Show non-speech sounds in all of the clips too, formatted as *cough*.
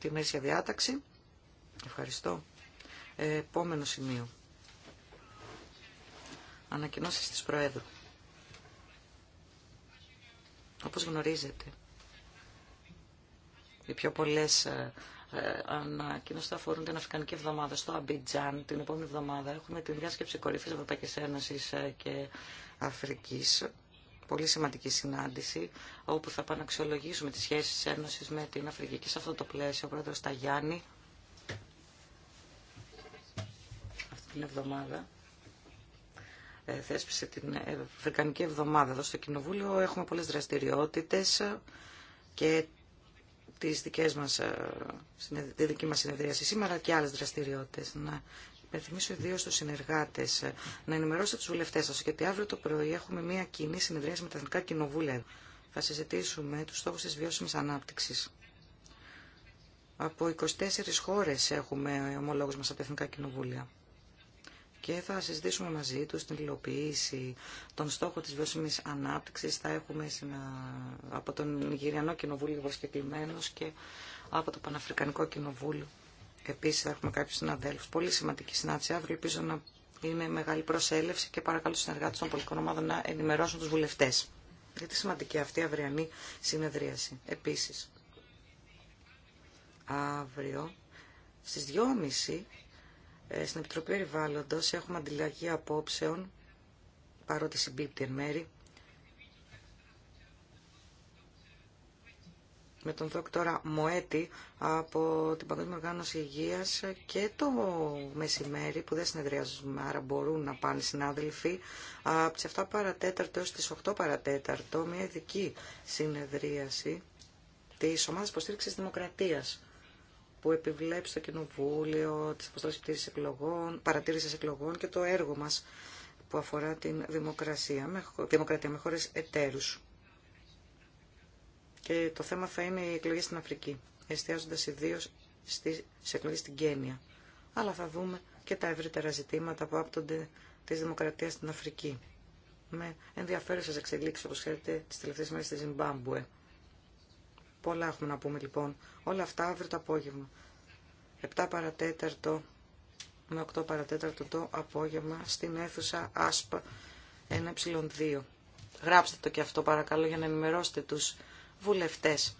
τη μέση διάταξη. Ευχαριστώ. επόμενο σημείο. Ανακοινώσεις της Προέδρου. Όπως γνωρίζετε, οι πιο πολλές ε, ε, ανακοινώσεις θα αφορούν την Αφρικανική Εβδομάδα στο Αμπιτζάν. Την επόμενη εβδομάδα έχουμε την διάσκεψη κορυφή Ευρωπαϊκή Ένωση ε, και Αφρικής πολύ σημαντική συνάντηση όπου θα επαναξιολογήσουμε τις σχέσεις της Ένωσης με την Αφρική και σε αυτό το πλαίσιο ο πρόεδρος Ταγιάννη αυτή την εβδομάδα ε, θέσπισε την Αφρικανική Εβδομάδα εδώ στο Κοινοβούλιο. Έχουμε πολλές δραστηριότητες και τις δικές μας, ε, τη δική μας συνεδρίαση σήμερα και άλλες δραστηριότητες. Να υπενθυμίσω ιδίω στου συνεργάτε ε, να ενημερώσετε του βουλευτέ σα, γιατί αύριο το πρωί έχουμε μια κοινή συνεδρίαση με τα Εθνικά Κοινοβούλια. Θα συζητήσουμε του στόχου τη βιώσιμη ανάπτυξη. Από 24 χώρε έχουμε ομολόγου μα από τα Εθνικά Κοινοβούλια. Και θα συζητήσουμε μαζί του την υλοποίηση των στόχων τη βιώσιμη ανάπτυξη. Θα έχουμε από τον Ιγυριανό Κοινοβούλιο προσκεκλημένου λοιπόν, και από το Παναφρικανικό Κοινοβούλιο Επίση, έχουμε κάποιου συναδέλφου. Πολύ σημαντική συνάντηση αύριο. Ελπίζω να είναι μεγάλη προσέλευση και παρακαλώ τους συνεργάτε των πολιτικών ομάδων να ενημερώσουν τους βουλευτέ. Γιατί σημαντική αυτή αυριανή συνεδρίαση. Επίσης, αύριο στις 2.30 ε, στην Επιτροπή περιβάλλοντο, έχουμε αντιλαγή απόψεων, παρότι συμπίπτει εν μέρη, με τον δόκτορα Μοέτη από την Παγκόσμια Οργάνωση Υγείας και το μεσημέρι που δεν συνεδριάζουμε, άρα μπορούν να πάνε συνάδελφοι, από τις 7 παρατέταρτο έως τις 8 παρατέταρτο, μια ειδική συνεδρίαση της Ομάδας Υποστήριξης Δημοκρατίας που επιβλέπει στο Κοινοβούλιο, τις αποστολές εκλογών, παρατήρησης εκλογών και το έργο μας που αφορά την δημοκρατία με χώρες εταίρους και το θέμα θα είναι οι εκλογές στην Αφρική, εστιάζοντας ιδίω στις εκλογές στην Κένια. Αλλά θα δούμε και τα ευρύτερα ζητήματα που άπτονται της δημοκρατίας στην Αφρική. Με ενδιαφέρουσες εξελίξεις, όπως ξέρετε, τις τελευταίες μέρες στη Ζιμπάμπουε. Πολλά έχουμε να πούμε λοιπόν. Όλα αυτά αύριο το απόγευμα. 7 παρατέταρτο με 8 παρατέταρτο το απόγευμα στην αίθουσα ΑΣΠΑ 1Ε2. Γράψτε το και αυτό παρακαλώ για να ενημερώσετε τους βουλευτές.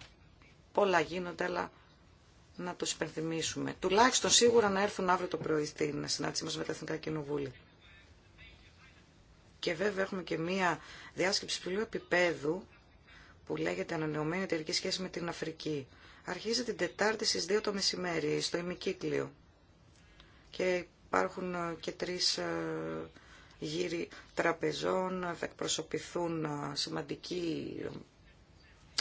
Πολλά γίνονται, αλλά να τους υπενθυμίσουμε. Τουλάχιστον σίγουρα να έρθουν αύριο το πρωί στην συνάντηση μας με τα Εθνικά Κοινοβούλια. Και βέβαια έχουμε και μία διάσκεψη ψηλού επίπεδου που λέγεται Ανανεωμένη εταιρική σχέση με την Αφρική. Αρχίζει την Τετάρτη στις 2 το μεσημέρι στο ημικύκλιο. Και υπάρχουν ε, και τρεις ε, γύροι τραπεζών, θα εκπροσωπηθούν ε, σημαντικοί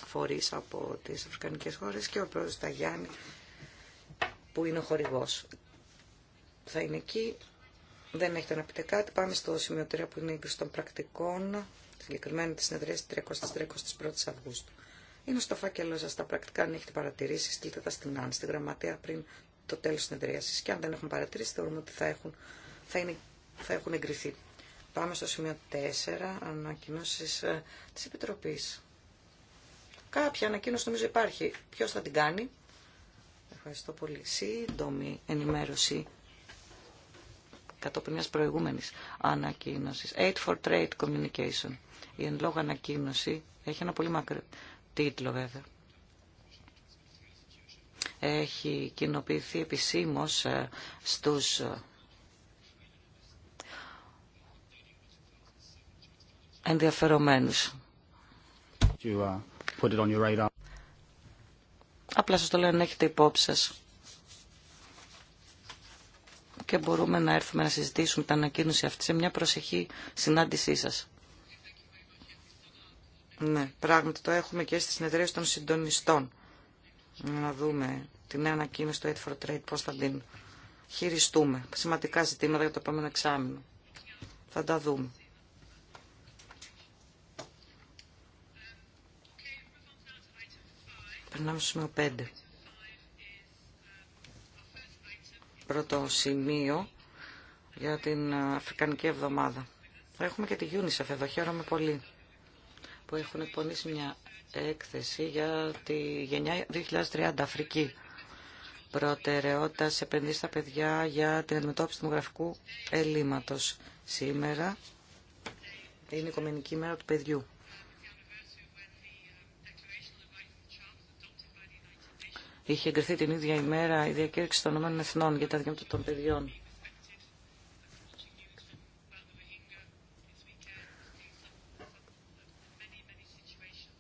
φορείς από τις αφρικανικές χώρες και ο πρόεδρος Ταγιάννη που είναι ο χορηγός. Θα είναι εκεί. Δεν έχετε να πείτε κάτι. Πάμε στο σημείο 3 που είναι η των πρακτικών, συγκεκριμένα τη συνεδρία τη 31η Αυγούστου. Είναι στο φάκελό σα τα πρακτικά. Αν έχετε παρατηρήσει, στείλτε τα στην ΑΝ, στην γραμματεία πριν το τέλο τη συνεδρίαση. Και αν δεν έχουν παρατηρήσει, θεωρούμε ότι θα έχουν, θα θα έχουν εγκριθεί. Πάμε στο σημείο 4, ανακοινώσει ε, τη Επιτροπή. Κάποια ανακοίνωση νομίζω υπάρχει. Ποιο θα την κάνει. Ευχαριστώ πολύ. Σύντομη ενημέρωση κατόπιν μια προηγούμενης ανακοίνωση. Aid for Trade Communication. Η εν λόγω ανακοίνωση έχει ένα πολύ μακρύ τίτλο βέβαια. Έχει κοινοποιηθεί επισήμω ε, στου ε, ενδιαφερομένους. You put it on your radar. Απλά σας το λέω να έχετε υπόψη σας. Και μπορούμε να έρθουμε να συζητήσουμε την ανακοίνωση αυτή σε μια προσεχή συνάντησή σας. Ναι, πράγματι το έχουμε και στις συνεδρία των συντονιστών. Να δούμε την νέα ανακοίνωση του Aid for Trade, πώς θα την χειριστούμε. Σημαντικά ζητήματα για το επόμενο εξάμεινο. Θα τα δούμε. Περνάμε στο σημείο 5. Πρώτο σημείο για την Αφρικανική Εβδομάδα. Θα έχουμε και τη UNICEF εδώ, χαίρομαι πολύ, που έχουν εκπονήσει μια έκθεση για τη γενιά 2030 Αφρική. Προτεραιότητα σε επενδύσει στα παιδιά για την αντιμετώπιση του δημογραφικού ελλείμματος. Σήμερα είναι η Οικομενική Μέρα του Παιδιού. είχε εγκριθεί την ίδια ημέρα η διακήρυξη των ΗΕ για τα δικαιώματα των παιδιών.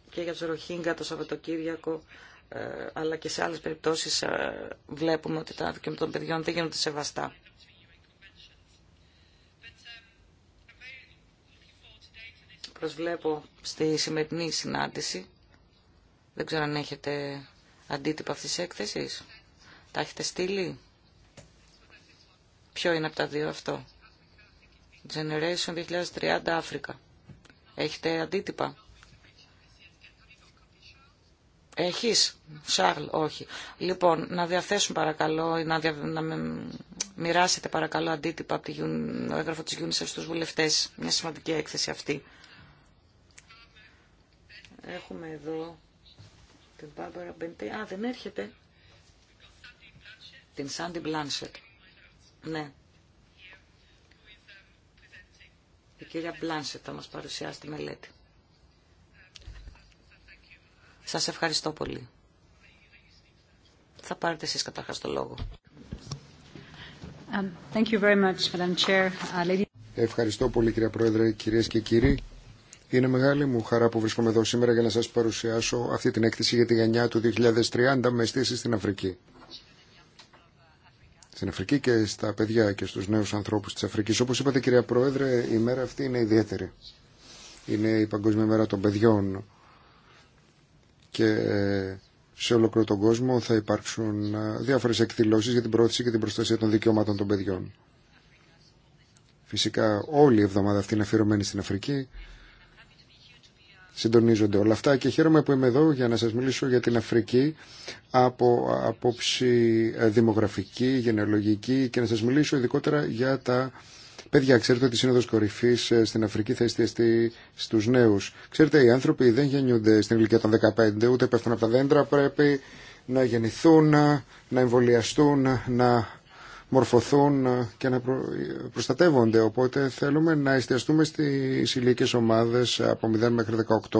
Και για τους Ροχίνγκα το Σαββατοκύριακο, ε, αλλά και σε άλλες περιπτώσεις ε, βλέπουμε ότι τα δικαιώματα των παιδιών δεν γίνονται σεβαστά. Προσβλέπω στη σημερινή συνάντηση. Δεν ξέρω αν έχετε αντίτυπα αυτής της έκθεσης. Τα έχετε στείλει. Ποιο είναι από τα δύο αυτό. Generation 2030 Αφρικα. Έχετε αντίτυπα. Έχεις, Σάρλ, όχι. Λοιπόν, να διαθέσουν παρακαλώ, να, δια... να μοιράσετε παρακαλώ αντίτυπα από το έγγραφο της UNICEF στους βουλευτές. Μια σημαντική έκθεση αυτή. Έχουμε εδώ την Μπάρμπαρα Μπεντέ. Α, δεν έρχεται. Την Σάντι Μπλάνσετ. Ναι. Η κυρία Μπλάνσετ θα μας παρουσιάσει τη μελέτη. Σας ευχαριστώ πολύ. Θα πάρετε εσείς καταρχάς το λόγο. Um, thank you very much, Madam Chair. Uh, ευχαριστώ πολύ κυρία Πρόεδρε, κυρίες και κύριοι. Είναι μεγάλη μου χαρά που βρίσκομαι εδώ σήμερα για να σας παρουσιάσω αυτή την έκθεση για τη γενιά του 2030 με αισθήσει στην Αφρική. Στην Αφρική και στα παιδιά και στους νέους ανθρώπους της Αφρικής. Όπως είπατε κυρία Πρόεδρε, η μέρα αυτή είναι ιδιαίτερη. Είναι η Παγκόσμια Μέρα των Παιδιών και ε, σε ολόκληρο τον κόσμο θα υπάρξουν ε, διάφορες εκδηλώσεις για την πρόθεση και την προστασία των δικαιωμάτων των παιδιών. Φυσικά όλη η εβδομάδα αυτή είναι αφιερωμένη στην Αφρική συντονίζονται όλα αυτά και χαίρομαι που είμαι εδώ για να σας μιλήσω για την Αφρική από απόψη ε, δημογραφική, γενεολογική και να σας μιλήσω ειδικότερα για τα Παιδιά, ξέρετε ότι η Σύνοδος Κορυφής ε, στην Αφρική θα εστιαστεί στους νέους. Ξέρετε, οι άνθρωποι δεν γεννιούνται στην ηλικία των 15, ούτε πέφτουν από τα δέντρα, πρέπει να γεννηθούν, να εμβολιαστούν, να μορφωθούν ε, και να προστατεύονται. Οπότε θέλουμε να εστιαστούμε στις ηλικίε ομάδες από 0 μέχρι 18.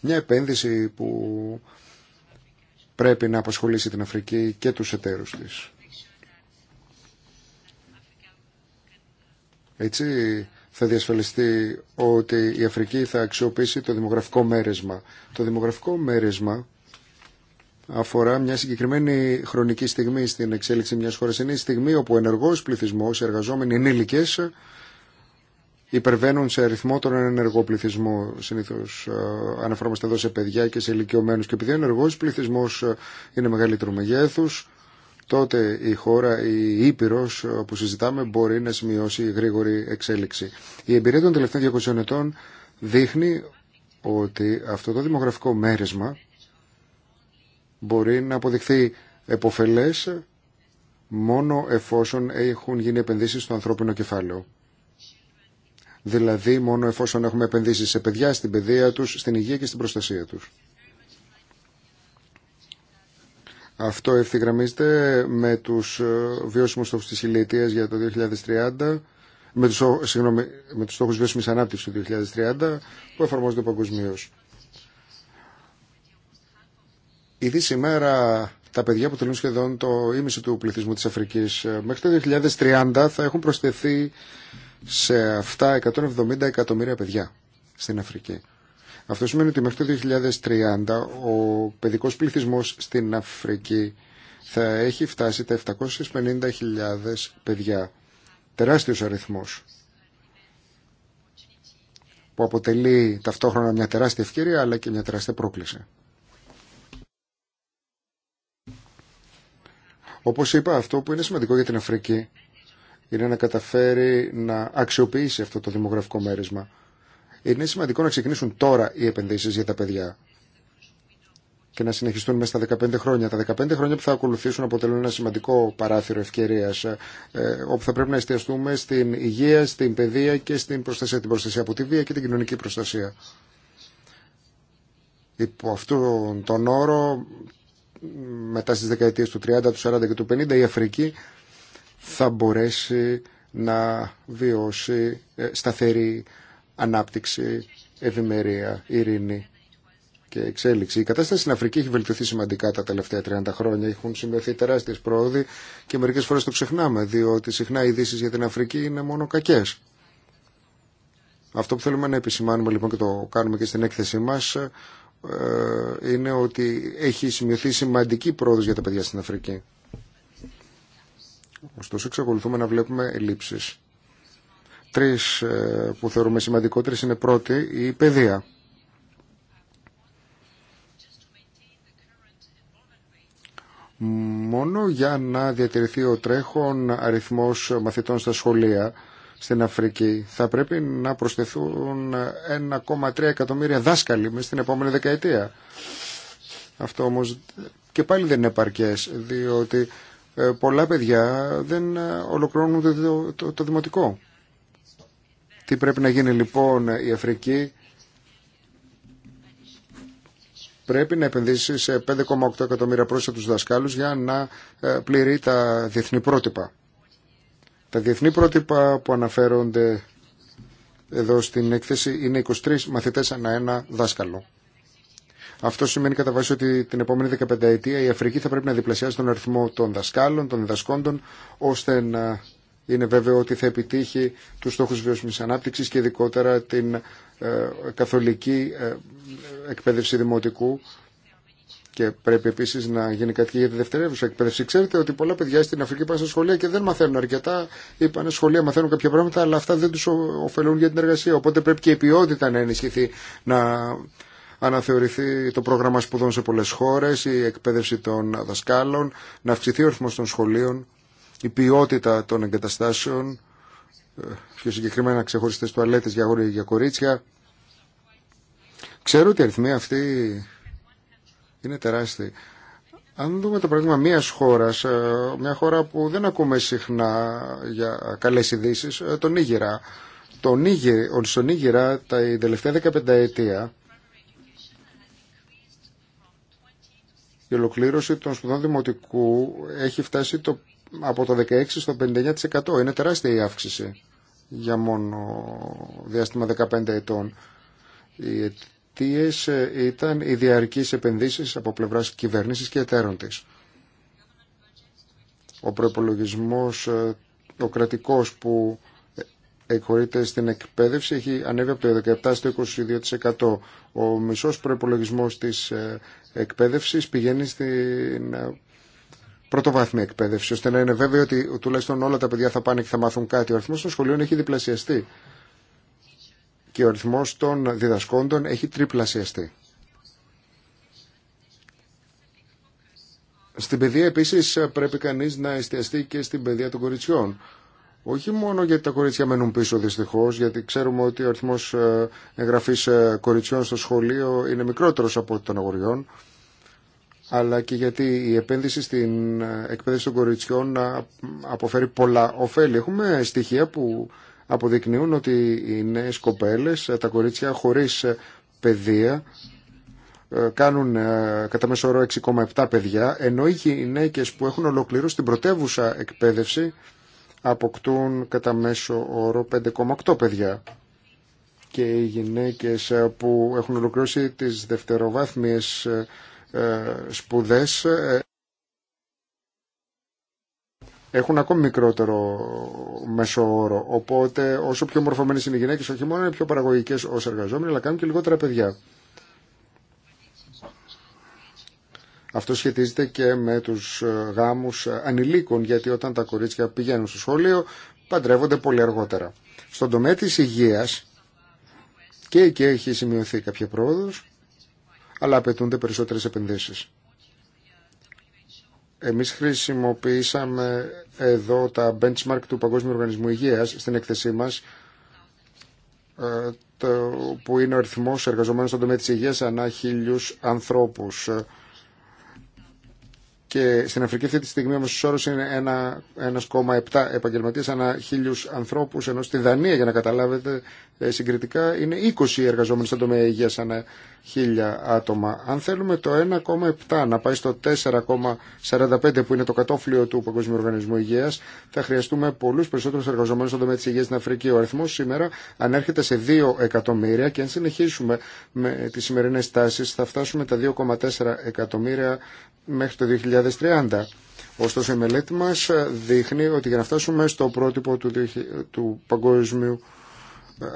Μια επένδυση που πρέπει να απασχολήσει την Αφρική και τους εταίρους της. Έτσι θα διασφαλιστεί ότι η Αφρική θα αξιοποιήσει το δημογραφικό μέρεσμα. Το δημογραφικό μέρεσμα αφορά μια συγκεκριμένη χρονική στιγμή στην εξέλιξη μιας χώρας. Είναι η στιγμή όπου ο ενεργός πληθυσμός, οι εργαζόμενοι ενήλικες, υπερβαίνουν σε αριθμό τον ενεργό πληθυσμό. Συνήθως ε, αναφερόμαστε εδώ σε παιδιά και σε ηλικιωμένους. Και επειδή ο ενεργός πληθυσμός ε, είναι μεγαλύτερο μεγέθους, τότε η χώρα, η Ήπειρος ε, που συζητάμε, μπορεί να σημειώσει γρήγορη εξέλιξη. Η εμπειρία των τελευταίων 200 ετών δείχνει ότι αυτό το δημογραφικό μέρισμα μπορεί να αποδειχθεί εποφελές μόνο εφόσον έχουν γίνει επενδύσεις στο ανθρώπινο κεφάλαιο. Δηλαδή μόνο εφόσον έχουμε επενδύσει σε παιδιά, στην παιδεία τους, στην υγεία και στην προστασία τους. Αυτό ευθυγραμμίζεται με τους ε, βιώσιμους στόχους της για το 2030, με τους, με τους στόχους βιώσιμης ανάπτυξης του 2030 που εφαρμόζονται παγκοσμίω. Ήδη σήμερα τα παιδιά που τελούν σχεδόν το ίμιση του πληθυσμού της Αφρικής ε, μέχρι το 2030 θα έχουν προσθεθεί σε αυτά 170 εκατομμύρια παιδιά στην Αφρική. Αυτό σημαίνει ότι μέχρι το 2030 ο παιδικός πληθυσμός στην Αφρική θα έχει φτάσει τα 750.000 παιδιά. Τεράστιος αριθμός που αποτελεί ταυτόχρονα μια τεράστια ευκαιρία αλλά και μια τεράστια πρόκληση. Όπως είπα, αυτό που είναι σημαντικό για την Αφρική είναι να καταφέρει να αξιοποιήσει αυτό το δημογραφικό μέρισμα. Είναι σημαντικό να ξεκινήσουν τώρα οι επενδύσεις για τα παιδιά και να συνεχιστούν μέσα στα 15 χρόνια. Τα 15 χρόνια που θα ακολουθήσουν αποτελούν ένα σημαντικό παράθυρο ευκαιρία, ε, όπου θα πρέπει να εστιαστούμε στην υγεία, στην παιδεία και στην προστασία, την προστασία από τη βία και την κοινωνική προστασία. Υπό αυτόν τον όρο, μετά στις δεκαετίες του 30, του 40 και του 50 η Αφρική θα μπορέσει να βιώσει ε, σταθερή ανάπτυξη, ευημερία, ειρήνη και εξέλιξη. Η κατάσταση στην Αφρική έχει βελτιωθεί σημαντικά τα τελευταία 30 χρόνια. Έχουν σημειωθεί τεράστιες πρόοδοι και μερικές φορές το ξεχνάμε, διότι συχνά οι ειδήσει για την Αφρική είναι μόνο κακές. Αυτό που θέλουμε να επισημάνουμε λοιπόν και το κάνουμε και στην έκθεσή μας ε, είναι ότι έχει σημειωθεί σημαντική πρόοδος για τα παιδιά στην Αφρική. Ωστόσο, εξακολουθούμε να βλέπουμε ελλείψεις. Τρεις ε, που θεωρούμε σημαντικότερες είναι πρώτη η παιδεία. Μόνο για να διατηρηθεί ο τρέχον αριθμός μαθητών στα σχολεία στην Αφρική. Θα πρέπει να προσθεθούν 1,3 εκατομμύρια δάσκαλοι μες στην επόμενη δεκαετία. Αυτό όμως και πάλι δεν είναι επαρκές, διότι ε, πολλά παιδιά δεν ε, ολοκληρώνουν το, το, δημοτικό. Τι πρέπει να γίνει λοιπόν η Αφρική πρέπει να επενδύσει σε 5,8 εκατομμύρια προς δασκάλους για να ε, πληρεί τα διεθνή πρότυπα. Τα διεθνή πρότυπα που αναφέρονται εδώ στην έκθεση είναι 23 μαθητές ανά ένα δάσκαλο. Αυτό σημαίνει κατά βάση ότι την επόμενη 15 ετία η Αφρική θα πρέπει να διπλασιάσει τον αριθμό των δασκάλων, των διδασκόντων, ώστε να είναι βέβαιο ότι θα επιτύχει τους στόχους βιώσιμης ανάπτυξης και ειδικότερα την ε, καθολική ε, εκπαίδευση δημοτικού και πρέπει επίση να γίνει κάτι και για τη δευτερεύουσα εκπαίδευση. Ξέρετε ότι πολλά παιδιά στην Αφρική πάνε στα σχολεία και δεν μαθαίνουν αρκετά. Είπανε σχολεία, μαθαίνουν κάποια πράγματα, αλλά αυτά δεν του ωφελούν για την εργασία. Οπότε πρέπει και η ποιότητα να ενισχυθεί, να αναθεωρηθεί το πρόγραμμα σπουδών σε πολλέ χώρε, η εκπαίδευση των δασκάλων, να αυξηθεί ο αριθμό των σχολείων, η ποιότητα των εγκαταστάσεων, ε, πιο συγκεκριμένα ξεχωριστέ τουαλέτε για και για κορίτσια. Ξέρω ότι οι αριθμοί αυτοί είναι τεράστιοι. Αν δούμε το παράδειγμα μιας χώρας, ε, μια χώρα που δεν ακούμε συχνά για καλέ ειδήσει, ε, τον Νίγηρα. Το Νίγη, στον Νίγηρα τα τελευταία 15 ετία η ολοκλήρωση των σπουδών δημοτικού έχει φτάσει το, από το 16% στο 59%. Είναι τεράστια η αύξηση για μόνο διάστημα 15 ετών. Η αιτίες ε, ήταν οι διαρκείς επενδύσεις από πλευράς κυβέρνησης και εταίρων της. Ο προϋπολογισμός, ε, ο κρατικός που εκχωρείται στην εκπαίδευση έχει ανέβει από το 17% στο 22%. Ο μισός προϋπολογισμός της ε, εκπαίδευσης πηγαίνει στην πρωτοβάθμια εκπαίδευση, ώστε να είναι βέβαιο ότι τουλάχιστον όλα τα παιδιά θα πάνε και θα μάθουν κάτι. Ο αριθμός των σχολείων έχει διπλασιαστεί και ο αριθμός των διδασκόντων έχει τριπλασιαστεί. Στην παιδεία επίσης πρέπει κανείς να εστιαστεί και στην παιδεία των κοριτσιών. Όχι μόνο γιατί τα κορίτσια μένουν πίσω δυστυχώς, γιατί ξέρουμε ότι ο αριθμός ε, εγγραφής ε, κοριτσιών στο σχολείο είναι μικρότερος από των αγοριών, αλλά και γιατί η επένδυση στην ε, εκπαίδευση των κοριτσιών αποφέρει πολλά ωφέλη. Έχουμε στοιχεία που αποδεικνύουν ότι οι νέες κοπέλες, τα κορίτσια χωρίς ε, παιδεία, ε, κάνουν ε, κατά μέσο όρο 6,7 παιδιά, ενώ οι γυναίκες που έχουν ολοκληρώσει την πρωτεύουσα εκπαίδευση αποκτούν κατά μέσο όρο 5,8 παιδιά. Και οι γυναίκες που έχουν ολοκληρώσει τις δευτεροβάθμιες σπουδές έχουν ακόμη μικρότερο μέσο όρο. Οπότε όσο πιο μορφωμένε είναι οι γυναίκες, όχι μόνο είναι πιο παραγωγικές ως εργαζόμενοι, αλλά κάνουν και λιγότερα παιδιά. Αυτό σχετίζεται και με τους ε, γάμους ε, ανηλίκων, γιατί όταν τα κορίτσια πηγαίνουν στο σχολείο, παντρεύονται πολύ αργότερα. Στον τομέα της υγείας, και εκεί έχει σημειωθεί κάποια πρόοδο, αλλά απαιτούνται περισσότερε επενδύσει. Εμείς χρησιμοποιήσαμε εδώ τα benchmark του Παγκόσμιου Οργανισμού Υγείας στην έκθεσή μας ε, που είναι ο αριθμός εργαζομένων στον τομέα της υγείας ανά χίλιους ανθρώπους και στην Αφρική αυτή τη στιγμή ο μέσος είναι 1,7 επαγγελματίες ανά χίλιους ανθρώπους, ενώ στη Δανία, για να καταλάβετε ε, συγκριτικά, είναι 20 εργαζόμενοι στον τομέα υγείας ανά χίλια άτομα. Αν θέλουμε το 1,7 να πάει στο 4,45 που είναι το κατόφλιο του Παγκόσμιου Οργανισμού Υγείας, θα χρειαστούμε πολλούς περισσότερους εργαζομένους στον τομέα της υγείας στην Αφρική. Ο αριθμός σήμερα ανέρχεται σε 2 εκατομμύρια και αν συνεχίσουμε με τις σημερινές τάσεις θα φτάσουμε τα 2,4 εκατομμύρια μέχρι το 2030. Ωστόσο η μελέτη μας δείχνει ότι για να φτάσουμε στο πρότυπο του, του Παγκόσμιου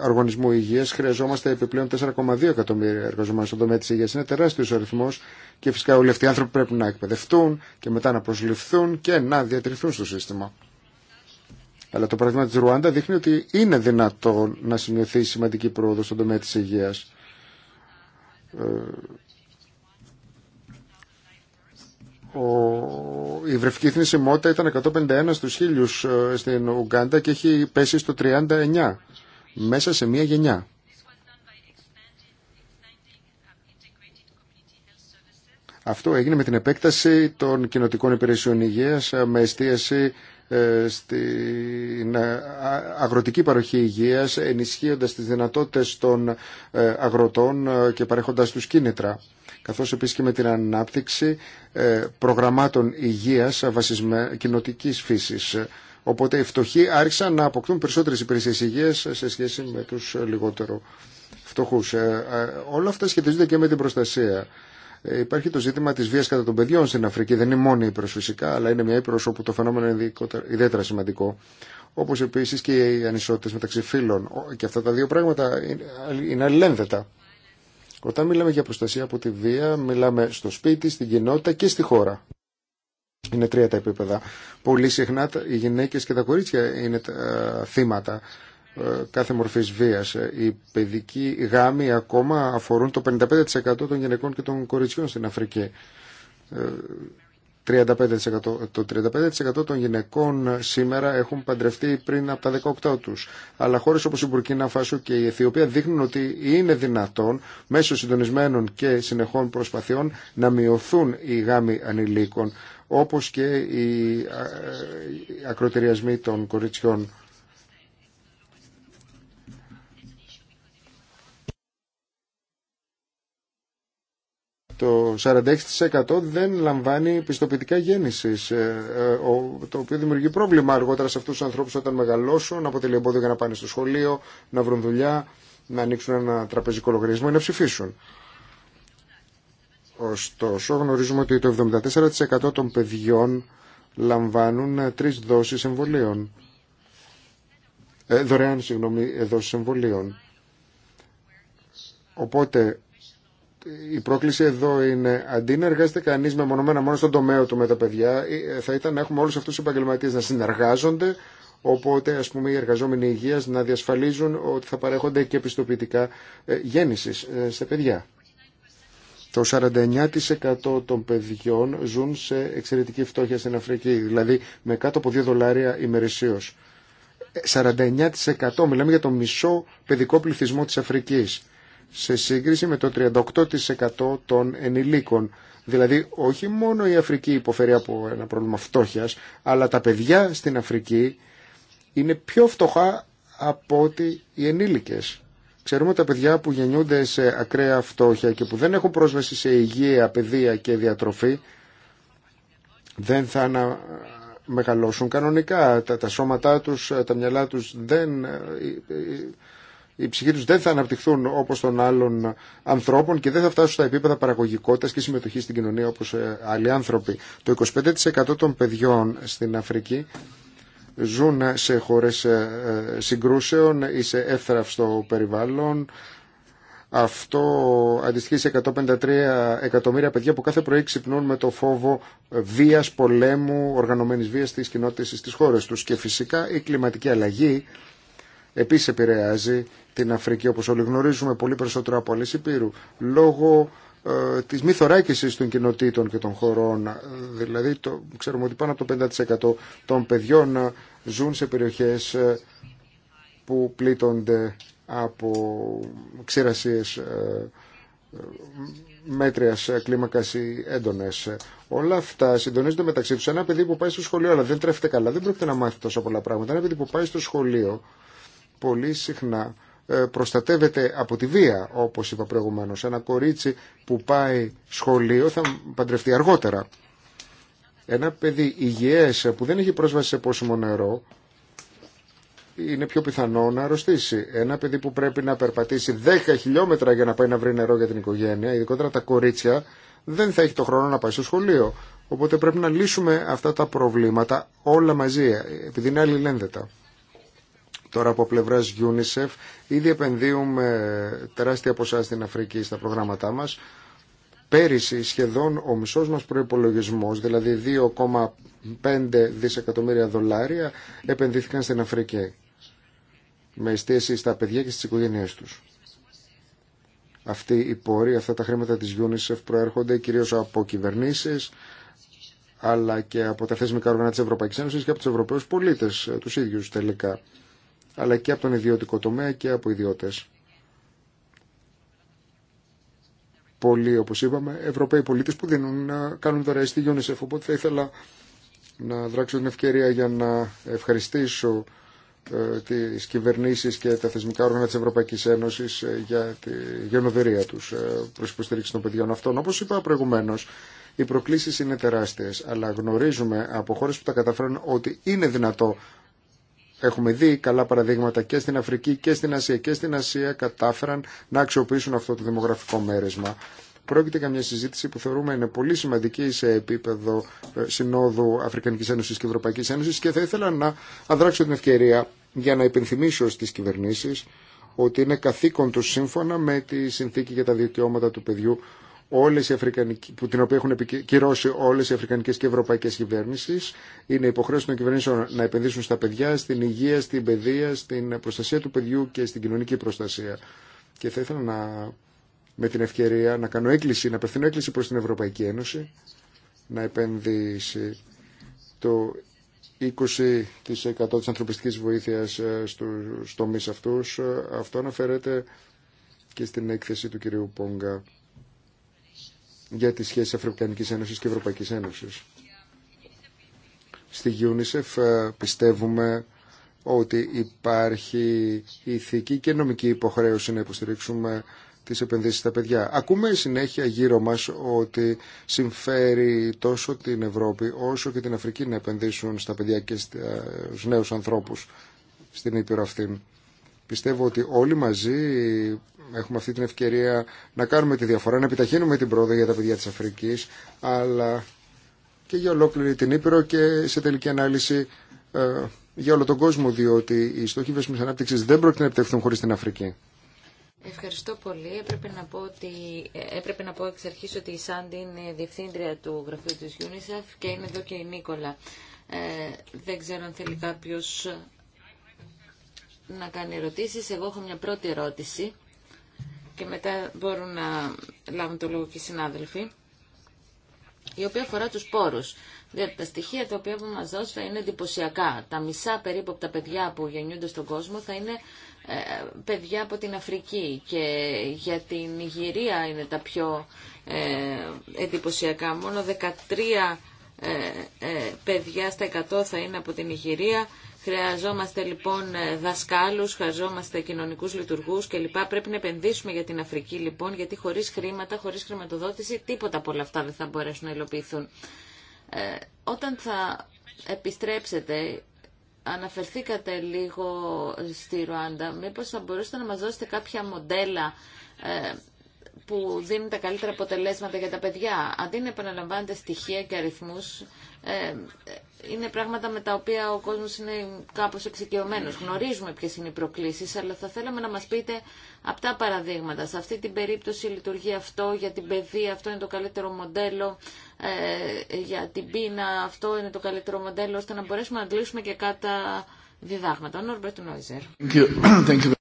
Οργανισμού Υγείας χρειαζόμαστε επιπλέον 4,2 εκατομμύρια εργαζομένους στον τομέα της υγείας. Είναι τεράστιος αριθμός και φυσικά όλοι αυτοί οι άνθρωποι πρέπει να εκπαιδευτούν και μετά να προσληφθούν και να διατηρηθούν στο σύστημα. Αλλά το παράδειγμα της Ρουάντα δείχνει ότι είναι δυνατό να σημειωθεί σημαντική πρόοδο στον τομέα της υγείας ε, η βρεφική θνησιμότητα ήταν 151 στους χίλιους ε, στην Ουγκάντα και έχει πέσει στο 39 μέσα σε μία γενιά. Αυτό έγινε με την επέκταση των κοινοτικών υπηρεσιών υγείας ε, με εστίαση ε, στην αγροτική παροχή υγείας ενισχύοντας τις δυνατότητες των αγροτών και παρέχοντας τους κίνητρα καθώς επίσης και με την ανάπτυξη ε, προγραμμάτων υγείας ε, κοινοτικής φύσης. Οπότε οι φτωχοί άρχισαν να αποκτούν περισσότερες υπηρεσίες υγείας ε, σε σχέση με τους λιγότερο φτωχούς. Όλα αυτά σχετίζονται και με την προστασία. Υπάρχει το ζήτημα τη βία κατά των παιδιών στην Αφρική. Δεν είναι μόνο η Ήπειρο φυσικά, αλλά είναι μια Ήπειρο όπου το φαινόμενο είναι ιδιαίτερα σημαντικό. Όπω επίση και οι ανισότητε μεταξύ φύλων. Και αυτά τα δύο πράγματα είναι αλληλένδετα. Όταν μιλάμε για προστασία από τη βία, μιλάμε στο σπίτι, στην κοινότητα και στη χώρα. Είναι τρία τα επίπεδα. Πολύ συχνά οι γυναίκες και τα κορίτσια είναι τα ε, θύματα ε, κάθε μορφής βίας. Ε, οι παιδικοί γάμοι ακόμα αφορούν το 55% των γυναικών και των κοριτσιών στην Αφρική. 35%, το 35% των γυναικών σήμερα έχουν παντρευτεί πριν από τα 18 τους. Αλλά χώρες όπως η Μπουρκίνα Φάσο και η Αιθιοπία δείχνουν ότι είναι δυνατόν μέσω συντονισμένων και συνεχών προσπαθειών να μειωθούν οι γάμοι ανηλίκων όπως και οι ε, ακροτηριασμοί των κοριτσιών. το 46% δεν λαμβάνει πιστοποιητικά γέννηση, ε, ε, το οποίο δημιουργεί πρόβλημα αργότερα σε αυτούς τους ανθρώπους όταν μεγαλώσουν, αποτελεί εμπόδιο για να πάνε στο σχολείο, να βρουν δουλειά, να ανοίξουν ένα τραπεζικό λογαριασμό ή να ψηφίσουν. Ωστόσο, γνωρίζουμε ότι το 74% των παιδιών λαμβάνουν ε, τρεις δόσεις εμβολίων. δωρεάν, συγγνώμη, δόσεις εμβολίων. Οπότε, η πρόκληση εδώ είναι αντί να εργάζεται κανεί μεμονωμένα μόνο στον τομέα του με τα παιδιά, ε, ε, θα ήταν να έχουμε όλου αυτού του επαγγελματίε να συνεργάζονται. Οπότε, ας πούμε, οι εργαζόμενοι υγεία να διασφαλίζουν ότι θα παρέχονται και επιστοποιητικά ε, γέννηση σε παιδιά. Το 49% των παιδιών ζουν σε εξαιρετική φτώχεια στην Αφρική, δηλαδή με κάτω από 2 δολάρια ημερησίω. 49% μιλάμε για το μισό παιδικό πληθυσμό της Αφρικής σε σύγκριση με το 38% των ενηλίκων. Δηλαδή όχι μόνο η Αφρική υποφέρει από ένα πρόβλημα φτώχειας, αλλά τα παιδιά στην Αφρική είναι πιο φτωχά από ότι οι ενήλικες. Ξέρουμε τα παιδιά που γεννιούνται σε ακραία φτώχεια και που δεν έχουν πρόσβαση σε υγεία, παιδεία και διατροφή δεν θα να μεγαλώσουν κανονικά. Τα, τα σώματά τους, τα μυαλά τους δεν ε, ε, ε, οι ψυχοί του δεν θα αναπτυχθούν όπω των άλλων ανθρώπων και δεν θα φτάσουν στα επίπεδα παραγωγικότητα και συμμετοχή στην κοινωνία όπω ε, άλλοι άνθρωποι. Το 25% των παιδιών στην Αφρική ζουν σε χώρε ε, ε, συγκρούσεων ή σε εύθραυστο περιβάλλον. Αυτό αντιστοιχεί σε 153 εκατομμύρια παιδιά που κάθε πρωί ξυπνούν με το φόβο βίας, πολέμου, οργανωμένης βίας στις κοινότητες στις χώρες τους. Και φυσικά η κλιματική αλλαγή επίσης επηρεάζει την Αφρική όπως όλοι γνωρίζουμε πολύ περισσότερο από άλλες υπήρου λόγω ε, της μη θωράκησης των κοινοτήτων και των χωρών. Ε, δηλαδή το, ξέρουμε ότι πάνω από το 50% των παιδιών ε, ζουν σε περιοχές ε, που πλήττονται από ξηρασίες ε, μέτριας κλίμακας ή έντονες. Όλα αυτά συντονίζονται μεταξύ τους. Ένα παιδί που πάει στο σχολείο αλλά δεν τρέφεται καλά δεν πρόκειται να μάθει τόσο πολλά πράγματα. Ένα παιδί που πάει στο σχολείο πολύ συχνά ε, προστατεύεται από τη βία, όπως είπα προηγουμένως. Ένα κορίτσι που πάει σχολείο θα παντρευτεί αργότερα. Ένα παιδί υγιές που δεν έχει πρόσβαση σε πόσιμο νερό είναι πιο πιθανό να αρρωστήσει. Ένα παιδί που πρέπει να περπατήσει 10 χιλιόμετρα για να πάει να βρει νερό για την οικογένεια, ειδικότερα τα κορίτσια, δεν θα έχει το χρόνο να πάει στο σχολείο. Οπότε πρέπει να λύσουμε αυτά τα προβλήματα όλα μαζί, επειδή είναι αλληλένδετα. Τώρα από πλευρά UNICEF ήδη επενδύουμε τεράστια ποσά στην Αφρική στα προγράμματά μας. Πέρυσι σχεδόν ο μισός μας προϋπολογισμός, δηλαδή 2,5 δισεκατομμύρια δολάρια, επενδύθηκαν στην Αφρική με εστίαση στα παιδιά και στις οικογένειές τους. Αυτή οι πόροι, αυτά τα χρήματα της UNICEF προέρχονται κυρίως από κυβερνήσεις, αλλά και από τα θεσμικά οργανά της Ευρωπαϊκής Ένωσης και από τους Ευρωπαίους πολίτες, ε, τους ίδιους τελικά αλλά και από τον ιδιωτικό τομέα και από ιδιώτες. Πολλοί, όπως είπαμε, Ευρωπαίοι πολίτες που δίνουν, να κάνουν δωρεές στη UNICEF, οπότε θα ήθελα να δράξω την ευκαιρία για να ευχαριστήσω ε, τις κυβερνήσεις και τα θεσμικά όργανα της Ευρωπαϊκής Ένωσης ε, για τη γενοδερία τους ε, προς υποστήριξη των παιδιών αυτών. Όπως είπα προηγουμένως, οι προκλήσεις είναι τεράστιες, αλλά γνωρίζουμε από χώρες που τα καταφέρουν ότι είναι δυνατό Έχουμε δει καλά παραδείγματα και στην Αφρική και στην Ασία και στην Ασία κατάφεραν να αξιοποιήσουν αυτό το δημογραφικό μέρεσμα. Πρόκειται για μια συζήτηση που θεωρούμε είναι πολύ σημαντική σε επίπεδο ε, Συνόδου Αφρικανικής Ένωση και Ευρωπαϊκή Ένωση και θα ήθελα να αδράξω την ευκαιρία για να υπενθυμίσω στι κυβερνήσει ότι είναι καθήκον του σύμφωνα με τη συνθήκη για τα δικαιώματα του παιδιού όλες οι που, την οποία έχουν κυρώσει όλε οι αφρικανικές και ευρωπαϊκέ κυβέρνησεις. Είναι υποχρέωση των κυβερνήσεων να επενδύσουν στα παιδιά, στην υγεία, στην παιδεία, στην προστασία του παιδιού και στην κοινωνική προστασία. Και θα ήθελα να, με την ευκαιρία να κάνω έκκληση, να απευθύνω έκκληση προ την Ευρωπαϊκή Ένωση να επενδύσει το 20% της ανθρωπιστικής βοήθειας ε, στους τομείς αυτούς. Ε, αυτό αναφέρεται και στην έκθεση του κυρίου Πόγκα για τις σχέσεις Αφρικανικής Ένωσης και Ευρωπαϊκής Ένωσης. Στη UNICEF ε, πιστεύουμε ότι υπάρχει ηθική και νομική υποχρέωση να υποστηρίξουμε τις επενδύσεις στα παιδιά. Ακούμε συνέχεια γύρω μας ότι συμφέρει τόσο την Ευρώπη όσο και την Αφρική να επενδύσουν στα παιδιά και στους νέους ανθρώπους στην Ήπειρο αυτή. Πιστεύω ότι όλοι μαζί έχουμε αυτή την ευκαιρία να κάνουμε τη διαφορά, να επιταχύνουμε την πρόοδο για τα παιδιά της Αφρικής, αλλά και για ολόκληρη την Ήπειρο και σε τελική ανάλυση ε, για όλο τον κόσμο, διότι οι στόχοι βεσμής ανάπτυξης δεν πρόκειται να επιτευχθούν χωρίς την Αφρική. Ευχαριστώ πολύ. Έπρεπε να πω, ότι, ε, έπρεπε να πω εξ αρχής ότι η Σάντι είναι διευθύντρια του γραφείου της UNICEF και είναι εδώ και η Νίκολα. Ε, δεν ξέρω αν θέλει κάποιος να κάνει ερωτήσεις. Εγώ έχω μια πρώτη ερώτηση και μετά μπορούν να λάβουν το λόγο και οι συνάδελφοι, η οποία αφορά τους πόρους. Διότι τα στοιχεία τα οποία που μας δώσει θα είναι εντυπωσιακά. Τα μισά περίπου από τα παιδιά που γεννιούνται στον κόσμο θα είναι ε, παιδιά από την Αφρική και για την Ιγυρία είναι τα πιο ε, εντυπωσιακά. Μόνο 13 ε, παιδιά στα 100 θα είναι από την Ιγυρία, Χρειαζόμαστε λοιπόν δασκάλους, χρειαζόμαστε κοινωνικούς λειτουργούς κλπ. Πρέπει να επενδύσουμε για την Αφρική λοιπόν, γιατί χωρίς χρήματα, χωρίς χρηματοδότηση, τίποτα από όλα αυτά δεν θα μπορέσουν να υλοποιηθούν. Ε, όταν θα επιστρέψετε, αναφερθήκατε λίγο στη Ρουάντα, μήπως θα μπορούσατε να μας δώσετε κάποια μοντέλα ε, που δίνουν τα καλύτερα αποτελέσματα για τα παιδιά. Αντί να επαναλαμβάνετε στοιχεία και αριθμούς, ε, είναι πράγματα με τα οποία ο κόσμος είναι κάπως εξοικειωμένος. Γνωρίζουμε ποιες είναι οι προκλήσεις, αλλά θα θέλαμε να μας πείτε αυτά παραδείγματα. Σε αυτή την περίπτωση λειτουργεί αυτό, για την παιδεία αυτό είναι το καλύτερο μοντέλο, ε, για την πείνα αυτό είναι το καλύτερο μοντέλο, ώστε να μπορέσουμε να αντλήσουμε και κάτω διδάγματα. *coughs*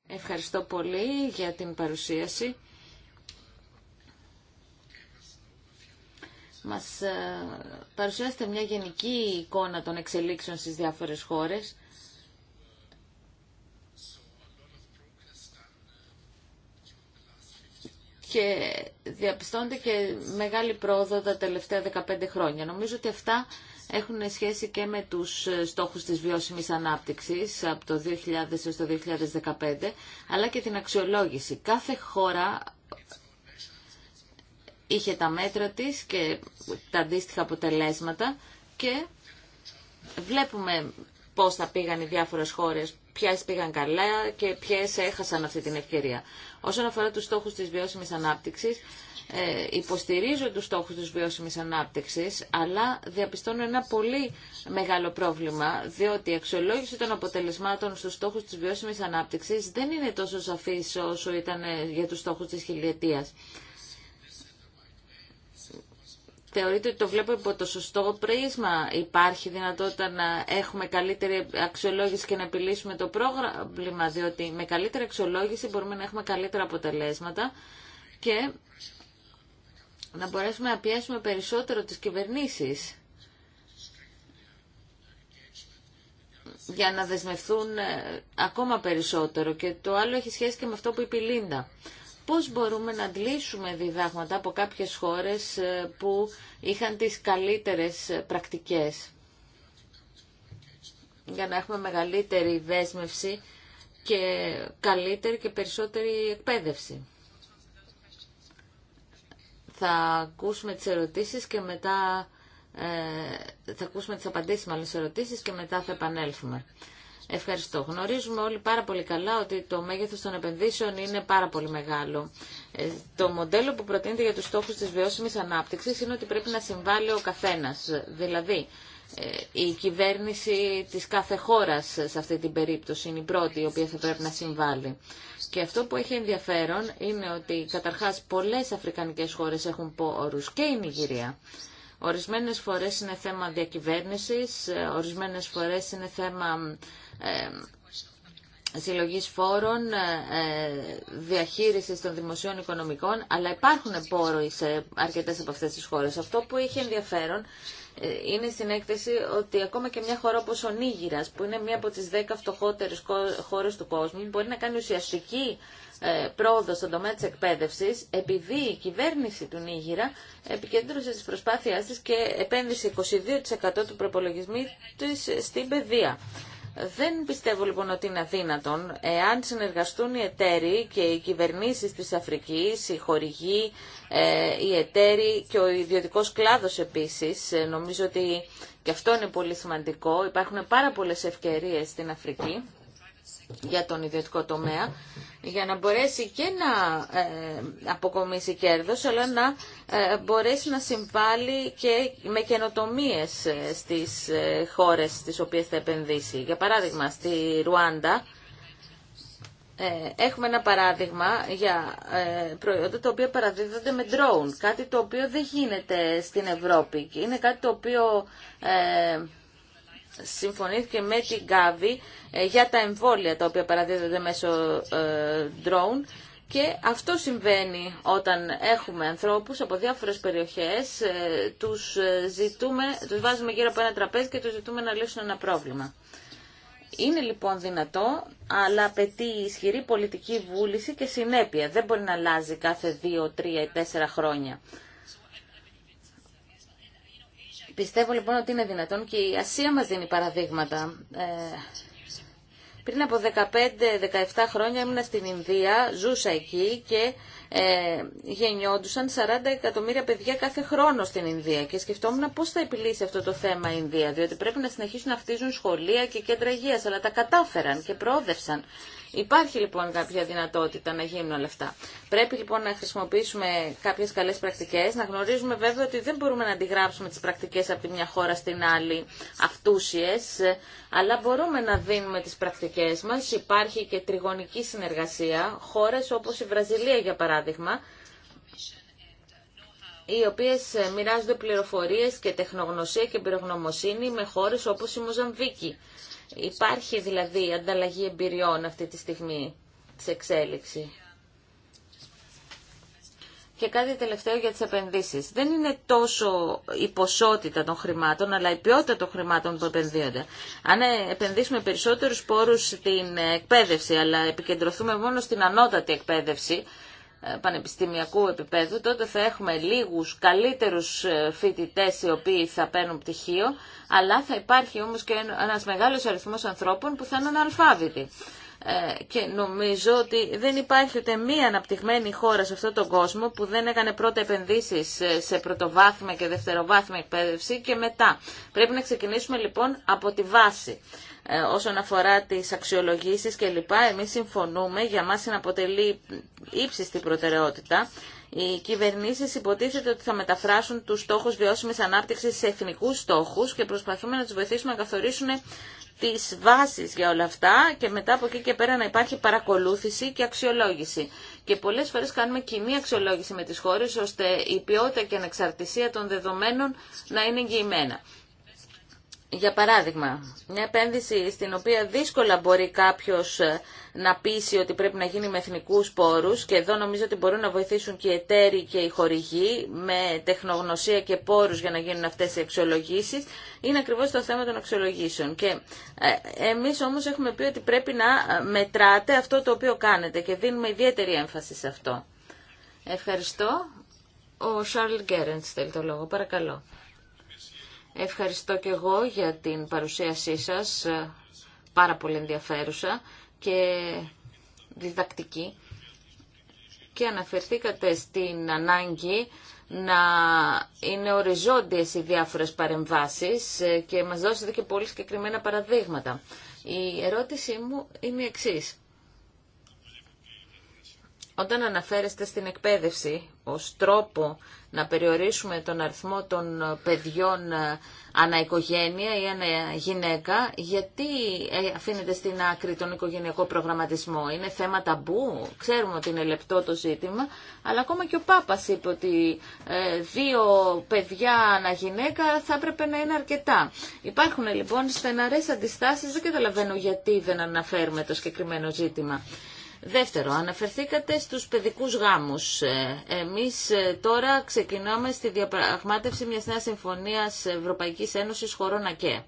Ευχαριστώ πολύ για την παρουσίαση. μας ε, παρουσιάσετε μια γενική εικόνα των εξελίξεων στις διάφορες χώρες. Και διαπιστώνται και μεγάλη πρόοδο τα τελευταία 15 χρόνια. Νομίζω ότι αυτά έχουν σχέση και με τους στόχους της βιώσιμης ανάπτυξης από το 2000 έως το 2015, αλλά και την αξιολόγηση. Κάθε χώρα είχε τα μέτρα της και τα αντίστοιχα αποτελέσματα και βλέπουμε πώς θα πήγαν οι διάφορες χώρες, ποιες πήγαν καλά και ποιες έχασαν αυτή την ευκαιρία. Όσον αφορά τους στόχους της βιώσιμης ανάπτυξης, ε, υποστηρίζω τους στόχους της βιώσιμης ανάπτυξης, αλλά διαπιστώνω ένα πολύ μεγάλο πρόβλημα, διότι η αξιολόγηση των αποτελεσμάτων στους στόχους της βιώσιμης ανάπτυξης δεν είναι τόσο σαφής όσο ήταν ε, για τους στόχους της χιλιετίας. Θεωρείτε ότι το βλέπω υπό το σωστό πρίσμα. Υπάρχει δυνατότητα να έχουμε καλύτερη αξιολόγηση και να επιλύσουμε το πρόβλημα, διότι με καλύτερη αξιολόγηση μπορούμε να έχουμε καλύτερα αποτελέσματα και να μπορέσουμε να πιέσουμε περισσότερο τις κυβερνήσεις για να δεσμευθούν ε, ακόμα περισσότερο. Και το άλλο έχει σχέση και με αυτό που είπε η Λίντα πώς μπορούμε να αντλήσουμε διδάγματα από κάποιες χώρες ε, που είχαν τις καλύτερες πρακτικές για να έχουμε μεγαλύτερη δέσμευση και καλύτερη και περισσότερη εκπαίδευση. Θα ακούσουμε τις ερωτήσεις και μετά ε, θα ακούσουμε τις απαντήσεις μάλλον ερωτήσεις και μετά θα επανέλθουμε. Ευχαριστώ. Γνωρίζουμε όλοι πάρα πολύ καλά ότι το μέγεθος των επενδύσεων είναι πάρα πολύ μεγάλο. Ε, το μοντέλο που προτείνεται για τους στόχους της βιώσιμης ανάπτυξης είναι ότι πρέπει να συμβάλλει ο καθένας. Δηλαδή, ε, η κυβέρνηση της κάθε χώρας σε αυτή την περίπτωση είναι η πρώτη η οποία θα πρέπει να συμβάλλει. Και αυτό που έχει ενδιαφέρον είναι ότι καταρχάς πολλές αφρικανικές χώρες έχουν πόρους και η Νιγηρία. Ορισμένες φορές είναι θέμα διακυβέρνησης, ε, ορισμένες φορές είναι θέμα ε, συλλογής φόρων, ε, διαχείρισης των δημοσίων οικονομικών, αλλά υπάρχουν πόροι σε αρκετές από αυτές τις χώρες. Αυτό που είχε ενδιαφέρον είναι στην έκθεση ότι ακόμα και μια χώρα όπως ο Νίγηρας, που είναι μια από τις 10 φτωχότερες χώρες του κόσμου, μπορεί να κάνει ουσιαστική ε, πρόοδο στον τομέα της εκπαίδευσης, επειδή η κυβέρνηση του Νίγηρα επικέντρωσε τις προσπάθειές της και επένδυσε 22% του προπολογισμού της στην παιδεία. Δεν πιστεύω λοιπόν ότι είναι αδύνατον εάν συνεργαστούν οι εταίροι και οι κυβερνήσεις της Αφρικής, οι χορηγοί, ε, οι εταίροι και ο ιδιωτικός κλάδος επίσης. Ε, νομίζω ότι και αυτό είναι πολύ σημαντικό. Υπάρχουν πάρα πολλές ευκαιρίες στην Αφρική για τον ιδιωτικό τομέα για να μπορέσει και να ε, αποκομίσει κέρδος αλλά να ε, μπορέσει να συμβάλλει και με καινοτομίες ε, στις χώρες στις οποίες θα επενδύσει. Για παράδειγμα, στη Ρουάντα έχουμε ένα παράδειγμα για προϊόντα τα οποία παραδίδονται με drone, κάτι το οποίο δεν γίνεται στην Ευρώπη και είναι κάτι το οποίο συμφωνήθηκε με την Γκάβη ε, για τα εμβόλια τα οποία παραδίδονται μέσω ε, drone και αυτό συμβαίνει όταν έχουμε ανθρώπους από διάφορες περιοχές, ε, τους, ζητούμε, τους βάζουμε γύρω από ένα τραπέζι και τους ζητούμε να λύσουν ένα πρόβλημα. Είναι λοιπόν δυνατό, αλλά απαιτεί ισχυρή πολιτική βούληση και συνέπεια. Δεν μπορεί να αλλάζει κάθε δύο, τρία ή τέσσερα χρόνια. Πιστεύω λοιπόν ότι είναι δυνατόν και η Ασία μας δίνει παραδείγματα. Ε, πριν από 15-17 χρόνια ήμουν στην Ινδία, ζούσα εκεί και ε, γεννιόντουσαν 40 εκατομμύρια παιδιά κάθε χρόνο στην Ινδία και σκεφτόμουν πώς θα επιλύσει αυτό το θέμα η Ινδία, διότι πρέπει να συνεχίσουν να χτίζουν σχολεία και κέντρα υγείας, αλλά τα κατάφεραν και προόδευσαν. Υπάρχει λοιπόν κάποια δυνατότητα να γίνουν όλα αυτά. Πρέπει λοιπόν να χρησιμοποιήσουμε κάποιες καλές πρακτικές, να γνωρίζουμε βέβαια ότι δεν μπορούμε να αντιγράψουμε τις πρακτικές από τη μια χώρα στην άλλη αυτούσιες, αλλά μπορούμε να δίνουμε τις πρακτικές μας. Υπάρχει και τριγωνική συνεργασία, χώρες όπω η Βραζιλία για παράδειγμα, οι οποίες μοιράζονται πληροφορίες και τεχνογνωσία και πυρογνωμοσύνη με χώρες όπως η Μοζαμβίκη. Υπάρχει δηλαδή ανταλλαγή εμπειριών αυτή τη στιγμή της εξέλιξη. Και κάτι τελευταίο για τις επενδύσεις. Δεν είναι τόσο η ποσότητα των χρημάτων, αλλά η ποιότητα των χρημάτων που επενδύονται. Αν επενδύσουμε περισσότερους πόρους στην εκπαίδευση, αλλά επικεντρωθούμε μόνο στην ανώτατη εκπαίδευση, ε, πανεπιστημιακού επίπεδου, τότε θα έχουμε λίγους καλύτερους ε, φοιτητές οι οποίοι θα παίρνουν πτυχίο, αλλά θα υπάρχει όμως και ένας μεγάλος αριθμός ανθρώπων που θα είναι αναλφάβητοι. Ε, και νομίζω ότι δεν υπάρχει ούτε μία αναπτυγμένη χώρα σε αυτόν τον κόσμο που δεν έκανε πρώτα επενδύσεις σε πρωτοβάθμια και δευτεροβάθμια εκπαίδευση και μετά. Πρέπει να ξεκινήσουμε λοιπόν από τη βάση. Ε, όσον αφορά τις αξιολογήσεις λοιπά, Εμείς συμφωνούμε, για μας να αποτελεί ύψιστη προτεραιότητα. Οι κυβερνήσεις υποτίθεται ότι θα μεταφράσουν τους στόχους βιώσιμης ανάπτυξης σε εθνικούς στόχους και προσπαθούμε να τους βοηθήσουμε να καθορίσουν τις βάσεις για όλα αυτά και μετά από εκεί και πέρα να υπάρχει παρακολούθηση και αξιολόγηση. Και πολλές φορές κάνουμε κοινή αξιολόγηση με τις χώρες ώστε η ποιότητα και ανεξαρτησία των δεδομένων να είναι εγγυημένα. Για παράδειγμα, μια επένδυση στην οποία δύσκολα μπορεί κάποιος ε, να πείσει ότι πρέπει να γίνει με εθνικού πόρους και εδώ νομίζω ότι μπορούν να βοηθήσουν και οι εταίροι και οι χορηγοί με τεχνογνωσία και πόρους για να γίνουν αυτές οι αξιολογήσεις, είναι ακριβώς το θέμα των αξιολογήσεων. Και ε, εμείς όμως έχουμε πει ότι πρέπει να ε, μετράτε αυτό το οποίο κάνετε και δίνουμε ιδιαίτερη έμφαση σε αυτό. Ευχαριστώ. Ο Σάρλ Γκέρεντς θέλει το λόγο. Παρακαλώ. Ευχαριστώ και εγώ για την παρουσίασή σας, πάρα πολύ ενδιαφέρουσα και διδακτική. Και αναφερθήκατε στην ανάγκη να είναι οριζόντιες οι διάφορες παρεμβάσεις και μας δώσετε και πολύ συγκεκριμένα παραδείγματα. Η ερώτησή μου είναι η εξής. Όταν αναφέρεστε στην εκπαίδευση ως τρόπο να περιορίσουμε τον αριθμό των παιδιών ε, αναοικογένεια ή γυναίκα, γιατί ε, αφήνεται στην άκρη τον οικογενειακό προγραμματισμό. Είναι θέμα ταμπού, ξέρουμε ότι είναι λεπτό το ζήτημα, αλλά ακόμα και ο Πάπας είπε ότι ε, δύο παιδιά αναγυναίκα θα έπρεπε να είναι αρκετά. Υπάρχουν λοιπόν στεναρές αντιστάσεις, δεν καταλαβαίνω γιατί δεν αναφέρουμε το συγκεκριμένο ζήτημα. Δεύτερο, αναφερθήκατε στους παιδικούς γάμους. Ε, εμείς ε, τώρα ξεκινάμε στη διαπραγμάτευση μιας νέας συμφωνίας Ευρωπαϊκής Ένωσης χωρών ΑΚΕ.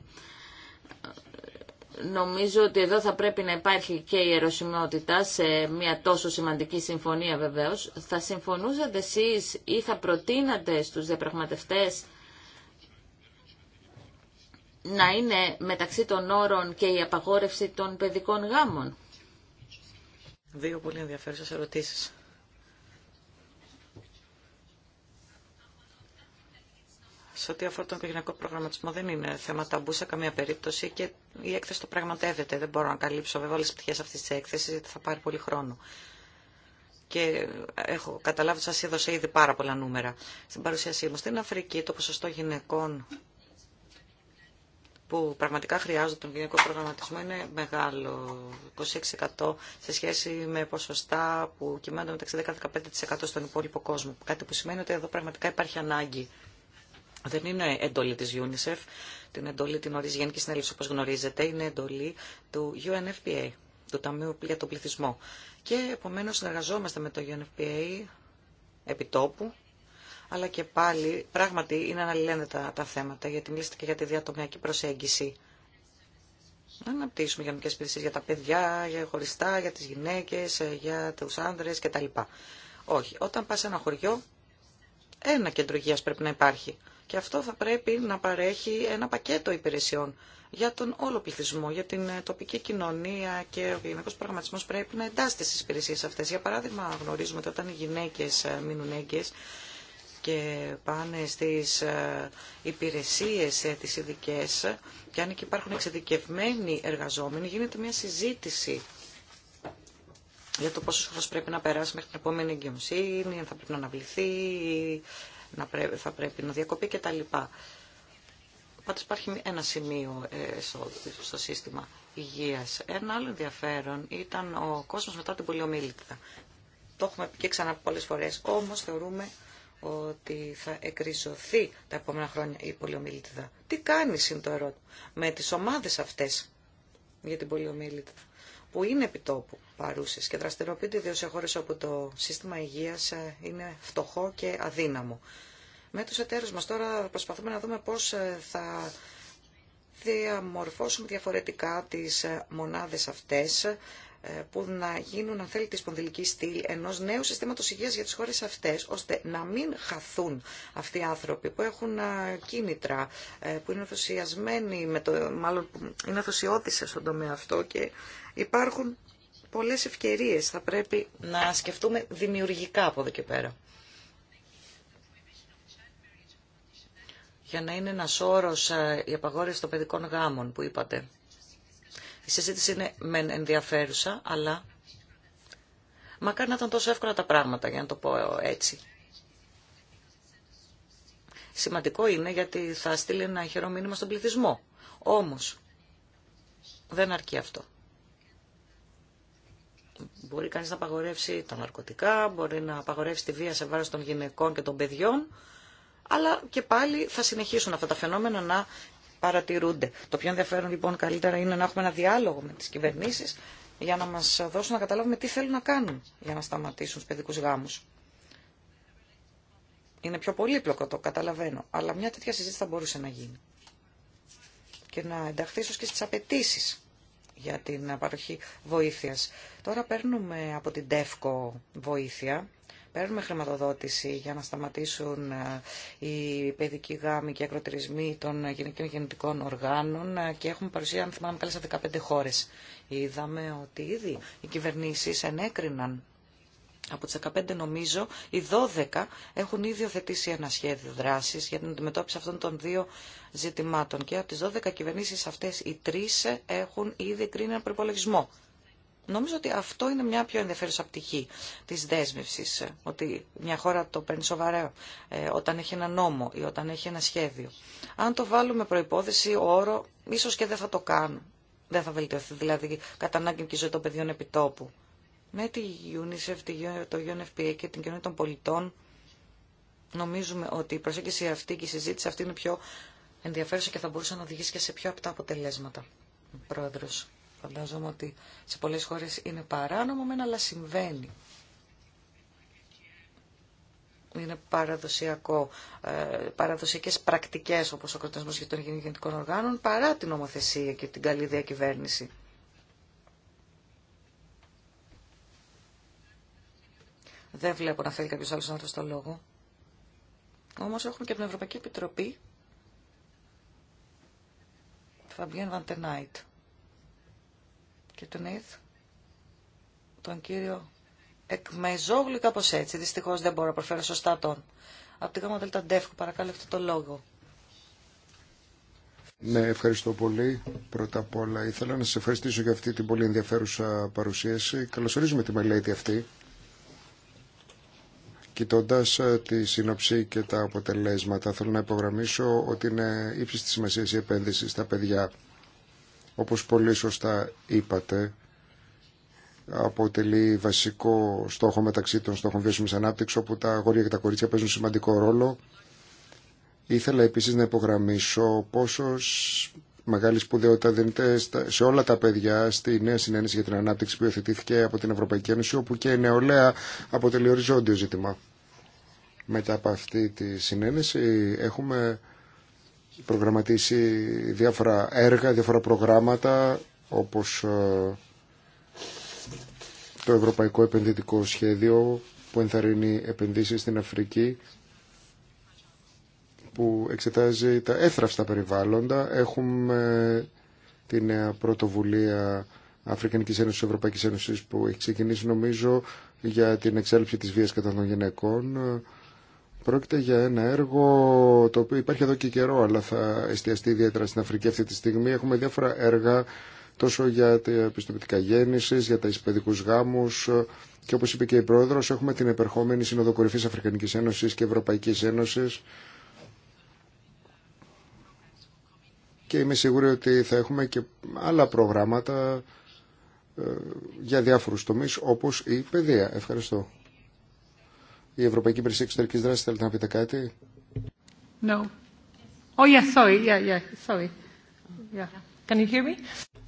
Νομίζω ότι εδώ θα πρέπει να υπάρχει και η ερωσιμότητα σε μια τόσο σημαντική συμφωνία βεβαίως. Θα συμφωνούσατε εσείς ή θα προτείνατε στους διαπραγματευτές να είναι μεταξύ των όρων και η απαγόρευση των παιδικών γάμων δύο πολύ ενδιαφέρουσες ερωτήσεις. σε ό,τι αφορά τον οικογενειακό προγραμματισμό δεν είναι θέμα ταμπού σε καμία περίπτωση και η έκθεση το πραγματεύεται. Δεν μπορώ να καλύψω βέβαια όλε τι πτυχέ αυτή τη έκθεση γιατί θα πάρει πολύ χρόνο. Και έχω καταλάβει ότι σα έδωσε ήδη πάρα πολλά νούμερα στην παρουσίασή μου. Στην Αφρική το ποσοστό γυναικών που πραγματικά χρειάζονται τον γενικό προγραμματισμό είναι μεγάλο, 26% σε σχέση με ποσοστά που κυμαίνονται μεταξύ 10-15% στον υπόλοιπο κόσμο. Κάτι που σημαίνει ότι εδώ πραγματικά υπάρχει ανάγκη. Δεν είναι εντολή της UNICEF, την εντολή την ορίζει Γενική Συνέλευση όπως γνωρίζετε, είναι εντολή του UNFPA, του Ταμείου για τον Πληθυσμό. Και επομένως συνεργαζόμαστε με το UNFPA επιτόπου αλλά και πάλι πράγματι είναι αναλληλένετα τα θέματα, γιατί μιλήσατε και για τη διατομιακή προσέγγιση. Να αναπτύσσουμε γενικέ υπηρεσίες για τα παιδιά, για χωριστά, για τις γυναίκες, για τους άνδρες κτλ. Όχι. Όταν πας σε ένα χωριό, ένα κέντρο υγείας πρέπει να υπάρχει. Και αυτό θα πρέπει να παρέχει ένα πακέτο υπηρεσιών για τον όλο πληθυσμό, για την ε, τοπική κοινωνία και ο γενικό προγραμματισμό πρέπει να εντάσσεται στι υπηρεσίε αυτέ. Για παράδειγμα, γνωρίζουμε ότι όταν οι γυναίκε ε, μείνουν έγκυε, και πάνε στις ε, υπηρεσίες ε, τις ειδικέ και αν εκεί υπάρχουν εξειδικευμένοι εργαζόμενοι γίνεται μια συζήτηση για το πόσο χρόνο πρέπει να περάσει μέχρι την επόμενη εγκυμοσύνη, αν θα πρέπει να αναβληθεί, να θα πρέπει να διακοπεί κτλ. Πάντως υπάρχει ένα σημείο ε, στο, σύστημα υγείας. Ένα άλλο ενδιαφέρον ήταν ο κόσμος μετά την πολιομήλικτα. Το έχουμε πει και ξανά πολλές φορές, όμως θεωρούμε ότι θα εκριζωθεί τα επόμενα χρόνια η πολιομιλητιδά. Τι κάνει είναι το ερώτημα με τις ομάδες αυτές για την πολιομιλητιδά που είναι επιτόπου παρούσες και δραστηριοποιείται ιδίως σε χώρες όπου το σύστημα υγείας ε, είναι φτωχό και αδύναμο. Με τους εταίρους μας τώρα προσπαθούμε να δούμε πώς ε, θα διαμορφώσουμε διαφορετικά τις ε, μονάδες αυτές ε, που να γίνουν, αν θέλετε, τη σπονδυλική στήλη ενό νέου συστήματο υγεία για τι χώρε αυτέ, ώστε να μην χαθούν αυτοί οι άνθρωποι που έχουν ε, κίνητρα, ε, που είναι ενθουσιασμένοι, με το, μάλλον που είναι στον τομέα αυτό και υπάρχουν πολλέ ευκαιρίε. Θα πρέπει να σκεφτούμε δημιουργικά από εδώ και πέρα. Για να είναι ένα όρο η απαγόρευση των παιδικών γάμων που είπατε. Η συζήτηση είναι μεν ενδιαφέρουσα, αλλά μακάρι να ήταν τόσο εύκολα τα πράγματα, για να το πω έτσι. Σημαντικό είναι γιατί θα στείλει ένα χειρό μήνυμα στον πληθυσμό. Όμως, δεν αρκεί αυτό. Μπορεί κανείς να απαγορεύσει τα ναρκωτικά, μπορεί να απαγορεύσει τη βία σε βάρος των γυναικών και των παιδιών, αλλά και πάλι θα συνεχίσουν αυτά τα φαινόμενα να παρατηρούνται. Το πιο ενδιαφέρον λοιπόν καλύτερα είναι να έχουμε ένα διάλογο με τις κυβερνήσεις για να μας δώσουν να καταλάβουμε τι θέλουν να κάνουν για να σταματήσουν τους παιδικούς γάμους. Είναι πιο πολύπλοκο το καταλαβαίνω, αλλά μια τέτοια συζήτηση θα μπορούσε να γίνει. Και να ενταχθεί και στις απαιτήσει για την παροχή βοήθειας. Τώρα παίρνουμε από την ΤΕΦΚΟ βοήθεια παίρνουμε χρηματοδότηση για να σταματήσουν ε, οι παιδικοί γάμοι και οι ακροτηρισμοί των γυναικείων γεννητικών οργάνων ε, και έχουμε παρουσία, αν θυμάμαι καλά, σε 15 χώρε. Είδαμε ότι ήδη οι κυβερνήσει ενέκριναν από τις 15 νομίζω, οι 12 έχουν ήδη οθετήσει ένα σχέδιο δράσης για την αντιμετώπιση αυτών των δύο ζητημάτων. Και από τις 12 κυβερνήσεις αυτές οι τρεις έχουν ήδη κρίνει ένα προπολογισμό Νομίζω ότι αυτό είναι μια πιο ενδιαφέρουσα πτυχή τη δέσμευση. ότι μια χώρα το παίρνει σοβαρά ε, όταν έχει ένα νόμο ή όταν έχει ένα σχέδιο. Αν το βάλουμε προϋπόθεση, όρο, ίσω και δεν θα το κάνουν. Δεν θα βελτιωθεί δηλαδή κατά ανάγκη και η ζωή των παιδιών επιτόπου. Με τη UNICEF, το UNFPA και την κοινωνία των πολιτών νομίζουμε ότι η προσέγγιση αυτή και η συζήτηση αυτή είναι πιο ενδιαφέρουσα και θα μπορούσε να οδηγήσει και σε πιο απτά αποτελέσματα. Πρόεδρος. Φαντάζομαι ότι σε πολλές χώρες είναι παράνομο, μεν, αλλά συμβαίνει. Είναι παραδοσιακό, ε, παραδοσιακές πρακτικές όπως ο κρατασμός για των γενικών οργάνων παρά την νομοθεσία και την καλή διακυβέρνηση. Δεν βλέπω να θέλει κάποιος άλλος να έρθει στο λόγο. Όμως έχουμε και την Ευρωπαϊκή Επιτροπή. Φαμπιέν Βαντενάιτ και τον Ιθ, τον κύριο Εκμεζόγλου, κάπω έτσι. Δυστυχώ δεν μπορώ να προφέρω σωστά τον. Από τη ΓΑΜΑ ΔΕΛΤΑ παρακαλώ, το λόγο. Ναι, ευχαριστώ πολύ. Πρώτα απ' όλα ήθελα να σα ευχαριστήσω για αυτή την πολύ ενδιαφέρουσα παρουσίαση. Καλωσορίζουμε τη μελέτη αυτή. Κοιτώντα ε, τη σύνοψη και τα αποτελέσματα, θέλω να υπογραμμίσω ότι είναι ύψη τη σημασία η επένδυση στα παιδιά όπως πολύ σωστά είπατε, αποτελεί βασικό στόχο μεταξύ των στόχων βιώσιμης ανάπτυξης, όπου τα αγόρια και τα κορίτσια παίζουν σημαντικό ρόλο. Ήθελα επίσης να υπογραμμίσω πόσο μεγάλη σπουδαιότητα δίνεται σε όλα τα παιδιά στη νέα συνένεση για την ανάπτυξη που υιοθετήθηκε από την Ευρωπαϊκή Ένωση, όπου και η νεολαία αποτελεί οριζόντιο ζήτημα. Μετά από αυτή τη συνένεση έχουμε προγραμματίσει διάφορα έργα, διάφορα προγράμματα όπως ε, το Ευρωπαϊκό Επενδυτικό Σχέδιο που ενθαρρύνει επενδύσεις στην Αφρική που εξετάζει τα έθραυστα περιβάλλοντα. Έχουμε την πρωτοβουλία Αφρικανικής Ένωσης Ευρωπαϊκής Ένωσης που έχει ξεκινήσει νομίζω για την εξέλιξη της βίας κατά των γυναικών Πρόκειται για ένα έργο το οποίο υπάρχει εδώ και καιρό, αλλά θα εστιαστεί ιδιαίτερα στην Αφρική αυτή τη στιγμή. Έχουμε διάφορα έργα τόσο για τα επιστοποιητικά γέννηση, για τα ισπαιδικού γάμου. Και όπω είπε και η πρόεδρο, έχουμε την επερχόμενη Σύνοδο Κορυφή Αφρικανική Ένωση και Ευρωπαϊκή Ένωση. Και είμαι σίγουρη ότι θα έχουμε και άλλα προγράμματα ε, για διάφορους τομείς όπως η παιδεία. Ευχαριστώ. Η Ευρωπαϊκή Υπηρεσία Εξωτερικής Δράσης θέλετε να πείτε κάτι.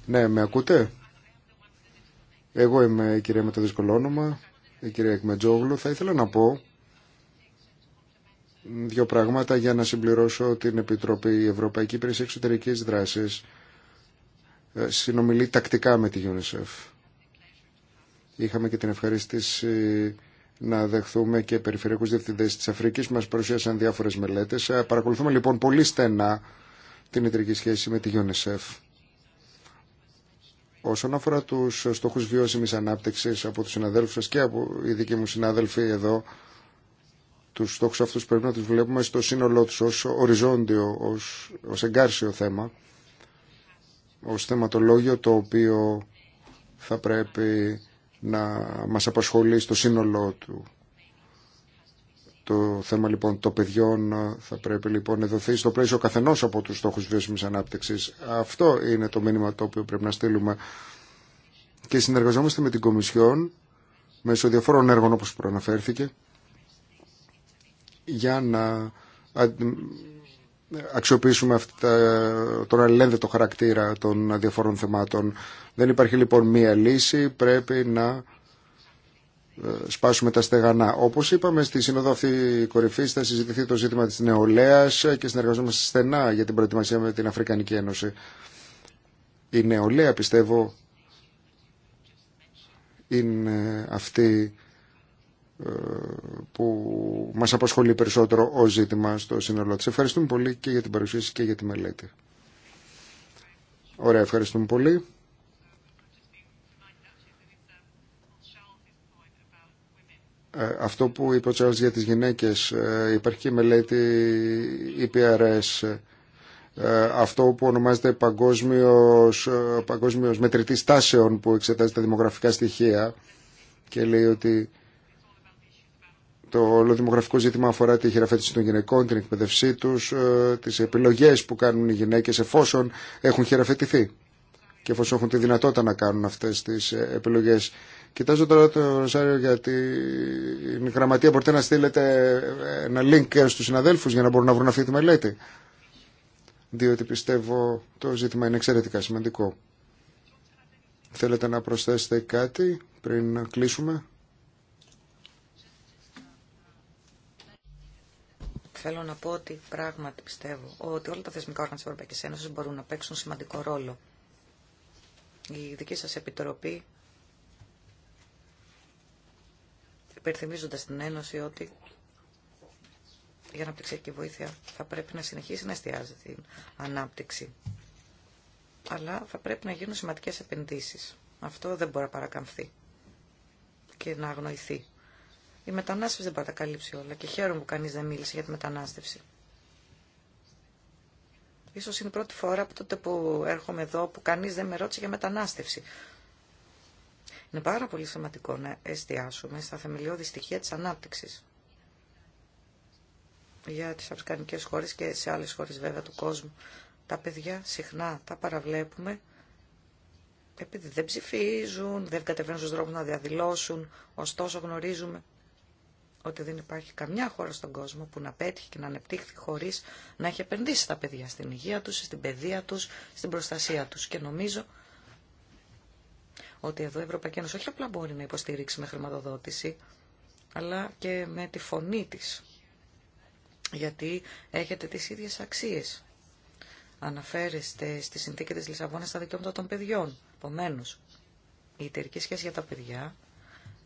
Ναι, με ακούτε. Εγώ είμαι η κυρία με το δύσκολο όνομα, η κυρία Εκμετζόγλου. Θα ήθελα να πω δύο πράγματα για να συμπληρώσω την Επιτροπή η Ευρωπαϊκή Υπηρεσία Εξωτερικής Δράσης ε, συνομιλεί τακτικά με τη UNICEF. Είχαμε και την ευχαρίστηση να δεχθούμε και περιφερειακού διευθυντέ τη Αφρική που μα παρουσίασαν διάφορε μελέτε. Ε, παρακολουθούμε λοιπόν πολύ στενά την ιδρυτική σχέση με τη UNICEF. Όσον αφορά του στόχου βιώσιμη ανάπτυξη από του συναδέλφου σα και από οι δικοί μου συνάδελφοι εδώ, του στόχου αυτού πρέπει να του βλέπουμε στο σύνολό του ω οριζόντιο, ω εγκάρσιο θέμα, ω θεματολόγιο το οποίο θα πρέπει να μας απασχολεί στο σύνολό του. Το θέμα λοιπόν των παιδιών θα πρέπει λοιπόν να δοθεί στο πλαίσιο καθενός από τους στόχου βιώσιμης ανάπτυξης. Αυτό είναι το μήνυμα το οποίο πρέπει να στείλουμε. Και συνεργαζόμαστε με την Κομισιόν μέσω διαφόρων έργων όπως προαναφέρθηκε για να αξιοποιήσουμε αυτά, τον αλληλένδετο χαρακτήρα των διαφορών θεμάτων. Δεν υπάρχει λοιπόν μία λύση, πρέπει να ε, σπάσουμε τα στεγανά. Όπως είπαμε στη Σύνοδο αυτή κορυφή θα συζητηθεί το ζήτημα της νεολαίας και συνεργαζόμαστε στενά για την προετοιμασία με την Αφρικανική Ένωση. Η νεολαία πιστεύω είναι αυτή που μας απασχολεί περισσότερο ο ζήτημα στο σύνολό της. Ευχαριστούμε πολύ και για την παρουσίαση και για τη μελέτη. Ωραία, ευχαριστούμε πολύ. Ε, αυτό που είπε ο Τσάρλς για τις γυναίκες, ε, υπάρχει και μελέτη EPRS, ε, αυτό που ονομάζεται παγκόσμιος, παγκόσμιος μετρητής τάσεων που εξετάζει τα δημογραφικά στοιχεία και λέει ότι το όλο δημογραφικό ζήτημα αφορά τη χειραφέτηση των γυναικών, την εκπαίδευσή του, ε, τι επιλογέ που κάνουν οι γυναίκε εφόσον έχουν χειραφετηθεί και εφόσον έχουν τη δυνατότητα να κάνουν αυτέ τι ε, επιλογέ. Κοιτάζω τώρα το Ροσάριο για την γραμματεία. Μπορείτε να στείλετε ε, ένα link στου συναδέλφου για να μπορούν να βρουν αυτή τη μελέτη. Διότι πιστεύω το ζήτημα είναι εξαιρετικά σημαντικό. Θέλετε να προσθέσετε κάτι πριν κλείσουμε. Θέλω να πω ότι πράγματι πιστεύω ότι όλα τα θεσμικά όργανα τη Ευρωπαϊκή Ένωση μπορούν να παίξουν σημαντικό ρόλο. Η δική σας επιτροπή, υπερθυμίζοντας την Ένωση ότι για αναπτυξιακή βοήθεια θα πρέπει να συνεχίσει να εστιάζει την ανάπτυξη. Αλλά θα πρέπει να γίνουν σημαντικές επενδύσεις. Αυτό δεν μπορεί να παρακαμφθεί και να αγνοηθεί. Η μετανάστευση δεν τα καλύψει όλα και χαίρομαι που κανείς δεν μίλησε για τη μετανάστευση. Ίσως είναι η πρώτη φορά από τότε που έρχομαι εδώ που κανείς δεν με ρώτησε για μετανάστευση. Είναι πάρα πολύ σημαντικό να εστιάσουμε στα θεμελιώδη στοιχεία της ανάπτυξης για τις αυσκανικές χώρες και σε άλλες χώρες βέβαια του κόσμου. Τα παιδιά συχνά τα παραβλέπουμε επειδή δεν ψηφίζουν, δεν κατεβαίνουν στους δρόμους να διαδηλώσουν, ωστόσο γνωρίζουμε ότι δεν υπάρχει καμιά χώρα στον κόσμο που να πέτυχε και να ανεπτύχθη χωρίς να έχει επενδύσει τα παιδιά στην υγεία τους, στην παιδεία τους, στην προστασία τους. Και νομίζω ότι εδώ η Ευρωπαϊκή Ένωση όχι απλά μπορεί να υποστηρίξει με χρηματοδότηση, αλλά και με τη φωνή της. Γιατί έχετε τις ίδιες αξίες. Αναφέρεστε στη συνθήκη της Λισαβόνα στα δικαιώματα των παιδιών. Επομένω, η εταιρική σχέση για τα παιδιά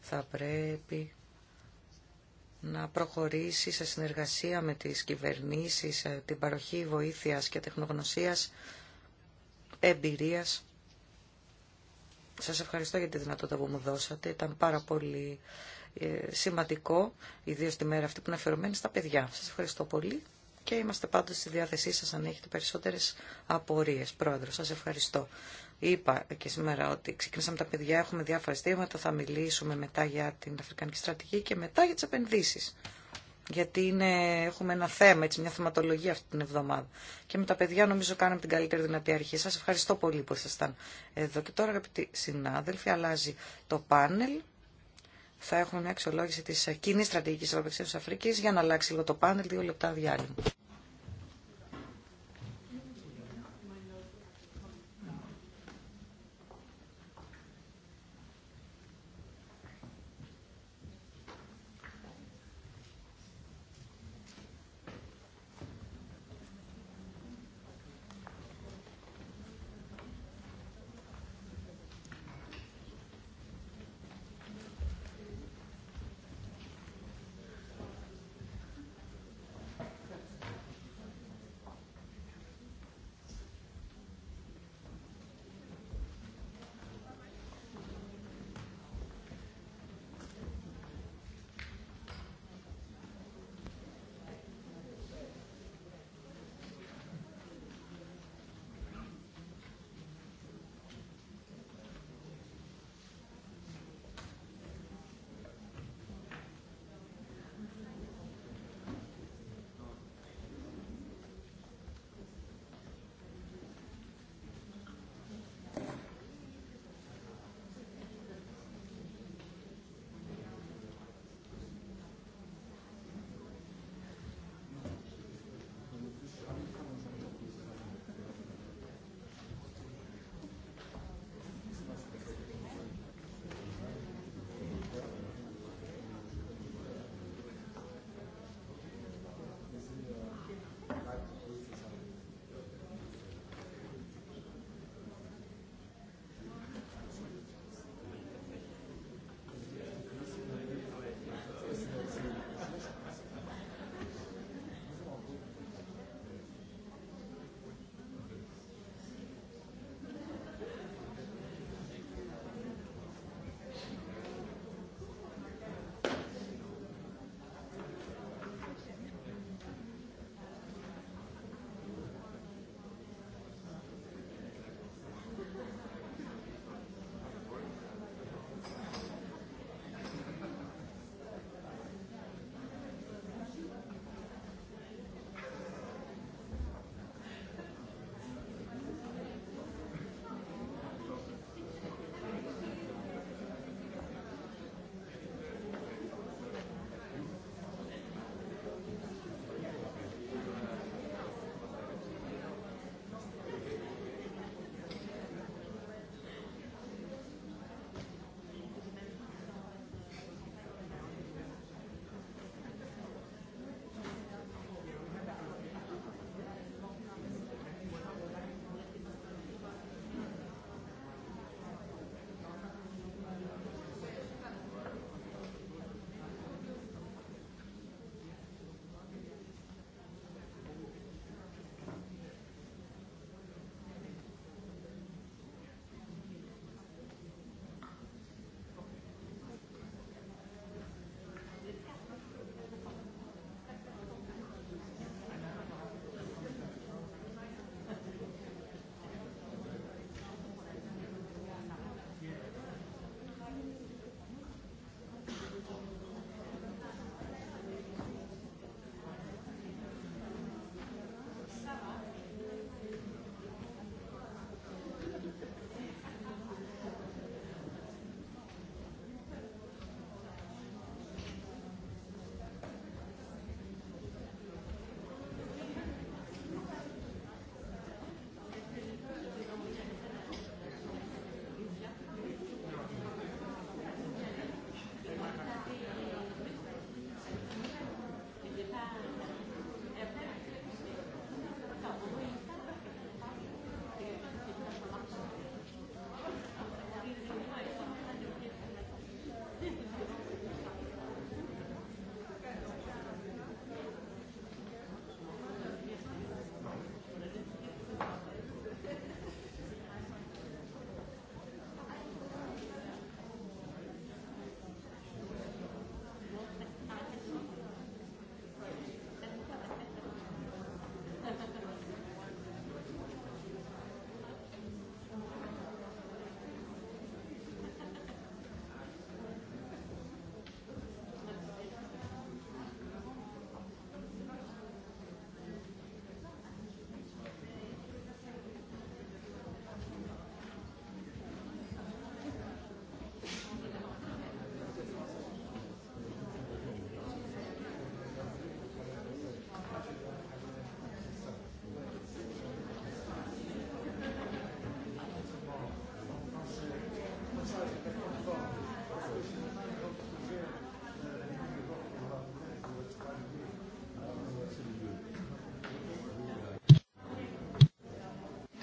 θα πρέπει να προχωρήσει σε συνεργασία με τις κυβερνήσεις, ε, την παροχή βοήθειας και τεχνογνωσίας, εμπειρίας. Σας ευχαριστώ για τη δυνατότητα που μου δώσατε. Ήταν πάρα πολύ ε, σημαντικό, ιδίω τη μέρα αυτή που είναι αφιερωμένη στα παιδιά. Σας ευχαριστώ πολύ και είμαστε πάντως στη διάθεσή σας αν έχετε περισσότερες απορίες. Πρόεδρο, σας ευχαριστώ. Είπα και σήμερα ότι ξεκινήσαμε τα παιδιά, έχουμε διάφορα στήματα, θα μιλήσουμε μετά για την Αφρικανική στρατηγική και μετά για τις επενδύσεις. Γιατί είναι, έχουμε ένα θέμα, έτσι, μια θεματολογία αυτή την εβδομάδα. Και με τα παιδιά νομίζω κάναμε την καλύτερη δυνατή αρχή. Σας ευχαριστώ πολύ που ήσασταν εδώ. Και τώρα αγαπητοί συνάδελφοι, αλλάζει το πάνελ. Θα έχουμε μια αξιολόγηση της κοινής στρατηγικής Ευρωπαϊκής Αφρικής για να αλλάξει λίγο το πάνελ, δύο λεπτά διάλειμμα.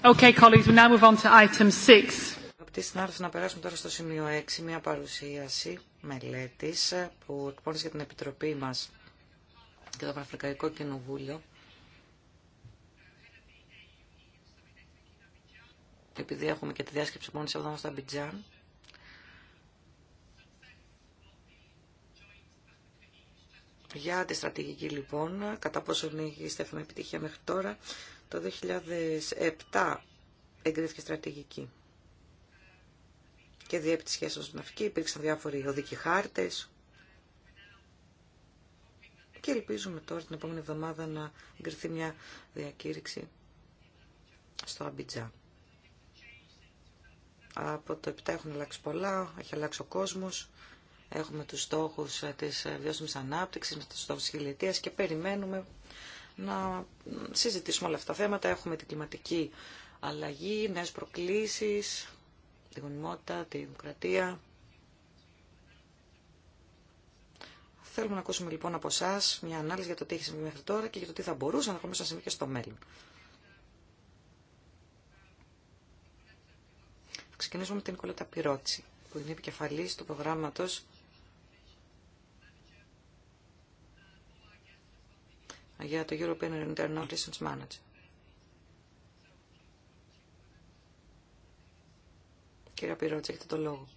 Okay, colleagues, we now move on to item Αγαπητοί συνάδελφοι, να περάσουμε τώρα στο σημείο 6, μια παρουσίαση μελέτης που εκπώνησε για την Επιτροπή μας και το Αφρικαϊκό Κοινοβούλιο. Επειδή έχουμε και τη διάσκεψη μόνη εβδομάδα στα Μπιτζάν, Για τη στρατηγική λοιπόν, κατά πόσο είστε με επιτυχία μέχρι τώρα, το 2007 εγκρίθηκε στρατηγική και διέπει τη σχέση με αυτή, Υπήρξαν διάφοροι οδικοί χάρτε. Και ελπίζουμε τώρα την επόμενη εβδομάδα να εγκριθεί μια διακήρυξη στο Αμπιτζά. Από το 7 έχουν αλλάξει πολλά, έχει αλλάξει ο κόσμος. Έχουμε τους στόχους ε, της ε, βιώσιμης ανάπτυξης, με τους στόχους της και περιμένουμε να συζητήσουμε όλα αυτά τα θέματα. Έχουμε την κλιματική αλλαγή, νέες προκλήσεις, τη γονιμότητα, τη δημοκρατία. Θέλουμε να ακούσουμε λοιπόν από εσά μια ανάλυση για το τι έχει συμβεί μέχρι τώρα και για το τι θα μπορούσε να ακολουθήσει να συμβεί και στο μέλλον. ξεκινήσουμε με την Νικόλα που είναι επικεφαλή του προγράμματο για το European International Relations Manager. Κύριε Πυρότση, έχετε το λόγο.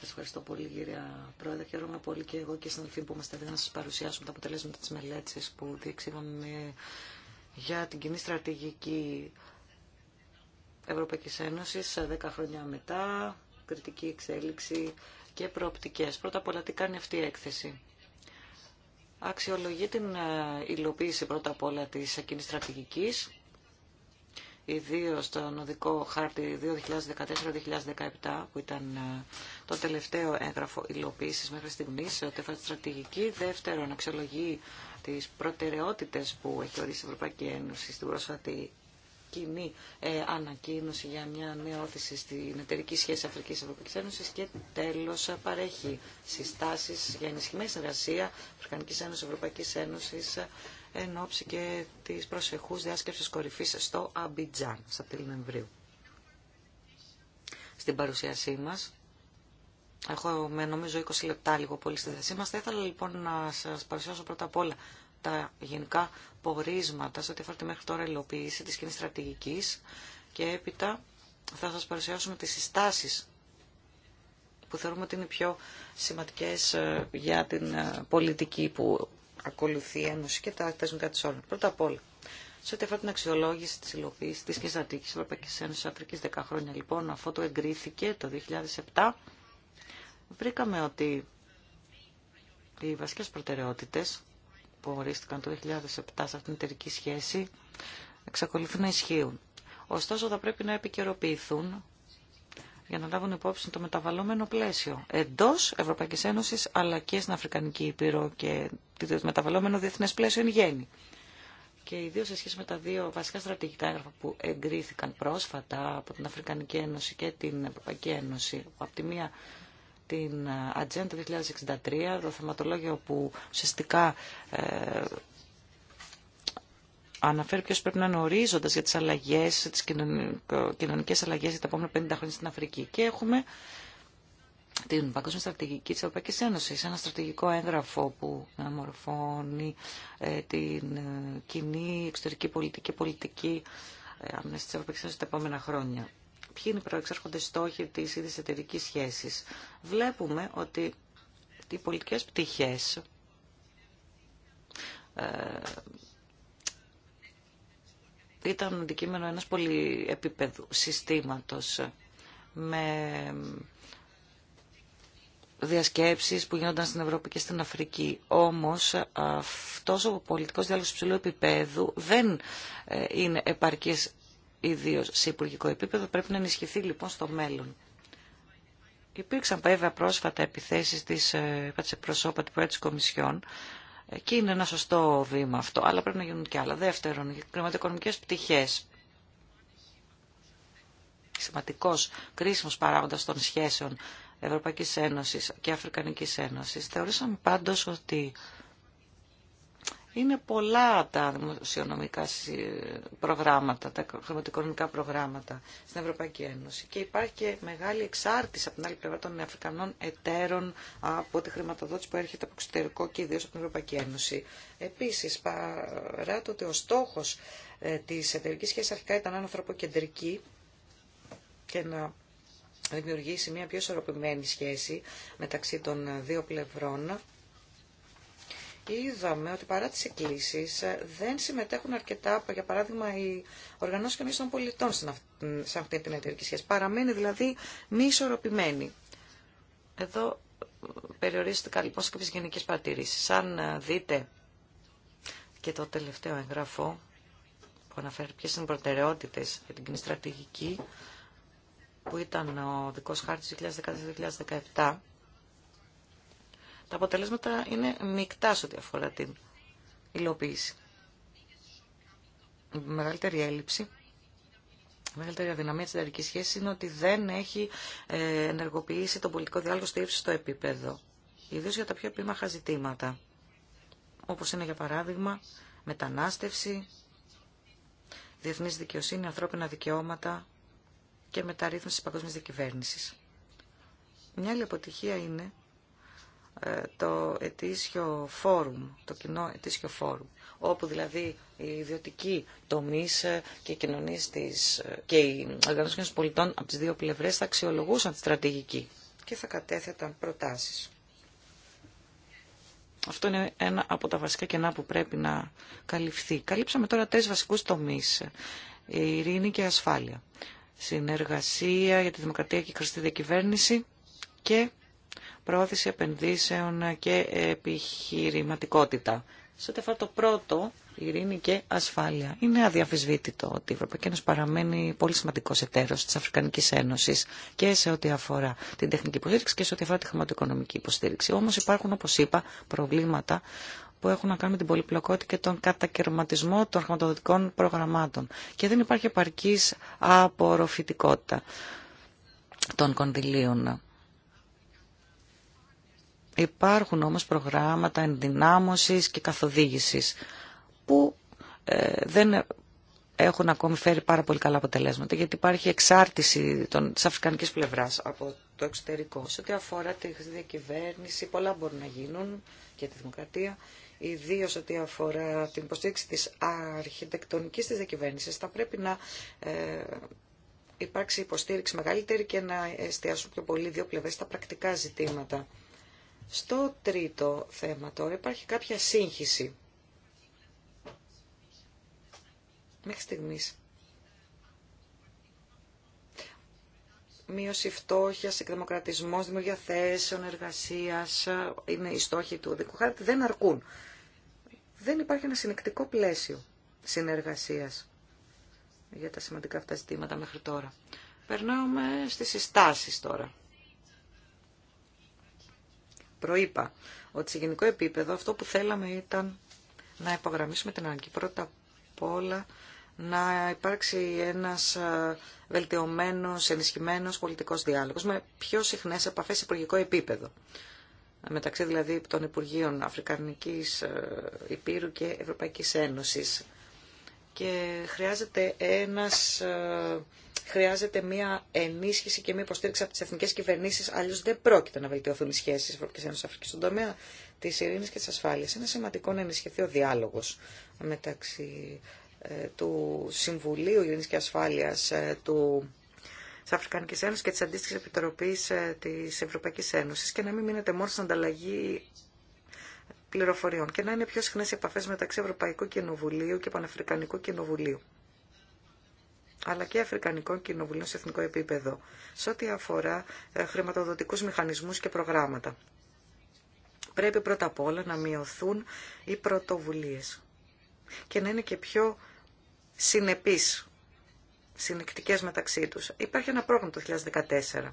Σας ευχαριστώ πολύ κυρία Πρόεδρε. Χαίρομαι πολύ και εγώ και οι συναδελφοί που είμαστε εδώ να σας παρουσιάσουμε τα αποτελέσματα της μελέτης που διεξήγαμε για την κοινή στρατηγική Ευρωπαϊκής Ένωσης 10 χρόνια μετά, κριτική εξέλιξη και προοπτικές. Πρώτα απ' όλα τι κάνει αυτή η έκθεση αξιολογεί την ε, υλοποίηση πρώτα απ' όλα της εκείνης στρατηγικής, ιδίως στον οδικό χάρτη 2014-2017, που ήταν ε, το τελευταίο έγγραφο υλοποίησης μέχρι στιγμής, ότι τη στρατηγική. Δεύτερον, αξιολογεί τις προτεραιότητες που έχει ορίσει η Ευρωπαϊκή Ένωση στην πρόσφατη κοινή ε, ανακοίνωση για μια νέα όθηση στην εταιρική σχέση Αφρικής Ευρωπαϊκής Ένωσης και τέλος ε, παρέχει συστάσεις για ενισχυμένη συνεργασία Αφρικανικής Ένωσης Ευρωπαϊκής Ένωσης ε, εν ώψη και της προσεχούς διάσκεψης κορυφής στο Αμπιτζάν, στα τέλη Νοεμβρίου. Στην παρουσίασή μας, έχω με νομίζω 20 λεπτά λίγο πολύ στη θέση μα, θα ήθελα λοιπόν να σα παρουσιάσω πρώτα απ' όλα τα γενικά πορίσματα σε ό,τι αφορά τη μέχρι τώρα υλοποίηση της κοινή στρατηγικής και έπειτα θα σας παρουσιάσουμε τις συστάσεις που θεωρούμε ότι είναι πιο σημαντικές ε, για την ε, πολιτική που ακολουθεί η Ένωση και τα θεσμικά της όλων. Πρώτα απ' όλα, σε ό,τι αφορά την αξιολόγηση της υλοποίησης της κοινή στρατηγικής Ευρωπαϊκής Ένωσης Αφρικής 10 χρόνια λοιπόν, αφού το εγκρίθηκε το 2007, βρήκαμε ότι οι βασικές προτεραιότητες που ορίστηκαν το 2007 σε αυτήν την εταιρική σχέση εξακολουθούν να ισχύουν. Ωστόσο θα πρέπει να επικαιροποιηθούν για να λάβουν υπόψη το μεταβαλλόμενο πλαίσιο εντός Ευρωπαϊκής Ένωσης αλλά και στην Αφρικανική Ήπειρο και το μεταβαλλόμενο διεθνές πλαίσιο εν γέννη. Και ιδίω σε σχέση με τα δύο βασικά στρατηγικά έγγραφα που εγκρίθηκαν πρόσφατα από την Αφρικανική Ένωση και την Ευρωπαϊκή Ένωση. Από τη μία την Ατζέντα 2063, το θεματολόγιο που ουσιαστικά ε, αναφέρει ποιος πρέπει να είναι ορίζοντας για τις αλλαγές, τις κοινωνικές αλλαγές για τα επόμενα 50 χρόνια στην Αφρική. Και έχουμε την Παγκόσμια Στρατηγική της Ευρωπαϊκής Ένωσης, ένα στρατηγικό έγγραφο που αναμορφώνει ε, την ε, κοινή εξωτερική πολιτική και πολιτική ε, τη της Ευρωπαϊκής Ένωσης τα επόμενα χρόνια ποιοι είναι οι προεξέρχοντες στόχοι της ήδη εταιρικής σχέσης. Βλέπουμε ότι οι πολιτικές πτυχές ε, ήταν αντικείμενο ένας πολυεπίπεδου συστήματος με διασκέψεις που γίνονταν στην Ευρώπη και στην Αφρική. Όμως αυτός ο πολιτικός διάλογος υψηλού επίπεδου δεν ε, είναι επαρκής ιδίω σε υπουργικό επίπεδο, πρέπει να ενισχυθεί λοιπόν στο μέλλον. Υπήρξαν βέβαια πρόσφατα επιθέσεις της ε, προσώπα του Προέτσης Κομισιόν και είναι ένα σωστό βήμα αυτό, αλλά πρέπει να γίνουν και άλλα. Δεύτερον, οι κλιματοοικονομικές πτυχές. Σημαντικός, κρίσιμος παράγοντας των σχέσεων Ευρωπαϊκής Ένωσης και Αφρικανικής Ένωσης. Θεωρήσαμε πάντω ότι είναι πολλά τα δημοσιονομικά προγράμματα, τα χρηματοοικονομικά προγράμματα στην Ευρωπαϊκή Ένωση και υπάρχει και μεγάλη εξάρτηση από την άλλη πλευρά των Αφρικανών εταίρων από τη χρηματοδότηση που έρχεται από εξωτερικό και ιδίως από την Ευρωπαϊκή Ένωση. Επίσης, παρά το ότι ο στόχος ε, της εταιρική σχέση αρχικά ήταν ανθρωποκεντρική και να δημιουργήσει μια πιο ισορροπημένη σχέση μεταξύ των ε, δύο πλευρών, είδαμε ότι παρά τις εκκλήσεις ε, δεν συμμετέχουν αρκετά, για παράδειγμα, οι οργανώσεις και των πολιτών σε αυτή την εταιρική σχέση. Παραμένει δηλαδή μη ισορροπημένη. Εδώ ε, περιορίστηκα λοιπόν σε κάποιες γενικές παρατηρήσεις. Αν ε, δείτε και το τελευταίο εγγραφό που αναφέρει ποιες είναι οι προτεραιότητες για την κοινή στρατηγική που ήταν ο δικός χάρτης 2014-2017 τα αποτελέσματα είναι μεικτά σε ό,τι αφορά την υλοποίηση. Η μεγαλύτερη έλλειψη, η μεγαλύτερη αδυναμία της εταιρικής σχέσης είναι ότι δεν έχει ε, ενεργοποιήσει τον πολιτικό διάλογο στο ύψιστο επίπεδο. Ιδίως για τα πιο επίμαχα ζητήματα, όπως είναι για παράδειγμα μετανάστευση, διεθνής δικαιοσύνη, ανθρώπινα δικαιώματα και μεταρρύθμιση της παγκόσμιας διακυβέρνησης. Μια άλλη αποτυχία είναι ε, το ετήσιο φόρουμ, το κοινό ετήσιο φόρουμ, όπου δηλαδή οι ιδιωτικοί τομεί ε, και οι κοινωνίε ε, και οι οργανώσει πολιτών από τι δύο πλευρέ θα αξιολογούσαν τη στρατηγική και θα κατέθεταν προτάσει. Αυτό είναι ένα από τα βασικά κενά που πρέπει να καλυφθεί. Καλύψαμε τώρα τρεις βασικούς τομείς. Η ειρήνη και η ασφάλεια. Συνεργασία για τη δημοκρατία και η χρηστή διακυβέρνηση και Προώθηση επενδύσεων και επιχειρηματικότητα. Σε ό,τι αφορά το πρώτο, ειρήνη και ασφάλεια. Είναι αδιαφυσβήτητο ότι η Ευρωπαϊκή Ένωση παραμένει πολύ σημαντικό εταίρο τη Αφρικανική Ένωση και σε ό,τι αφορά την τεχνική υποστήριξη και σε ό,τι αφορά τη χρηματοοικονομική υποστήριξη. Όμω υπάρχουν, όπω είπα, προβλήματα που έχουν να κάνουν με την πολυπλοκότητα και τον κατακαιρματισμό των χρηματοδοτικών προγραμμάτων. Και δεν υπάρχει επαρκή απορροφητικότητα των κονδυλίων. Υπάρχουν όμως προγράμματα ενδυνάμωσης και καθοδήγησης που ε, δεν έχουν ακόμη φέρει πάρα πολύ καλά αποτελέσματα γιατί υπάρχει εξάρτηση των, της αφρικανικής πλευράς από το εξωτερικό. Σε ό,τι αφορά τη διακυβέρνηση πολλά μπορούν να γίνουν και τη δημοκρατία. Ιδίω ό,τι αφορά την υποστήριξη της αρχιτεκτονικής της διακυβέρνησης θα πρέπει να ε, υπάρξει υποστήριξη μεγαλύτερη και να εστιάσουν πιο πολύ δύο πλευρές στα πρακτικά ζητήματα. Στο τρίτο θέμα τώρα υπάρχει κάποια σύγχυση. Μέχρι στιγμής. Μείωση φτώχεια, εκδημοκρατισμό, δημιουργία θέσεων, εργασία είναι οι στόχοι του οδικού χάρτη. Δεν αρκούν. Δεν υπάρχει ένα συνεκτικό πλαίσιο συνεργασία για τα σημαντικά αυτά ζητήματα μέχρι τώρα. Περνάμε στι συστάσει τώρα προείπα ότι σε γενικό επίπεδο αυτό που θέλαμε ήταν να υπογραμμίσουμε την ανάγκη πρώτα απ' όλα να υπάρξει ένας βελτιωμένος, ενισχυμένος πολιτικός διάλογος με πιο συχνές επαφές σε υπουργικό επίπεδο μεταξύ δηλαδή των Υπουργείων Αφρικανικής Υπήρου και Ευρωπαϊκής Ένωσης. Και χρειάζεται ένας χρειάζεται μια ενίσχυση και μια υποστήριξη από τι εθνικέ κυβερνήσει, αλλιώ δεν πρόκειται να βελτιωθούν οι σχέσει τη Ευρωπαϊκή Ένωση Αφρική στον τομέα τη ειρήνη και τη ασφάλεια. Είναι σημαντικό να ενισχυθεί ο διάλογο μεταξύ ε, του Συμβουλίου Ειρήνη και Ασφάλεια ε, του τη Αφρικανική Ένωση και τη αντίστοιχη επιτροπή ε, τη Ευρωπαϊκή Ένωση και να μην μείνετε μόνο στην ανταλλαγή πληροφοριών και να είναι πιο συχνέ οι επαφέ μεταξύ Ευρωπαϊκού Κοινοβουλίου και Παναφρικανικού Κοινοβουλίου αλλά και Αφρικανικών Κοινοβουλίων σε εθνικό επίπεδο, σε ό,τι αφορά ε, χρηματοδοτικούς μηχανισμούς και προγράμματα. Πρέπει πρώτα απ' όλα να μειωθούν οι πρωτοβουλίες και να είναι και πιο συνεπείς, συνεκτικές μεταξύ τους. Υπάρχει ένα πρόγραμμα το 2014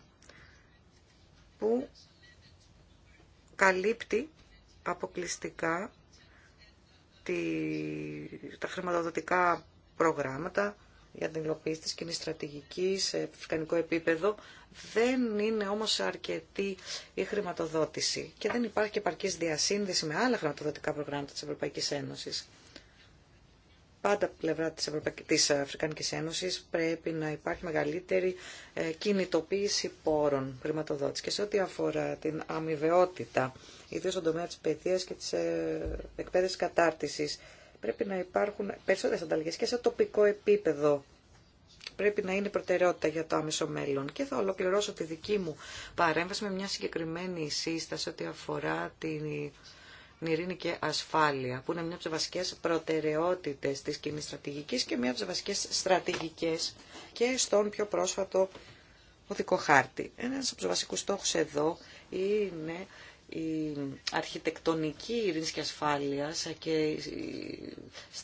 που καλύπτει αποκλειστικά τη, τα χρηματοδοτικά προγράμματα για την υλοποίηση της κοινή στρατηγική σε Αφρικανικό επίπεδο. Δεν είναι όμως αρκετή η χρηματοδότηση και δεν υπάρχει και επαρκής διασύνδεση με άλλα χρηματοδοτικά προγράμματα της Ευρωπαϊκής Ένωσης. Πάντα από πλευρά της, Ευρωπαϊκ... της Αφρικανικής Ένωσης πρέπει να υπάρχει μεγαλύτερη ε, κινητοποίηση πόρων χρηματοδότηση και σε ό,τι αφορά την αμοιβαιότητα, ιδίως στον τομέα της παιδείας και της ε, εκπαίδευσης κατάρτισης. Πρέπει να υπάρχουν περισσότερες ανταλλαγές και σε τοπικό επίπεδο. Πρέπει να είναι προτεραιότητα για το άμεσο μέλλον. Και θα ολοκληρώσω τη δική μου παρέμβαση με μια συγκεκριμένη σύσταση ότι αφορά την ειρήνη και ασφάλεια, που είναι μια από τι βασικέ προτεραιότητε τη κοινή στρατηγική και μια από τι βασικέ στρατηγικέ και στον πιο πρόσφατο οδικό χάρτη. Ένα από του βασικού στόχου εδώ είναι η αρχιτεκτονική ειρήνης και ασφάλειας και η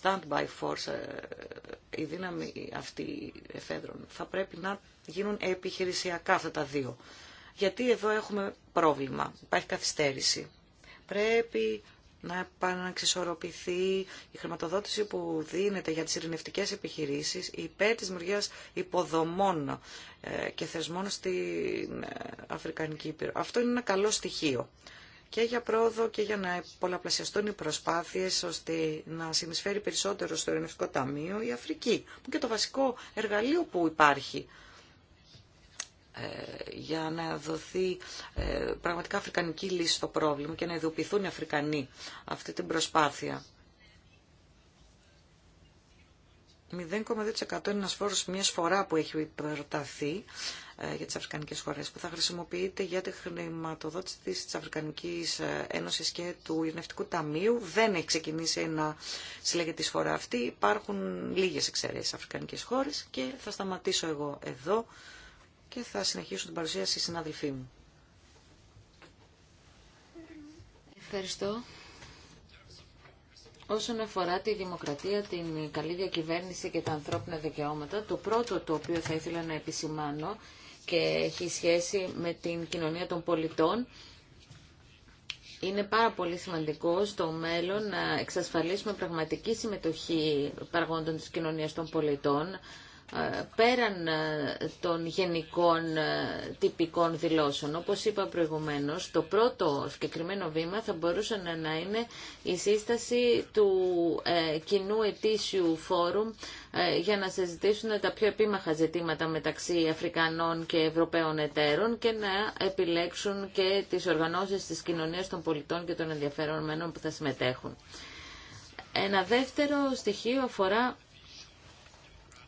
stand-by force, ε, η δύναμη αυτή εφέδρων, θα πρέπει να γίνουν επιχειρησιακά αυτά τα δύο. Γιατί εδώ έχουμε πρόβλημα, υπάρχει καθυστέρηση. Πρέπει να επαναξισορροπηθεί η χρηματοδότηση που δίνεται για τις ειρηνευτικές επιχειρήσεις υπέρ της δημιουργίας υποδομών ε, και θεσμών στην ε, Αφρικανική Ήπειρο. Αυτό είναι ένα καλό στοιχείο και για πρόοδο και για να πολλαπλασιαστούν οι προσπάθειες ώστε να συνεισφέρει περισσότερο στο Ειρηνευτικό Ταμείο η Αφρική, που και το βασικό εργαλείο που υπάρχει ε, για να δοθεί ε, πραγματικά αφρικανική λύση στο πρόβλημα και να ειδοποιηθούν οι Αφρικανοί αυτή την προσπάθεια. 0,2% είναι ένας φόρος μιας φορά που έχει προταθεί ε, για τις αφρικανικές χώρες που θα χρησιμοποιείται για τη χρηματοδότηση της Αφρικανικής Ένωσης και του Ειρνευτικού Ταμείου. Δεν έχει ξεκινήσει να συλλέγεται τη σφορά αυτή. Υπάρχουν λίγες εξαιρέσεις αφρικανικές χώρες και θα σταματήσω εγώ εδώ και θα συνεχίσω την παρουσίαση στην συνάδελφοί μου. Ευχαριστώ. Όσον αφορά τη δημοκρατία, την καλή διακυβέρνηση και τα ανθρώπινα δικαιώματα, το πρώτο το οποίο θα ήθελα να επισημάνω και έχει σχέση με την κοινωνία των πολιτών, είναι πάρα πολύ σημαντικό στο μέλλον να εξασφαλίσουμε πραγματική συμμετοχή παραγόντων της κοινωνίας των πολιτών, πέραν ε, των γενικών ε, τυπικών δηλώσεων. Όπως είπα προηγουμένως, το πρώτο συγκεκριμένο βήμα θα μπορούσε να είναι η σύσταση του ε, κοινού ετήσιου φόρουμ για να συζητήσουν τα πιο επίμαχα ζητήματα μεταξύ Αφρικανών και Ευρωπαίων εταίρων και να επιλέξουν και τις οργανώσεις της κοινωνίας των πολιτών και των ενδιαφερομένων που θα συμμετέχουν. Ένα δεύτερο στοιχείο αφορά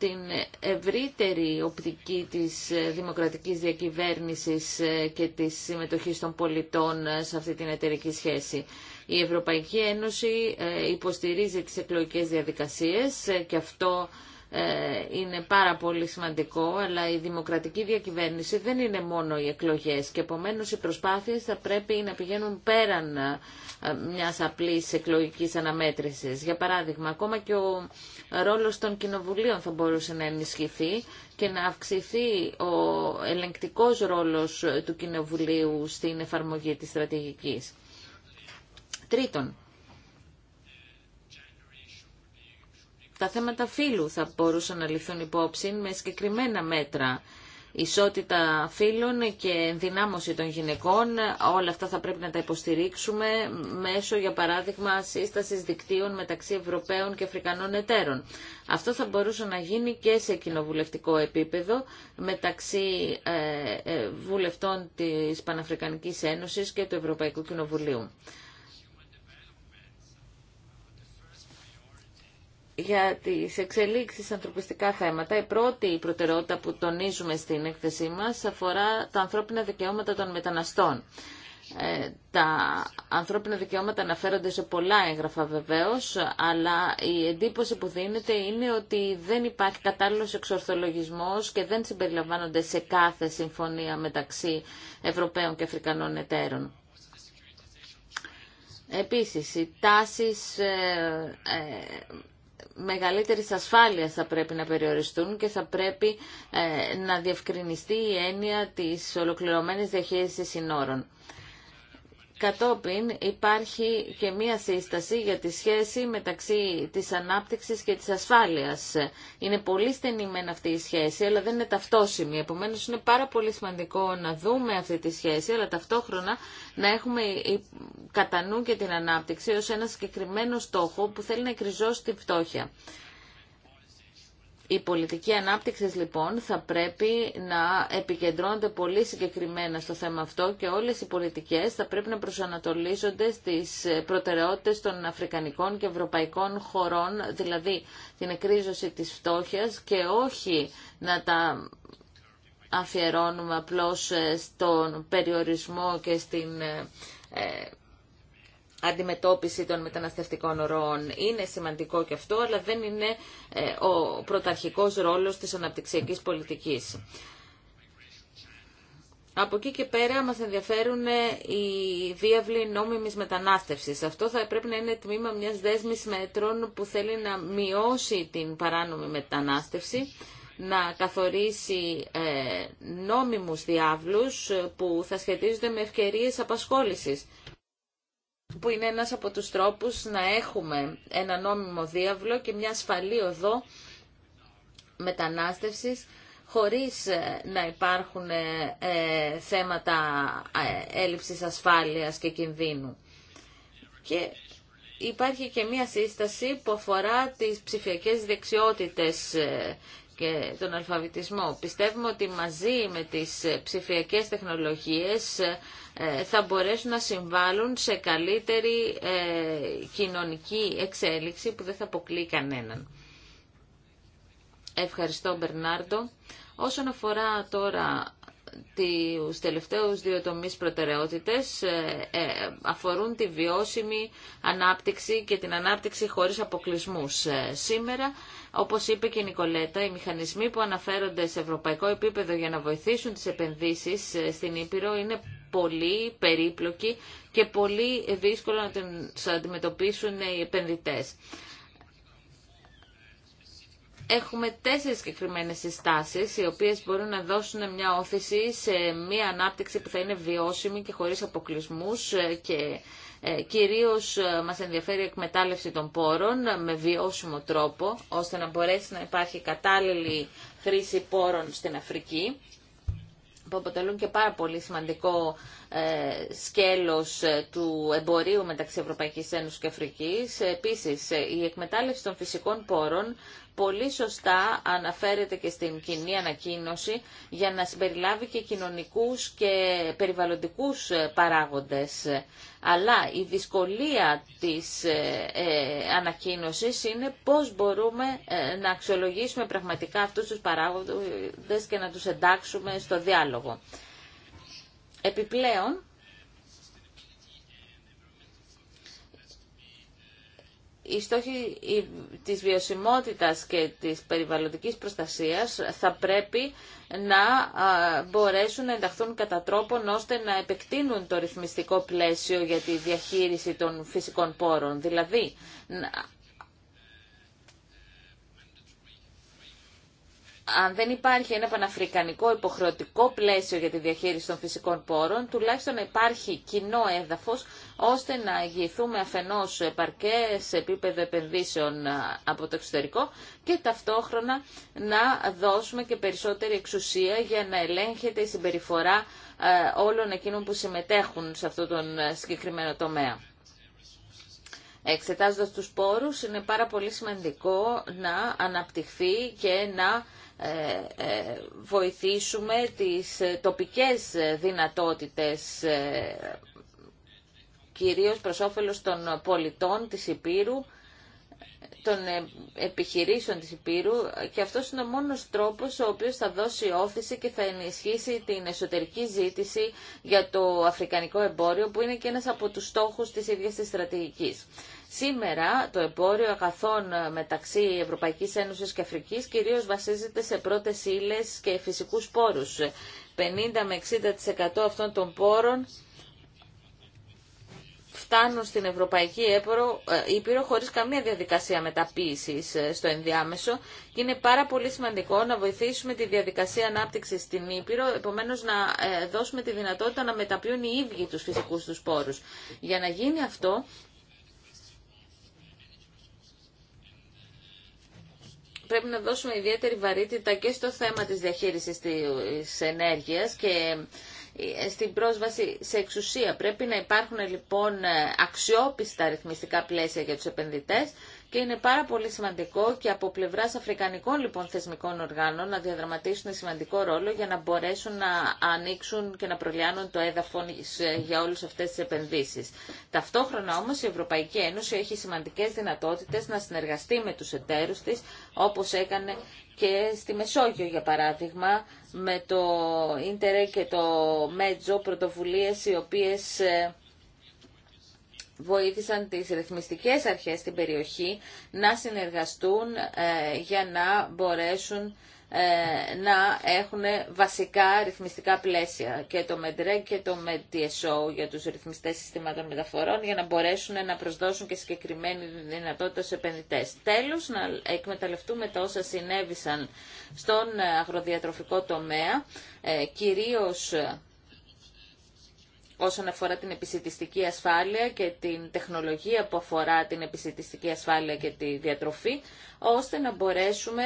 την ευρύτερη οπτική της δημοκρατικής διακυβέρνησης και της συμμετοχής των πολιτών σε αυτή την εταιρική σχέση. Η Ευρωπαϊκή Ένωση ε, υποστηρίζει τις εκλογικές διαδικασίες ε, και αυτό ε, είναι πάρα πολύ σημαντικό, αλλά η δημοκρατική διακυβέρνηση δεν είναι μόνο οι εκλογές και επομένως οι προσπάθειες θα πρέπει να πηγαίνουν πέραν μιας απλής εκλογικής αναμέτρησης. Για παράδειγμα, ακόμα και ο ρόλος των κοινοβουλίων θα μπορούσε να ενισχυθεί και να αυξηθεί ο ελεγκτικός ρόλος του Κοινοβουλίου στην εφαρμογή της στρατηγικής. Τρίτον, τα θέματα φύλου θα μπορούσαν να ληφθούν υπόψη με συγκεκριμένα μέτρα ισότητα φύλων και ενδυνάμωση των γυναικών. Όλα αυτά θα πρέπει να τα υποστηρίξουμε μέσω, για παράδειγμα, σύστασης δικτύων μεταξύ Ευρωπαίων και Αφρικανών εταίρων. Αυτό θα μπορούσε να γίνει και σε κοινοβουλευτικό επίπεδο μεταξύ ε, ε, βουλευτών της Παναφρικανικής Ένωσης και του Ευρωπαϊκού Κοινοβουλίου. για τις εξελίξεις ανθρωπιστικά θέματα. Η πρώτη προτεραιότητα που τονίζουμε στην έκθεσή μας αφορά τα ανθρώπινα δικαιώματα των μεταναστών. Ε, τα ανθρώπινα δικαιώματα αναφέρονται σε πολλά έγγραφα βεβαίως, αλλά η εντύπωση που δίνεται είναι ότι δεν υπάρχει κατάλληλος εξορθολογισμός και δεν συμπεριλαμβάνονται σε κάθε συμφωνία μεταξύ Ευρωπαίων και Αφρικανών εταίρων. Επίσης, οι τάσεις ε, ε, μεγαλύτερης ασφάλειας θα πρέπει να περιοριστούν και θα πρέπει ε, να διευκρινιστεί η έννοια της ολοκληρωμένης διαχείρισης συνόρων. Κατόπιν υπάρχει και μία σύσταση για τη σχέση μεταξύ της ανάπτυξης και της ασφάλειας. Είναι πολύ στενή μεν αυτή η σχέση, αλλά δεν είναι ταυτόσιμη. Επομένως είναι πάρα πολύ σημαντικό να δούμε αυτή τη σχέση, αλλά ταυτόχρονα να έχουμε κατά νου και την ανάπτυξη ως ένα συγκεκριμένο στόχο που θέλει να εκριζώσει την φτώχεια. Η πολιτική ανάπτυξη λοιπόν θα πρέπει να επικεντρώνεται πολύ συγκεκριμένα στο θέμα αυτό και όλες οι πολιτικές θα πρέπει να προσανατολίζονται στις προτεραιότητες των αφρικανικών και ευρωπαϊκών χωρών, δηλαδή την εκρίζωση της φτώχειας και όχι να τα αφιερώνουμε απλώς στον περιορισμό και στην ε, αντιμετώπιση των μεταναστευτικών ροών. Είναι σημαντικό και αυτό, αλλά δεν είναι ε, ο πρωταρχικός ρόλος της αναπτυξιακής πολιτικής. Από εκεί και πέρα μας ενδιαφέρουν ε, οι διάβλοι νόμιμης μετανάστευσης. Αυτό θα πρέπει να είναι τμήμα μιας δέσμης μέτρων που θέλει να μειώσει την παράνομη μετανάστευση, να καθορίσει ε, νόμιμους διάβλους που θα σχετίζονται με ευκαιρίες απασχόλησης που είναι ένας από τους τρόπους να έχουμε ένα νόμιμο διάβλο και μια ασφαλή οδό μετανάστευσης χωρίς ε, να υπάρχουν ε, ε, θέματα έλλειψης ασφάλειας και κινδύνου. Και υπάρχει και μία σύσταση που αφορά τις ψηφιακές δεξιότητες και τον αλφαβητισμό. Πιστεύουμε ότι μαζί με τις ψηφιακές τεχνολογίες ε, θα μπορέσουν να συμβάλλουν σε καλύτερη ε, κοινωνική εξέλιξη που δεν θα αποκλεί κανέναν. Ευχαριστώ Μπερνάρντο. Όσον αφορά τώρα τους τελευταίους δύο τομείς προτεραιότητες ε, ε, αφορούν τη βιώσιμη ανάπτυξη και την ανάπτυξη χωρίς αποκλεισμούς. Ε, σήμερα, όπως είπε και η Νικολέτα, οι μηχανισμοί που αναφέρονται σε ευρωπαϊκό επίπεδο για να βοηθήσουν τις επενδύσεις στην Ήπειρο είναι πολύ περίπλοκοι και πολύ δύσκολο να τους αντιμετωπίσουν οι επενδυτές. Έχουμε τέσσερις συγκεκριμένε συστάσεις, οι οποίες μπορούν να δώσουν μια όθηση σε μια ανάπτυξη που θα είναι βιώσιμη και χωρίς αποκλεισμούς ε, και ε, κυρίως ε, μας ενδιαφέρει η εκμετάλλευση των πόρων με βιώσιμο τρόπο, ώστε να μπορέσει να υπάρχει κατάλληλη χρήση πόρων στην Αφρική που αποτελούν και πάρα πολύ σημαντικό σκέλος του εμπορίου μεταξύ Ευρωπαϊκής Ένωσης και Αφρικής. Επίσης, η εκμετάλλευση των φυσικών πόρων πολύ σωστά αναφέρεται και στην κοινή ανακοίνωση για να συμπεριλάβει και κοινωνικούς και περιβαλλοντικούς ε, παράγοντες. Αλλά η δυσκολία της ε, ε, ανακοίνωσης είναι πώς μπορούμε να αξιολογήσουμε πραγματικά αυτούς τους παράγοντες και να τους εντάξουμε στο διάλογο. Επιπλέον, οι στόχοι της βιωσιμότητας και της περιβαλλοντικής προστασίας θα πρέπει να μπορέσουν να ενταχθούν κατά τρόπον ώστε να επεκτείνουν το ρυθμιστικό πλαίσιο για τη διαχείριση των φυσικών πόρων. Δηλαδή, αν δεν υπάρχει ένα παναφρικανικό υποχρεωτικό πλαίσιο για τη διαχείριση των φυσικών πόρων, τουλάχιστον να υπάρχει κοινό έδαφος ώστε να εγγυηθούμε αφενός επαρκέ σε επίπεδο επενδύσεων από το εξωτερικό και ταυτόχρονα να δώσουμε και περισσότερη εξουσία για να ελέγχεται η συμπεριφορά όλων εκείνων που συμμετέχουν σε αυτόν τον συγκεκριμένο τομέα. Εξετάζοντας τους πόρους, είναι πάρα πολύ σημαντικό να αναπτυχθεί και να ε, ε, βοηθήσουμε τις τοπικές δυνατότητες ε, κυρίως προς όφελος των πολιτών της Υπήρου των ε, επιχειρήσεων της Υπήρου και αυτό είναι ο μόνος τρόπος ο οποίος θα δώσει όθηση και θα ενισχύσει την εσωτερική ζήτηση για το αφρικανικό εμπόριο που είναι και ένας από τους στόχους της ίδιας της στρατηγικής. Σήμερα το εμπόριο αγαθών μεταξύ Ευρωπαϊκής Ένωσης και Αφρικής κυρίως βασίζεται σε πρώτες ύλες και φυσικούς πόρους. 50 με 60% αυτών των πόρων φτάνουν στην Ευρωπαϊκή ε, Ήπειρο χωρίς καμία διαδικασία μεταποίησης ε, στο ενδιάμεσο και είναι πάρα πολύ σημαντικό να βοηθήσουμε τη διαδικασία ανάπτυξης στην Ήπειρο, επομένως να ε, δώσουμε τη δυνατότητα να μεταποιούν οι ίδιοι τους φυσικούς τους πόρους. Για να γίνει αυτό, πρέπει να δώσουμε ιδιαίτερη βαρύτητα και στο θέμα της διαχείρισης της ενέργειας και στην πρόσβαση σε εξουσία. Πρέπει να υπάρχουν λοιπόν ε, αξιόπιστα ρυθμιστικά πλαίσια για τους επενδυτές και είναι πάρα πολύ σημαντικό και από πλευράς αφρικανικών λοιπόν θεσμικών οργάνων να διαδραματίσουν σημαντικό ρόλο για να μπορέσουν να ανοίξουν και να προλιάνουν το έδαφο ε, για όλες αυτές τις επενδύσεις. Ταυτόχρονα όμως η Ευρωπαϊκή Ένωση έχει σημαντικές δυνατότητες να συνεργαστεί με τους εταίρους της όπως έκανε και στη Μεσόγειο για παράδειγμα με το Ίντερε και το Μέτζο πρωτοβουλίες οι οποίες ε, βοήθησαν τις ρυθμιστικές αρχές στην περιοχή να συνεργαστούν ε, για να μπορέσουν ε, να έχουν βασικά ρυθμιστικά πλαίσια και το MEDREG και το MEDTSO για τους ρυθμιστές συστημάτων μεταφορών για να μπορέσουν να προσδώσουν και συγκεκριμένη δυνατότητα σε επενδυτές. Τέλος, να εκμεταλλευτούμε τα όσα συνέβησαν στον ε, αγροδιατροφικό τομέα, ε, κυρίως όσον αφορά την επισητιστική ασφάλεια και την τεχνολογία που αφορά την επισητιστική ασφάλεια και τη διατροφή, ώστε να μπορέσουμε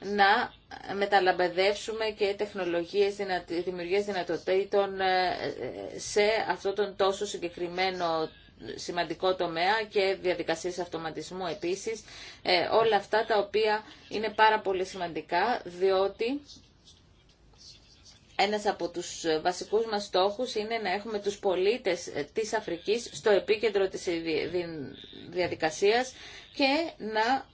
να μεταλαμπεδεύσουμε και τεχνολογίες δημιουργίας δυνατοτήτων ε, ε, σε αυτό τον τόσο συγκεκριμένο σημαντικό τομέα και διαδικασίες αυτοματισμού επίσης, ε, όλα αυτά τα οποία είναι πάρα πολύ σημαντικά, διότι ένας από τους βασικούς μας στόχους είναι να έχουμε τους πολίτες της Αφρικής στο επίκεντρο της διαδικασίας και να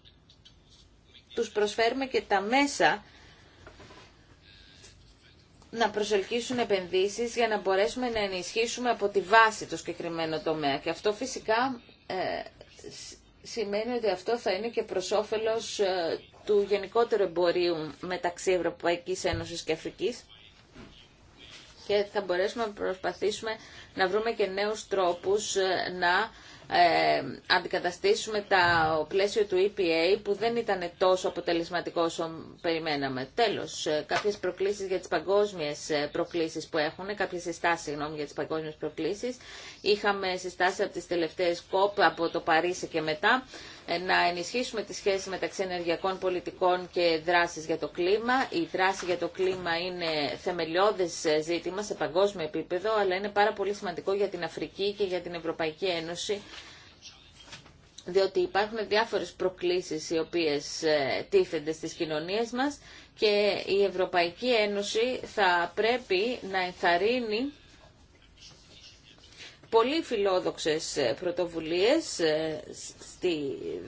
τους προσφέρουμε και τα μέσα να προσελκύσουν επενδύσεις για να μπορέσουμε να ενισχύσουμε από τη βάση το συγκεκριμένο τομέα. Και αυτό φυσικά ε, σημαίνει ότι αυτό θα είναι και προς όφελος ε, του γενικότερου εμπορίου μεταξύ Ευρωπαϊκής Ένωσης και Αφρικής και θα μπορέσουμε να προσπαθήσουμε να βρούμε και νέους τρόπους ε, να ε, αντικαταστήσουμε τα πλαίσιο του EPA που δεν ήταν τόσο αποτελεσματικό όσο περιμέναμε. Τέλος, ε, κάποιες προκλήσεις για τις παγκόσμιες ε, προκλήσεις που έχουν, κάποιες συστάσεις για τις παγκόσμιες προκλήσεις είχαμε συστάσει από τις τελευταίες COP από το Παρίσι και μετά ε, να ενισχύσουμε τη σχέση μεταξύ ενεργειακών πολιτικών και δράσης για το κλίμα. Η δράση για το κλίμα είναι θεμελιώδες ε, ζήτημα σε παγκόσμιο επίπεδο, αλλά είναι πάρα πολύ σημαντικό για την Αφρική και για την Ευρωπαϊκή Ένωση, διότι υπάρχουν διάφορες προκλήσεις οι οποίες ε, τίθενται στις κοινωνίες μας και η Ευρωπαϊκή Ένωση θα πρέπει να ενθαρρύνει πολύ φιλόδοξες ε, πρωτοβουλίες ε, στη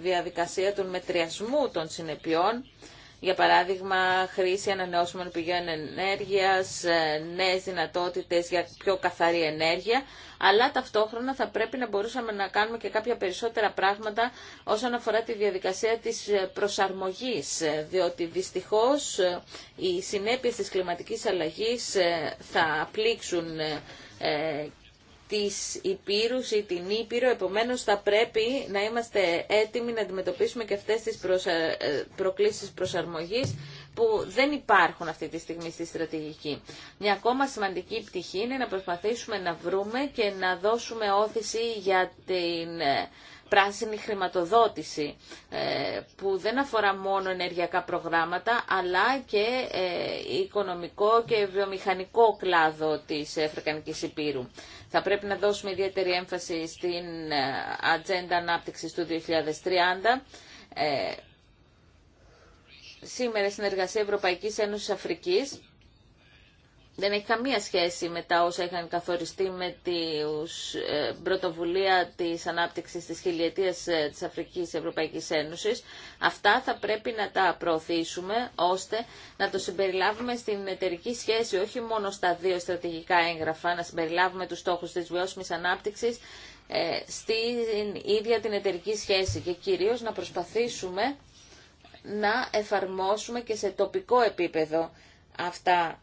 διαδικασία των μετριασμού των συνεπειών, για παράδειγμα χρήση ανανεώσιμων πηγών ενέργειας, ε, νέες δυνατότητες για πιο καθαρή ενέργεια, αλλά ταυτόχρονα θα πρέπει να μπορούσαμε να κάνουμε και κάποια περισσότερα πράγματα όσον αφορά τη διαδικασία της προσαρμογής, διότι δυστυχώς οι συνέπειες της κλιματικής αλλαγής θα πλήξουν της Υπήρους ή την Ήπειρο, επομένως θα πρέπει να είμαστε έτοιμοι να αντιμετωπίσουμε και αυτές τις προσα... Ε, προκλήσεις προσαρμογής που δεν υπάρχουν αυτή τη στιγμή στη στρατηγική. Μια ακόμα σημαντική πτυχή είναι να προσπαθήσουμε να βρούμε και να δώσουμε όθηση για την ε, πράσινη χρηματοδότηση ε, που δεν αφορά μόνο ενεργειακά προγράμματα αλλά και οικονομικό και βιομηχανικό κλάδο της Αφρικανικής Υπήρου. Θα πρέπει να δώσουμε ιδιαίτερη έμφαση στην ε, ατζέντα ανάπτυξης του 2030. Ε, σήμερα συνεργασία Ευρωπαϊκής Ένωσης Αφρικής δεν έχει καμία σχέση με τα όσα είχαν καθοριστεί με την ε, πρωτοβουλία της ανάπτυξης της χιλιετίας ε, της Αφρικής Ευρωπαϊκής Ένωσης. Αυτά θα πρέπει να τα προωθήσουμε ώστε να το συμπεριλάβουμε στην εταιρική σχέση όχι μόνο στα δύο στρατηγικά έγγραφα, να συμπεριλάβουμε τους στόχους της βιώσιμης ανάπτυξης ε, στην ίδια την εταιρική σχέση και κυρίως να προσπαθήσουμε να εφαρμόσουμε και σε τοπικό επίπεδο αυτά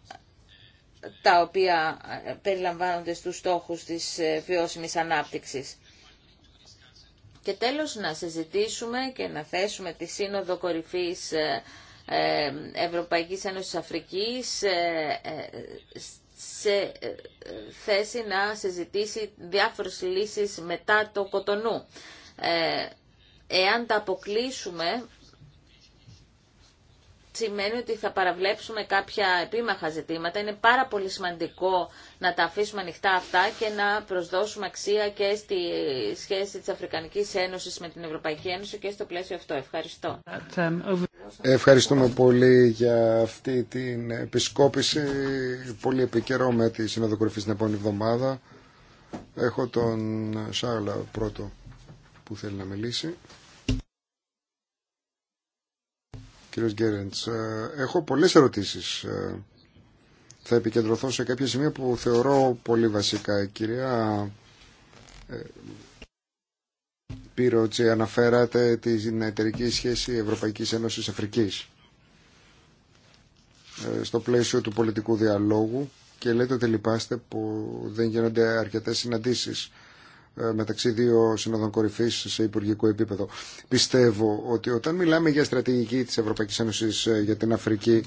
τα οποία ε, περιλαμβάνονται στους στόχους της ε, βιώσιμης ανάπτυξης. Και τέλος να συζητήσουμε και να θέσουμε τη Σύνοδο Κορυφής ε, Ευρωπαϊκής Ένωσης Αφρικής σε θέση να συζητήσει διάφορες λύσεις μετά το κοτονού. Εάν τα αποκλείσουμε σημαίνει ότι θα παραβλέψουμε κάποια επίμαχα ζητήματα. Είναι πάρα πολύ σημαντικό να τα αφήσουμε ανοιχτά αυτά και να προσδώσουμε αξία και στη σχέση της Αφρικανικής Ένωσης με την Ευρωπαϊκή Ένωση και στο πλαίσιο αυτό. Ευχαριστώ. Ευχαριστούμε πολύ για αυτή την επισκόπηση. Πολύ επικαιρό με τη Συνοδοκορυφή στην επόμενη εβδομάδα. Έχω τον Σάρλα πρώτο που θέλει να μιλήσει. Κύριος Γκέρεντς, ε, έχω πολλές ερωτήσεις. Ε, θα επικεντρωθώ σε κάποια σημεία που θεωρώ πολύ βασικά. Η κυρία ε, Πύροτσι αναφέρατε την εταιρική σχέση Ευρωπαϊκής Ένωσης Αφρικής στο πλαίσιο του πολιτικού διαλόγου και λέτε ότι λυπάστε που δεν γίνονται αρκετές συναντήσεις. Ε, μεταξύ δύο συνόδων κορυφή σε υπουργικό επίπεδο. Πιστεύω ότι όταν μιλάμε για στρατηγική τη Ευρωπαϊκή Ένωση ε, για την Αφρική.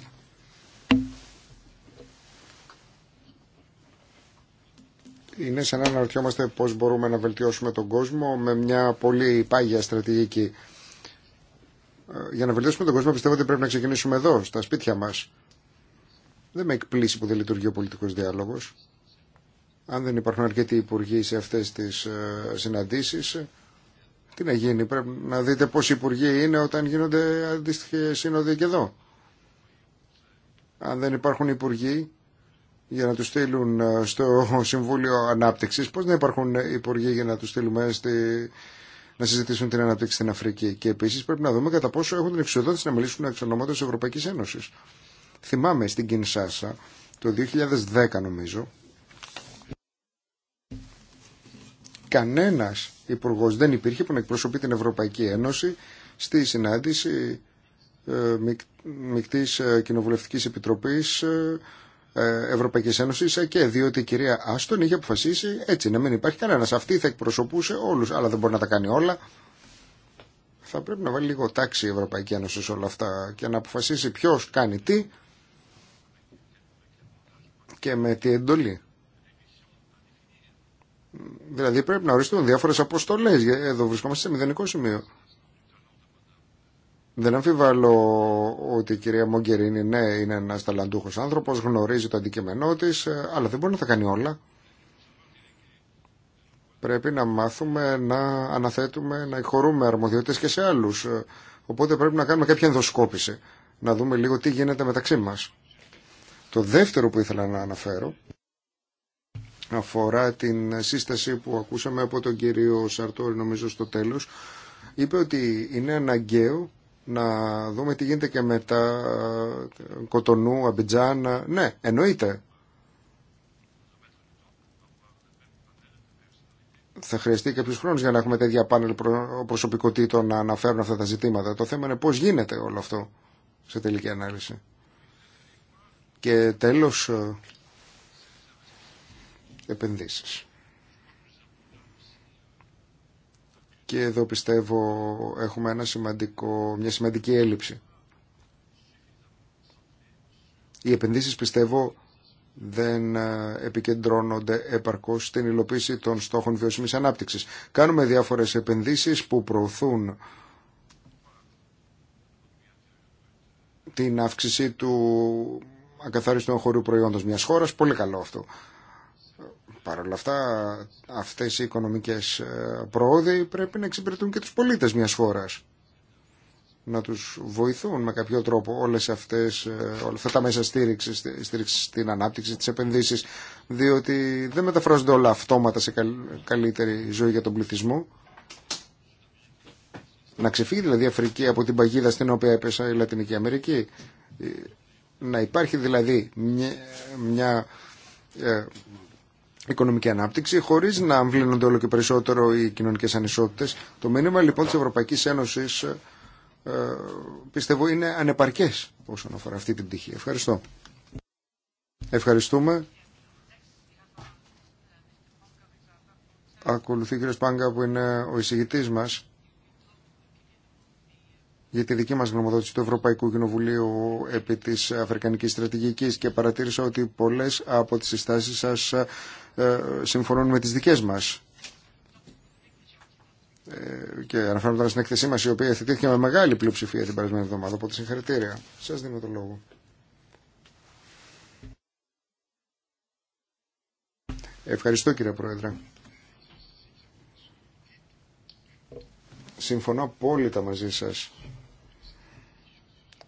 Είναι σαν να αναρωτιόμαστε πώς μπορούμε να βελτιώσουμε τον κόσμο με μια πολύ πάγια στρατηγική. Ε, για να βελτιώσουμε τον κόσμο πιστεύω ότι πρέπει να ξεκινήσουμε εδώ, στα σπίτια μας. Δεν με εκπλήσει που δεν λειτουργεί ο πολιτικός διάλογος. Αν δεν υπάρχουν αρκετοί υπουργοί σε αυτές τις ε, συναντήσεις, τι να γίνει, πρέπει να δείτε πόσοι υπουργοί είναι όταν γίνονται αντίστοιχε σύνοδοι και εδώ. Αν δεν υπάρχουν υπουργοί για να τους στείλουν ε, στο Συμβούλιο Ανάπτυξης, πώς να υπάρχουν υπουργοί για να τους στείλουμε στη... να συζητήσουν την ανάπτυξη στην Αφρική. Και επίσης πρέπει να δούμε κατά πόσο έχουν την εξουσιοδότηση να μιλήσουν εξ ονόματο της Ευρωπαϊκής Ένωσης. Θυμάμαι στην Κινσάσα το 2010 νομίζω, κανένας υπουργό δεν υπήρχε που να εκπροσωπεί την Ευρωπαϊκή Ένωση στη συνάντηση ε, μικτής ε, κοινοβουλευτικής επιτροπής ε, Ευρωπαϊκή Ένωση και διότι η κυρία Άστον είχε αποφασίσει έτσι να μην υπάρχει κανένα. Αυτή θα εκπροσωπούσε όλου, αλλά δεν μπορεί να τα κάνει όλα. Θα πρέπει να βάλει λίγο τάξη η Ευρωπαϊκή Ένωση σε όλα αυτά και να αποφασίσει ποιο κάνει τι και με τι εντολή. Δηλαδή πρέπει να οριστούν διάφορες αποστολέ. Εδώ βρισκόμαστε σε μηδενικό σημείο. Δεν αμφιβάλλω ότι η κυρία Μογκερίνη, ναι, είναι ένας ταλαντούχος άνθρωπος, γνωρίζει το αντικείμενό τη, ε, αλλά δεν μπορεί να τα κάνει όλα. Πρέπει να μάθουμε να αναθέτουμε, να εκχωρούμε αρμοδιότητες και σε άλλους. Ε, οπότε πρέπει να κάνουμε κάποια ενδοσκόπηση, να δούμε λίγο τι γίνεται μεταξύ μα. Το δεύτερο που ήθελα να αναφέρω αφορά την σύσταση που ακούσαμε από τον κύριο Σαρτόρη νομίζω στο τέλος είπε ότι είναι αναγκαίο να δούμε τι γίνεται και μετά ε, Κοτονού, Αμπιτζάν ναι εννοείται θα χρειαστεί κάποιο χρόνο για να έχουμε τέτοια πάνελ προσωπικότητων να αναφέρουν αυτά τα ζητήματα. Το θέμα είναι πώ γίνεται όλο αυτό σε τελική ανάλυση. Και τέλο, ε, επενδύσεις. Και εδώ πιστεύω έχουμε ένα σημαντικό, μια σημαντική έλλειψη. Οι επενδύσεις πιστεύω δεν ε, επικεντρώνονται επαρκώς στην υλοποίηση των στόχων βιώσιμης ανάπτυξης. Κάνουμε διάφορες επενδύσεις που προωθούν την αύξηση του ακαθάριστου χώρου προϊόντος μιας χώρας. Πολύ καλό αυτό. Παρ' όλα αυτά, αυτές οι οικονομικές ε, προόδοι πρέπει να εξυπηρετούν και τους πολίτες μιας χώρας. Να τους βοηθούν με κάποιο τρόπο όλες αυτές, ε, όλα αυτά τα μέσα στήριξη, στήριξη στην ανάπτυξη, τις επενδύσεις, διότι δεν μεταφράζονται όλα αυτόματα σε καλύτερη ζωή για τον πληθυσμό. Να ξεφύγει δηλαδή η Αφρική από την παγίδα στην οποία έπεσε η Λατινική Αμερική. Ε, να υπάρχει δηλαδή μια, μια οικονομική ανάπτυξη χωρίς να αμβλύνονται όλο και περισσότερο οι κοινωνικές ανισότητες. Το μήνυμα λοιπόν της Ευρωπαϊκής Ένωσης ε, ε, πιστεύω είναι ανεπαρκές όσον αφορά αυτή την πτυχή. Ευχαριστώ. Ευχαριστούμε. Ακολουθεί ο κ. Πάγκα που είναι ο εισηγητής μας για τη δική μας γνωμοδότηση του Ευρωπαϊκού Κοινοβουλίου επί της Αφρικανικής Στρατηγικής και παρατήρησα ότι πολλές από τις συστάσεις σας ε, συμφωνούν με τις δικές μας ε, και αναφέρομαι τώρα στην εκθεσή μας η οποία θετήθηκε με μεγάλη πλειοψηφία την περασμένη εβδομάδα οπότε συγχαρητήρια. Σας δίνω το λόγο. Ευχαριστώ κύριε Πρόεδρε. Συμφωνώ απόλυτα μαζί σας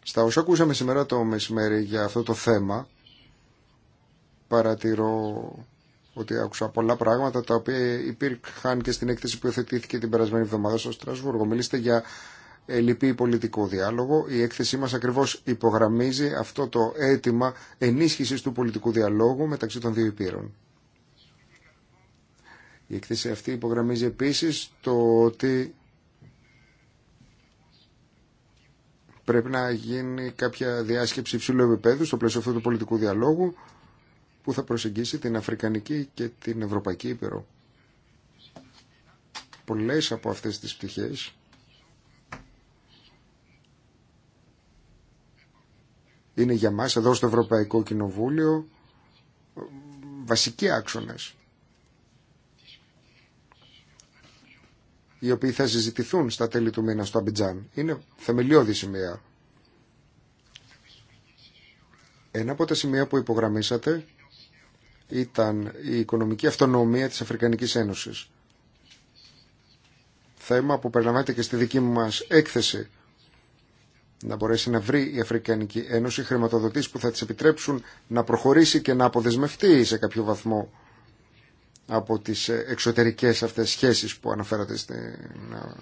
στα όσα ακούσαμε σήμερα το μεσημέρι για αυτό το θέμα, παρατηρώ ότι άκουσα πολλά πράγματα τα οποία υπήρχαν και στην έκθεση που υιοθετήθηκε την περασμένη εβδομάδα στο Στρασβούργο. Μιλήστε για ε, λυπή πολιτικό διάλογο. Η έκθεσή μας ακριβώς υπογραμμίζει αυτό το αίτημα ενίσχυσης του πολιτικού διαλόγου μεταξύ των δύο υπήρων. Η έκθεση αυτή υπογραμμίζει επίσης το ότι πρέπει να γίνει κάποια διάσκεψη υψηλού επίπεδου στο πλαίσιο αυτού του πολιτικού διαλόγου που θα προσεγγίσει την Αφρικανική και την Ευρωπαϊκή Ήπειρο. Πολλές από αυτές τις πτυχές είναι για μας εδώ στο Ευρωπαϊκό Κοινοβούλιο βασικοί άξονες οι οποίοι θα συζητηθούν στα τέλη του μήνα στο Αμπιτζάν. Είναι θεμελιώδη σημεία. Ένα από τα σημεία που υπογραμμίσατε ήταν η οικονομική αυτονομία της Αφρικανικής Ένωσης. Θέμα που περιλαμβάνεται και στη δική μας έκθεση να μπορέσει να βρει η Αφρικανική Ένωση χρηματοδοτήσεις που θα της επιτρέψουν να προχωρήσει και να αποδεσμευτεί σε κάποιο βαθμό από τις ε, εξωτερικές αυτές σχέσεις που αναφέρατε στην ε,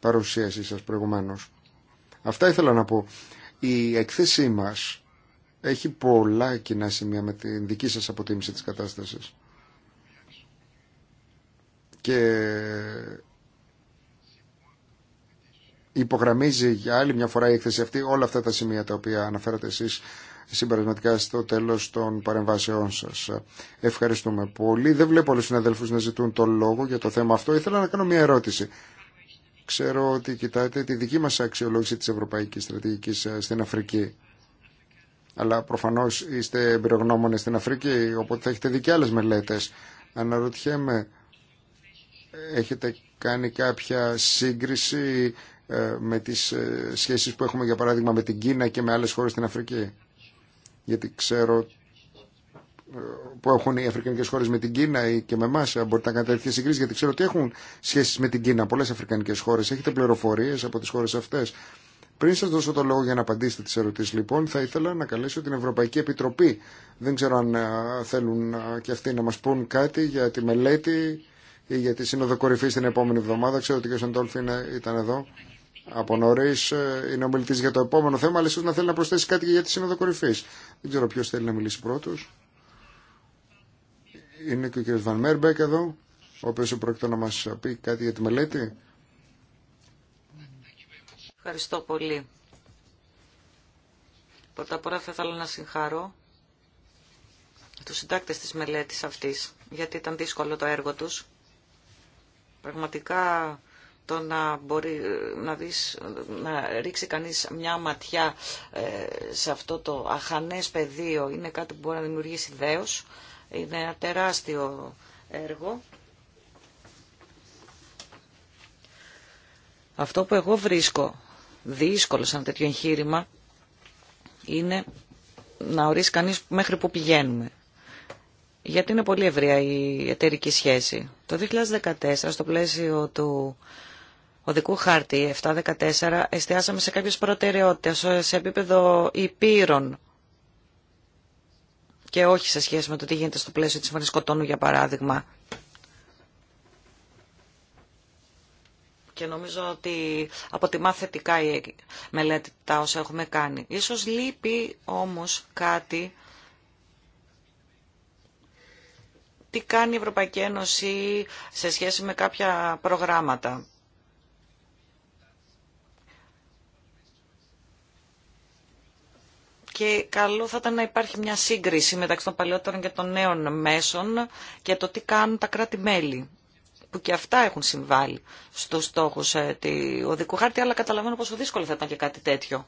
παρουσίασή σας προηγουμένως. Αυτά ήθελα να πω. Η εκθέσή μας έχει πολλά κοινά σημεία με την δική σας αποτίμηση της κατάστασης. Και υπογραμμίζει για άλλη μια φορά η εκθέση αυτή όλα αυτά τα σημεία τα οποία αναφέρατε εσείς συμπερασματικά στο τέλο των παρεμβάσεών σα. Ευχαριστούμε πολύ. Δεν βλέπω όλου του συναδέλφου να ζητούν το λόγο για το θέμα αυτό. Ήθελα να κάνω μια ερώτηση. Ξέρω ότι κοιτάτε τη δική μα αξιολόγηση τη Ευρωπαϊκή Στρατηγική ε, στην Αφρική. Αλλά προφανώ είστε εμπειρογνώμονε στην Αφρική, οπότε θα έχετε δει και άλλε μελέτε Αναρωτιέμαι, έχετε κάνει κάποια σύγκριση ε, με τις ε, σχέσεις που έχουμε για παράδειγμα με την Κίνα και με άλλες χώρες στην Αφρική γιατί ξέρω ε, που έχουν οι Αφρικανικέ χώρε με την Κίνα ή και με εμά. Ε, Μπορείτε να κάνετε τέτοιε συγκρίσει, γιατί ξέρω ότι έχουν σχέσει με την Κίνα πολλέ Αφρικανικέ χώρε. Έχετε πληροφορίε από τι χώρε αυτέ. Πριν σα δώσω το λόγο για να απαντήσετε τι ερωτήσει, λοιπόν, θα ήθελα να καλέσω την Ευρωπαϊκή Επιτροπή. Δεν ξέρω αν ε, θέλουν και αυτοί να μα πούν κάτι για τη μελέτη ή για τη Σύνοδο Κορυφή την επόμενη εβδομάδα. Ξέρω ότι ο κ. ήταν εδώ από νωρί ε, είναι ο για το επόμενο θέμα, αλλά ίσω να θέλει να προσθέσει κάτι και για τη Σύνοδο Κορυφή. Δεν ξέρω ποιο θέλει να μιλήσει πρώτο. Είναι και ο κ. Βαν Μέρμπεκ εδώ, ο οποίο πρόκειται να μα πει κάτι για τη μελέτη. Ευχαριστώ πολύ. Πρώτα απ' όλα θα ήθελα να συγχαρώ τους συντάκτες της μελέτης αυτής, γιατί ήταν δύσκολο το έργο τους. Πραγματικά το να μπορεί να, δεις, να ρίξει κανείς μια ματιά ε, σε αυτό το αχανές πεδίο είναι κάτι που μπορεί να δημιουργήσει δέος. Είναι ένα τεράστιο έργο. Αυτό που εγώ βρίσκω δύσκολο σαν τέτοιο εγχείρημα είναι να ορίσει κανείς μέχρι που πηγαίνουμε. Γιατί είναι πολύ ευρεία η εταιρική σχέση. Το 2014, στο πλαίσιο του οδικού 714 εστιάσαμε σε κάποιες προτεραιότητες σε επίπεδο υπήρων και όχι σε σχέση με το τι γίνεται στο πλαίσιο της Συμφωνίας Κοτώνου για παράδειγμα. Και νομίζω ότι αποτιμά θετικά η μελέτη τα όσα έχουμε κάνει. Ίσως λείπει όμως κάτι τι κάνει η Ευρωπαϊκή Ένωση σε σχέση με κάποια προγράμματα και καλό θα ήταν να υπάρχει μια σύγκριση μεταξύ των παλαιότερων και των νέων μέσων και το τι κάνουν τα κράτη-μέλη που και αυτά έχουν συμβάλει στους στόχους ε, του οδικού χάρτη, αλλά καταλαβαίνω πόσο δύσκολο θα ήταν και κάτι τέτοιο.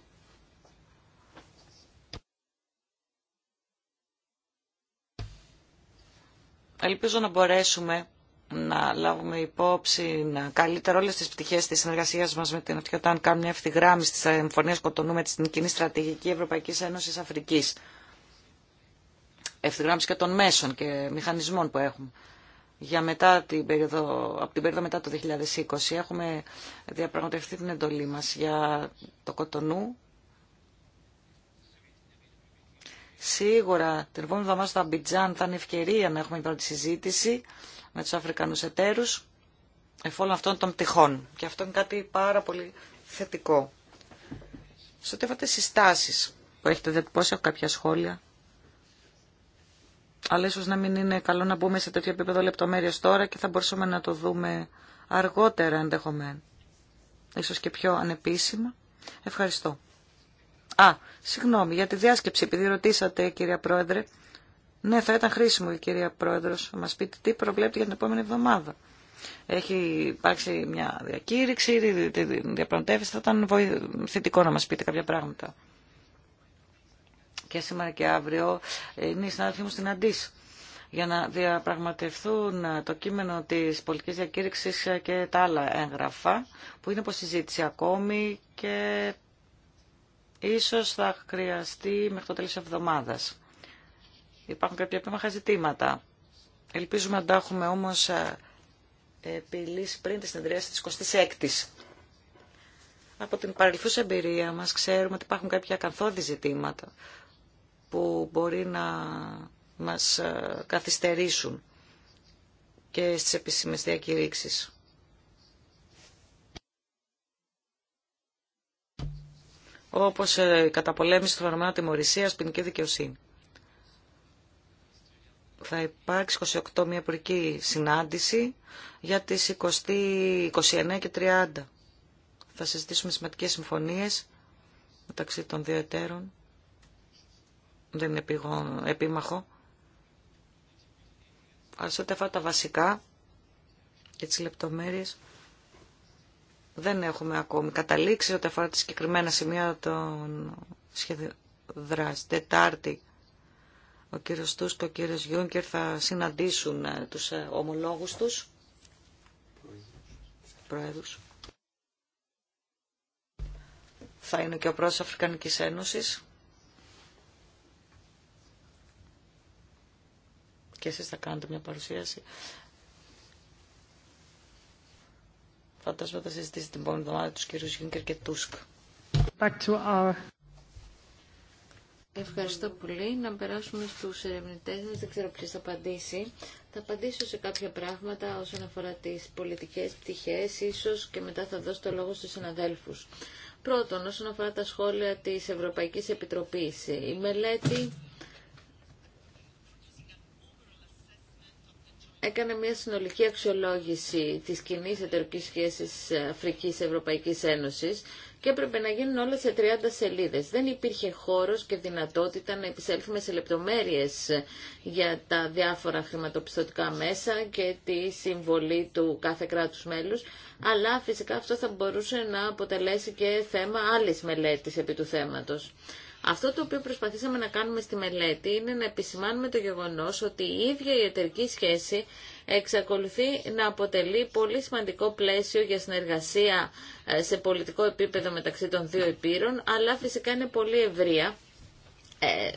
Ελπίζω να μπορέσουμε να λάβουμε υπόψη να καλύτερα όλες τις πτυχές της συνεργασίας μας με την Αφρική όταν κάνουμε μια ευθυγράμμιση στις εμφωνίες Κοτονού με την κοινή στρατηγική Ευρωπαϊκής Ένωσης Αφρικής. Ευθυγράμμιση και των μέσων και μηχανισμών που έχουμε. Για μετά την περίοδο, από την περίοδο μετά το 2020 έχουμε διαπραγματευτεί την εντολή μας για το Κοτονού. Σίγουρα την επόμενη εβδομάδα στο Αμπιτζάν θα είναι ευκαιρία να έχουμε την πρώτη συζήτηση με τους Αφρικανούς εταίρους εφ' όλων αυτών των πτυχών. Και αυτό είναι κάτι πάρα πολύ θετικό. Σε ό,τι αφορά συστάσεις που έχετε διατυπώσει, έχω κάποια σχόλια. Αλλά ίσως να μην είναι καλό να μπούμε σε τέτοιο επίπεδο λεπτομέρειες τώρα και θα μπορούσαμε να το δούμε αργότερα ενδεχομένω. Ίσως και πιο ανεπίσημα. Ευχαριστώ. Α, συγγνώμη για τη διάσκεψη, επειδή ρωτήσατε κυρία Πρόεδρε, ναι, θα ήταν χρήσιμο η κυρία Πρόεδρος να μας πείτε τι προβλέπετε για την επόμενη εβδομάδα. Έχει υπάρξει μια διακήρυξη, διαπραγματεύσει, θα ήταν θετικό να μας πείτε κάποια πράγματα. Και σήμερα και αύριο ε, είναι η συνάδελφοί μου στην αντί για να διαπραγματευτούν ε, το κείμενο της πολιτικής διακήρυξης ε, και τα άλλα έγγραφα που είναι συζήτηση ακόμη και ίσως θα χρειαστεί μέχρι το τέλος εβδομάδας. Υπάρχουν κάποια επίμαχα ζητήματα. Ελπίζουμε να τα έχουμε όμως ε, επιλύσει πριν τη συνεδρίαση της 26ης. Από την παρελθούσα εμπειρία μας ξέρουμε ότι υπάρχουν κάποια καθόδη ζητήματα που μπορεί να μας ε, καθυστερήσουν και στις επισήμες διακηρύξεις. Όπως ε, η καταπολέμηση του φαινομένου τιμωρησίας, ποινική δικαιοσύνη θα υπάρξει 28 μια πρική συνάντηση για τις 29 και 30. Θα συζητήσουμε σημαντικές συμφωνίες μεταξύ των δύο εταίρων. Δεν είναι επίμαχο. Αλλά σε τα βασικά και τις λεπτομέρειες δεν έχουμε ακόμη καταλήξει ό,τι αφορά τις συγκεκριμένα σημεία των σχέδιων Τετάρτη ο κύριος Τούς και ο κύριος Γιούνκερ θα συναντήσουν ε, τους ε, ομολόγους τους. Προέδρους. Θα είναι και ο πρόεδρος Αφρικανικής Ένωσης. Και εσείς θα κάνετε μια παρουσίαση. Φαντάζομαι θα συζητήσετε την επόμενη εβδομάδα τους κύριους Γιούνκερ και Τούσκ. Back Ευχαριστώ πολύ. Να περάσουμε στους ερευνητές μας. Δεν ξέρω ποιος θα απαντήσει. Θα απαντήσω σε κάποια πράγματα όσον αφορά τις πολιτικές πτυχές, ίσως και μετά θα δώσω το λόγο στους συναδέλφους. Πρώτον, όσον αφορά τα σχόλια της Ευρωπαϊκής Επιτροπής, η μελέτη έκανε μια συνολική αξιολόγηση της κοινή εταιρικής σχέσης Αφρικής Ευρωπαϊκής Ένωσης και έπρεπε να γίνουν όλα σε 30 σελίδες. Δεν υπήρχε χώρος και δυνατότητα να επισέλθουμε σε λεπτομέρειες για τα διάφορα χρηματοπιστωτικά μέσα και τη συμβολή του κάθε κράτους μέλους, αλλά φυσικά αυτό θα μπορούσε να αποτελέσει και θέμα άλλης μελέτης επί του θέματος. Αυτό το οποίο προσπαθήσαμε να κάνουμε στη μελέτη είναι να επισημάνουμε το γεγονός ότι η ίδια η εταιρική σχέση εξακολουθεί να αποτελεί πολύ σημαντικό πλαίσιο για συνεργασία ε, σε πολιτικό επίπεδο μεταξύ των δύο υπήρων, αλλά φυσικά είναι πολύ ευρεία. Ε,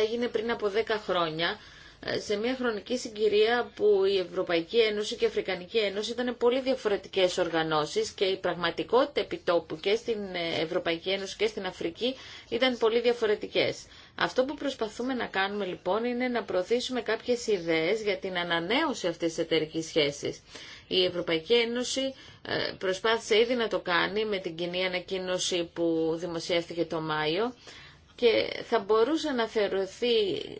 έγινε πριν από 10 χρόνια ε, σε μια χρονική συγκυρία που η Ευρωπαϊκή Ένωση και η Αφρικανική Ένωση ήταν πολύ διαφορετικές οργανώσεις και η πραγματικότητα επιτόπου και στην ε, Ευρωπαϊκή Ένωση και στην Αφρική ήταν πολύ διαφορετικές. Αυτό που προσπαθούμε να κάνουμε λοιπόν είναι να προωθήσουμε κάποιες ιδέες για την ανανέωση αυτής της εταιρικής σχέσης. Η Ευρωπαϊκή Ένωση ε, προσπάθησε ήδη να το κάνει με την κοινή ανακοίνωση που δημοσιεύτηκε το Μάιο και θα μπορούσε να θεωρηθεί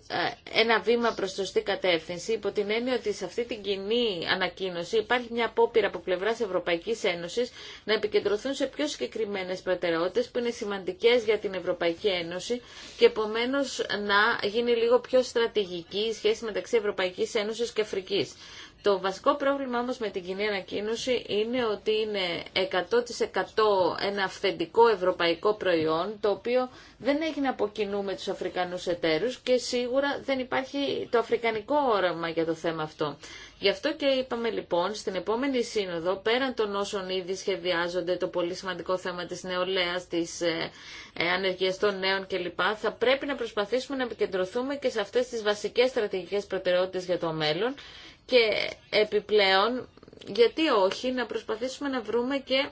ε, ένα βήμα προς σωστή κατεύθυνση υπό την έννοια ότι σε αυτή την κοινή ανακοίνωση υπάρχει μια απόπειρα από πλευράς Ευρωπαϊκής Ένωσης να επικεντρωθούν σε πιο συγκεκριμένες προτεραιότητες που είναι σημαντικές για την Ευρωπαϊκή Ένωση και επομένως να γίνει λίγο πιο στρατηγική η σχέση μεταξύ Ευρωπαϊκής Ένωσης και Αφρικής. Το βασικό πρόβλημα όμω με την κοινή ανακοίνωση είναι ότι είναι 100% ένα αυθεντικό ευρωπαϊκό προϊόν το οποίο δεν έγινε από κοινού με τους Αφρικανούς εταίρους και σίγουρα δεν υπάρχει το αφρικανικό όραμα για το θέμα αυτό. Γι' αυτό και είπαμε λοιπόν στην επόμενη σύνοδο, πέραν των όσων ήδη σχεδιάζονται το πολύ σημαντικό θέμα της νεολαίας, της ε, ε, των νέων κλπ, θα πρέπει να προσπαθήσουμε να επικεντρωθούμε και σε αυτές τις βασικές στρατηγικές προτεραιότητες για το μέλλον και επιπλέον, γιατί όχι, να προσπαθήσουμε να βρούμε και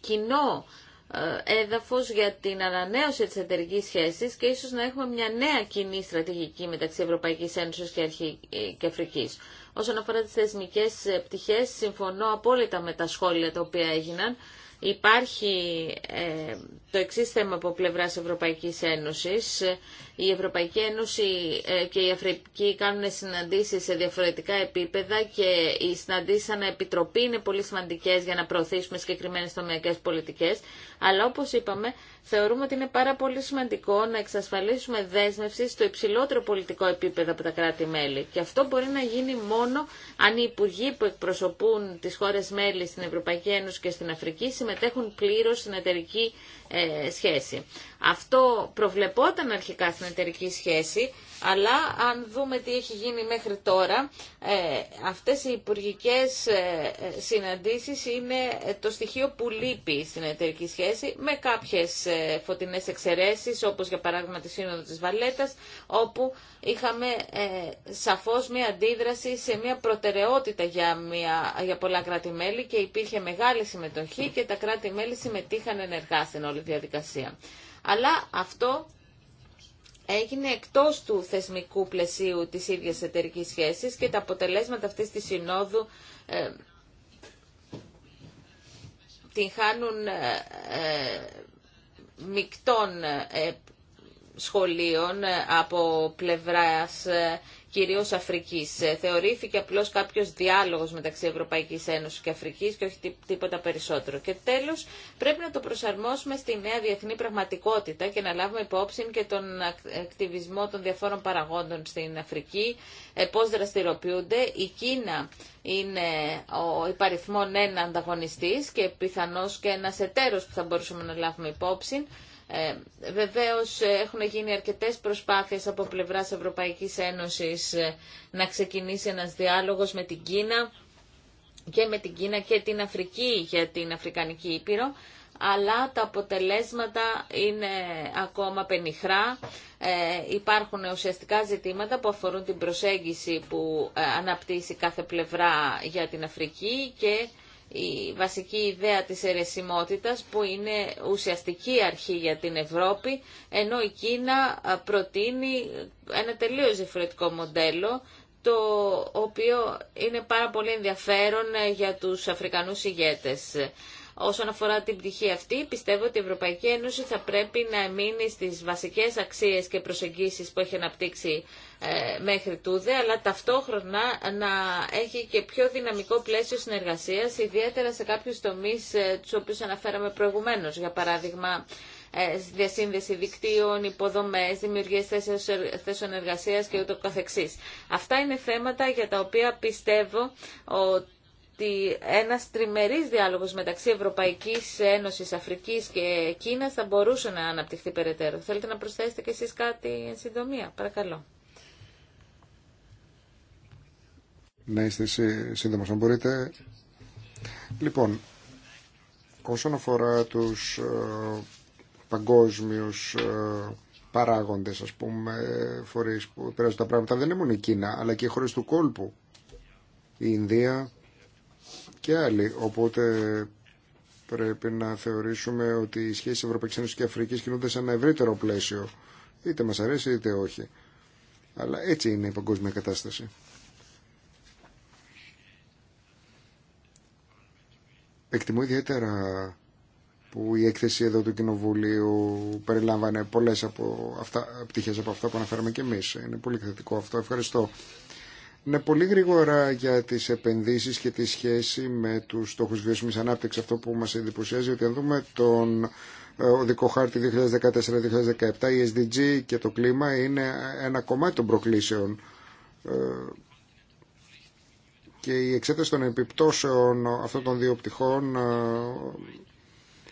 κοινό ε, έδαφος για την ανανέωση της εταιρικής σχέσης και ίσως να έχουμε μια νέα κοινή στρατηγική μεταξύ Ευρωπαϊκής Ένωσης και, Αρχή... Ε, και Αφρικής. Όσον αφορά τις θεσμικές ε, πτυχές, συμφωνώ απόλυτα με τα σχόλια τα οποία έγιναν. Υπάρχει ε, το εξή θέμα από πλευρά Ευρωπαϊκή Ένωση. Η Ευρωπαϊκή Ένωση ε, και η Αφρική κάνουν συναντήσει σε διαφορετικά επίπεδα και οι συναντήσει σαν επιτροπή είναι πολύ σημαντικέ για να προωθήσουμε συγκεκριμένε τομεακέ πολιτικέ. Αλλά όπω είπαμε, θεωρούμε ότι είναι πάρα πολύ σημαντικό να εξασφαλίσουμε δέσμευση στο υψηλότερο πολιτικό επίπεδο από τα κράτη-μέλη. Και αυτό μπορεί να γίνει μόνο αν οι υπουργοί που εκπροσωπούν τις χώρες μέλη στην Ευρωπαϊκή Ένωση και στην Αφρική συμμετέχουν πλήρως στην εταιρική ε, σχέση. Αυτό προβλεπόταν αρχικά στην εταιρική σχέση, αλλά αν δούμε τι έχει γίνει μέχρι τώρα, ε, αυτές οι υπουργικές ε, ε, συναντήσεις είναι το στοιχείο που λείπει στην εταιρική σχέση με κάποιες φωτεινές εξαιρέσεις, όπως για παράδειγμα τη Σύνοδο της Βαλέτας, όπου είχαμε σαφώς μια αντίδραση σε μια προτεραιότητα για, μια, για πολλά κράτη-μέλη και υπήρχε μεγάλη συμμετοχή και τα κράτη-μέλη συμμετείχαν ενεργά στην όλη διαδικασία. Αλλά αυτό έγινε εκτός του θεσμικού πλαισίου της ίδιας εταιρικής σχέσης και τα αποτελέσματα αυτής της συνόδου ε, την χάνουν ε, ε μικτών ε, σχολείων από πλευράς κυρίως Αφρικής. Ε, θεωρήθηκε απλώς κάποιος διάλογος μεταξύ Ευρωπαϊκής Ένωσης και Αφρικής και όχι τίποτα περισσότερο. Και τέλος πρέπει να το προσαρμόσουμε στη νέα διεθνή πραγματικότητα και να λάβουμε υπόψη και τον ακτιβισμό των διαφόρων παραγόντων στην Αφρική, ε, πώς δραστηριοποιούνται. Η Κίνα είναι ο υπαριθμόν ένα ανταγωνιστής και πιθανώς και ένας εταίρος που θα μπορούσαμε να λάβουμε υπόψη. Ε, βεβαίως ε, έχουν γίνει αρκετές προσπάθειες από πλευράς Ευρωπαϊκής Ένωσης ε, να ξεκινήσει ένας διάλογος με την Κίνα και με την Κίνα και την Αφρική για την Αφρικανική Ήπειρο αλλά τα αποτελέσματα είναι ακόμα πενιχρά. Ε, υπάρχουν ουσιαστικά ζητήματα που αφορούν την προσέγγιση που αναπτύσσει κάθε πλευρά για την Αφρική και η βασική ιδέα της αιρεσιμότητας που είναι ουσιαστική αρχή για την Ευρώπη, ενώ η Κίνα προτείνει ένα τελείως διαφορετικό μοντέλο, το οποίο είναι πάρα πολύ ενδιαφέρον ε, για τους Αφρικανούς ηγέτες. Όσον αφορά την πτυχή αυτή, πιστεύω ότι η Ευρωπαϊκή Ένωση θα πρέπει να μείνει στις βασικές αξίες και προσεγγίσεις που έχει αναπτύξει ε, μέχρι τούδε, αλλά ταυτόχρονα να έχει και πιο δυναμικό πλαίσιο συνεργασίας, ιδιαίτερα σε κάποιους τομείς ε, τους οποίους αναφέραμε προηγουμένως. Για παράδειγμα, ε, διασύνδεση δικτύων, υποδομές, δημιουργίες θέσεων εργασίας και ούτω Αυτά είναι θέματα για τα οποία πιστεύω ότι ότι ένας τριμερής διάλογος μεταξύ Ευρωπαϊκής Ένωσης, Αφρικής και Κίνας θα μπορούσε να αναπτυχθεί περαιτέρω. Θέλετε να προσθέσετε και εσείς κάτι εν συντομία. Παρακαλώ. Να είστε σύντομο αν μπορείτε. Λοιπόν, όσον αφορά τους ε, παγκόσμιους ε, παράγοντες, ας πούμε, φορείς που υπέραζουν τα πράγματα, δεν είναι μόνο η Κίνα, αλλά και οι χώρες του κόλπου. Η Ινδία, και άλλοι. Οπότε πρέπει να θεωρήσουμε ότι οι σχέσει Ευρωπαϊκή Ένωση και Αφρική κινούνται σε ένα ευρύτερο πλαίσιο. Είτε μα αρέσει είτε όχι. Αλλά έτσι είναι η παγκόσμια κατάσταση. Εκτιμώ ιδιαίτερα που η έκθεση εδώ του Κοινοβουλίου περιλάμβανε πολλές από αυτά, πτυχές από αυτά που αναφέραμε και εμείς. Είναι πολύ θετικό αυτό. Ευχαριστώ. Ναι, πολύ γρήγορα για τις επενδύσεις και τη σχέση με τους στόχου βιώσιμη ανάπτυξη Αυτό που μας εντυπωσιάζει ότι αν δούμε τον ε, οδικό χάρτη 2014-2017, η SDG και το κλίμα είναι ένα κομμάτι των προκλήσεων ε, και η εξέταση των επιπτώσεων αυτών των δύο πτυχών ε,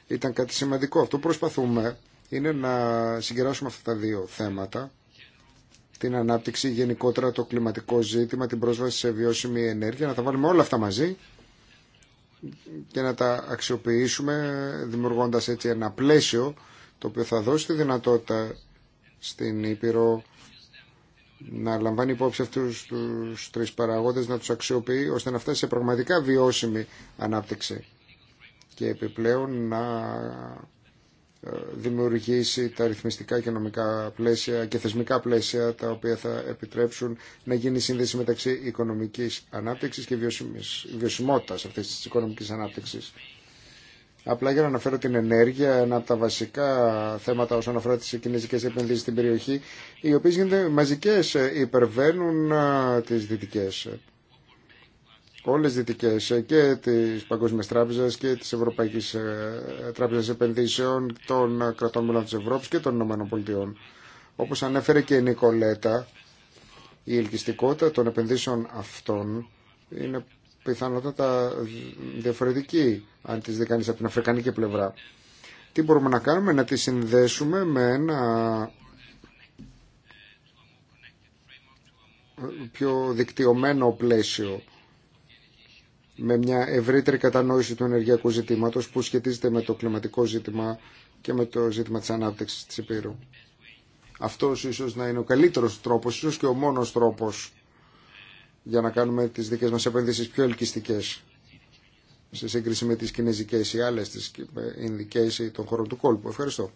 ήταν κάτι σημαντικό. Αυτό που προσπαθούμε είναι να συγκεράσουμε αυτά τα δύο θέματα την ανάπτυξη, γενικότερα το κλιματικό ζήτημα, την πρόσβαση σε βιώσιμη ενέργεια, να τα βάλουμε όλα αυτά μαζί και να τα αξιοποιήσουμε δημιουργώντας έτσι ένα πλαίσιο το οποίο θα δώσει τη δυνατότητα στην Ήπειρο να λαμβάνει υπόψη αυτούς τους τρεις παραγόντες, να τους αξιοποιεί ώστε να φτάσει σε πραγματικά βιώσιμη ανάπτυξη και επιπλέον να ε, δημιουργήσει τα ρυθμιστικά και νομικά πλαίσια και θεσμικά πλαίσια τα οποία θα επιτρέψουν να γίνει σύνδεση μεταξύ οικονομικής ανάπτυξης και βιωσιμότητας αυτής της οικονομικής ανάπτυξης. Απλά για να αναφέρω την ενέργεια, ένα από τα βασικά θέματα όσον αφορά τι κινέζικε επενδύσει στην περιοχή, οι οποίε γίνονται μαζικέ, ε, υπερβαίνουν ε, τι δυτικέ όλες τις δυτικές ε, και της Παγκόσμια Τράπεζας και της Ευρωπαϊκής ε, Τράπεζα Επενδύσεων των κρατών μελών της Ευρώπης και των Ηνωμένων Πολιτειών. Όπως ανέφερε και η Νικολέτα, η ελκυστικότητα των επενδύσεων αυτών είναι πιθανότατα διαφορετική αν τις δει κανείς από την αφρικανική πλευρά. Τι μπορούμε να κάνουμε, να τις συνδέσουμε με ένα πιο δικτυωμένο πλαίσιο με μια ευρύτερη κατανόηση του ενεργειακού ζητήματος που σχετίζεται με το κλιματικό ζήτημα και με το ζήτημα της ανάπτυξης της Υπήρου. Αυτός ίσως να είναι ο καλύτερος τρόπος, ίσως και ο μόνος τρόπος για να κάνουμε τις δικές μας επενδύσεις πιο ελκυστικές σε σύγκριση με τις κινέζικες ή άλλες τις ινδικές ή των χωρών του κόλπου. Ευχαριστώ.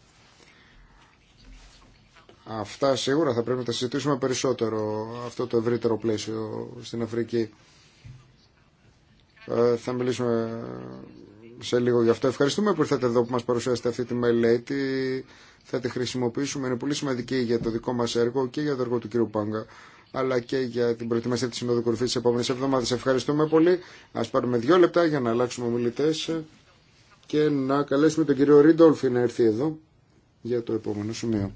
Αυτά σίγουρα θα πρέπει να τα συζητήσουμε περισσότερο αυτό το ευρύτερο πλαίσιο στην Αφρική. Ε, θα μιλήσουμε σε λίγο γι' αυτό. Ευχαριστούμε που ήρθατε εδώ που μας παρουσιάσετε αυτή τη μελέτη. Θα τη χρησιμοποιήσουμε. Είναι πολύ σημαντική για το δικό μας έργο και για το έργο του κ. Πάγκα αλλά και για την προετοιμασία της Συνόδου Κορυφής της επόμενης εβδομάδας. Ευχαριστούμε πολύ. Ας πάρουμε δύο λεπτά για να αλλάξουμε ομιλητές και να καλέσουμε τον κύριο Ρίντολφ να έρθει εδώ για το επόμενο σημείο.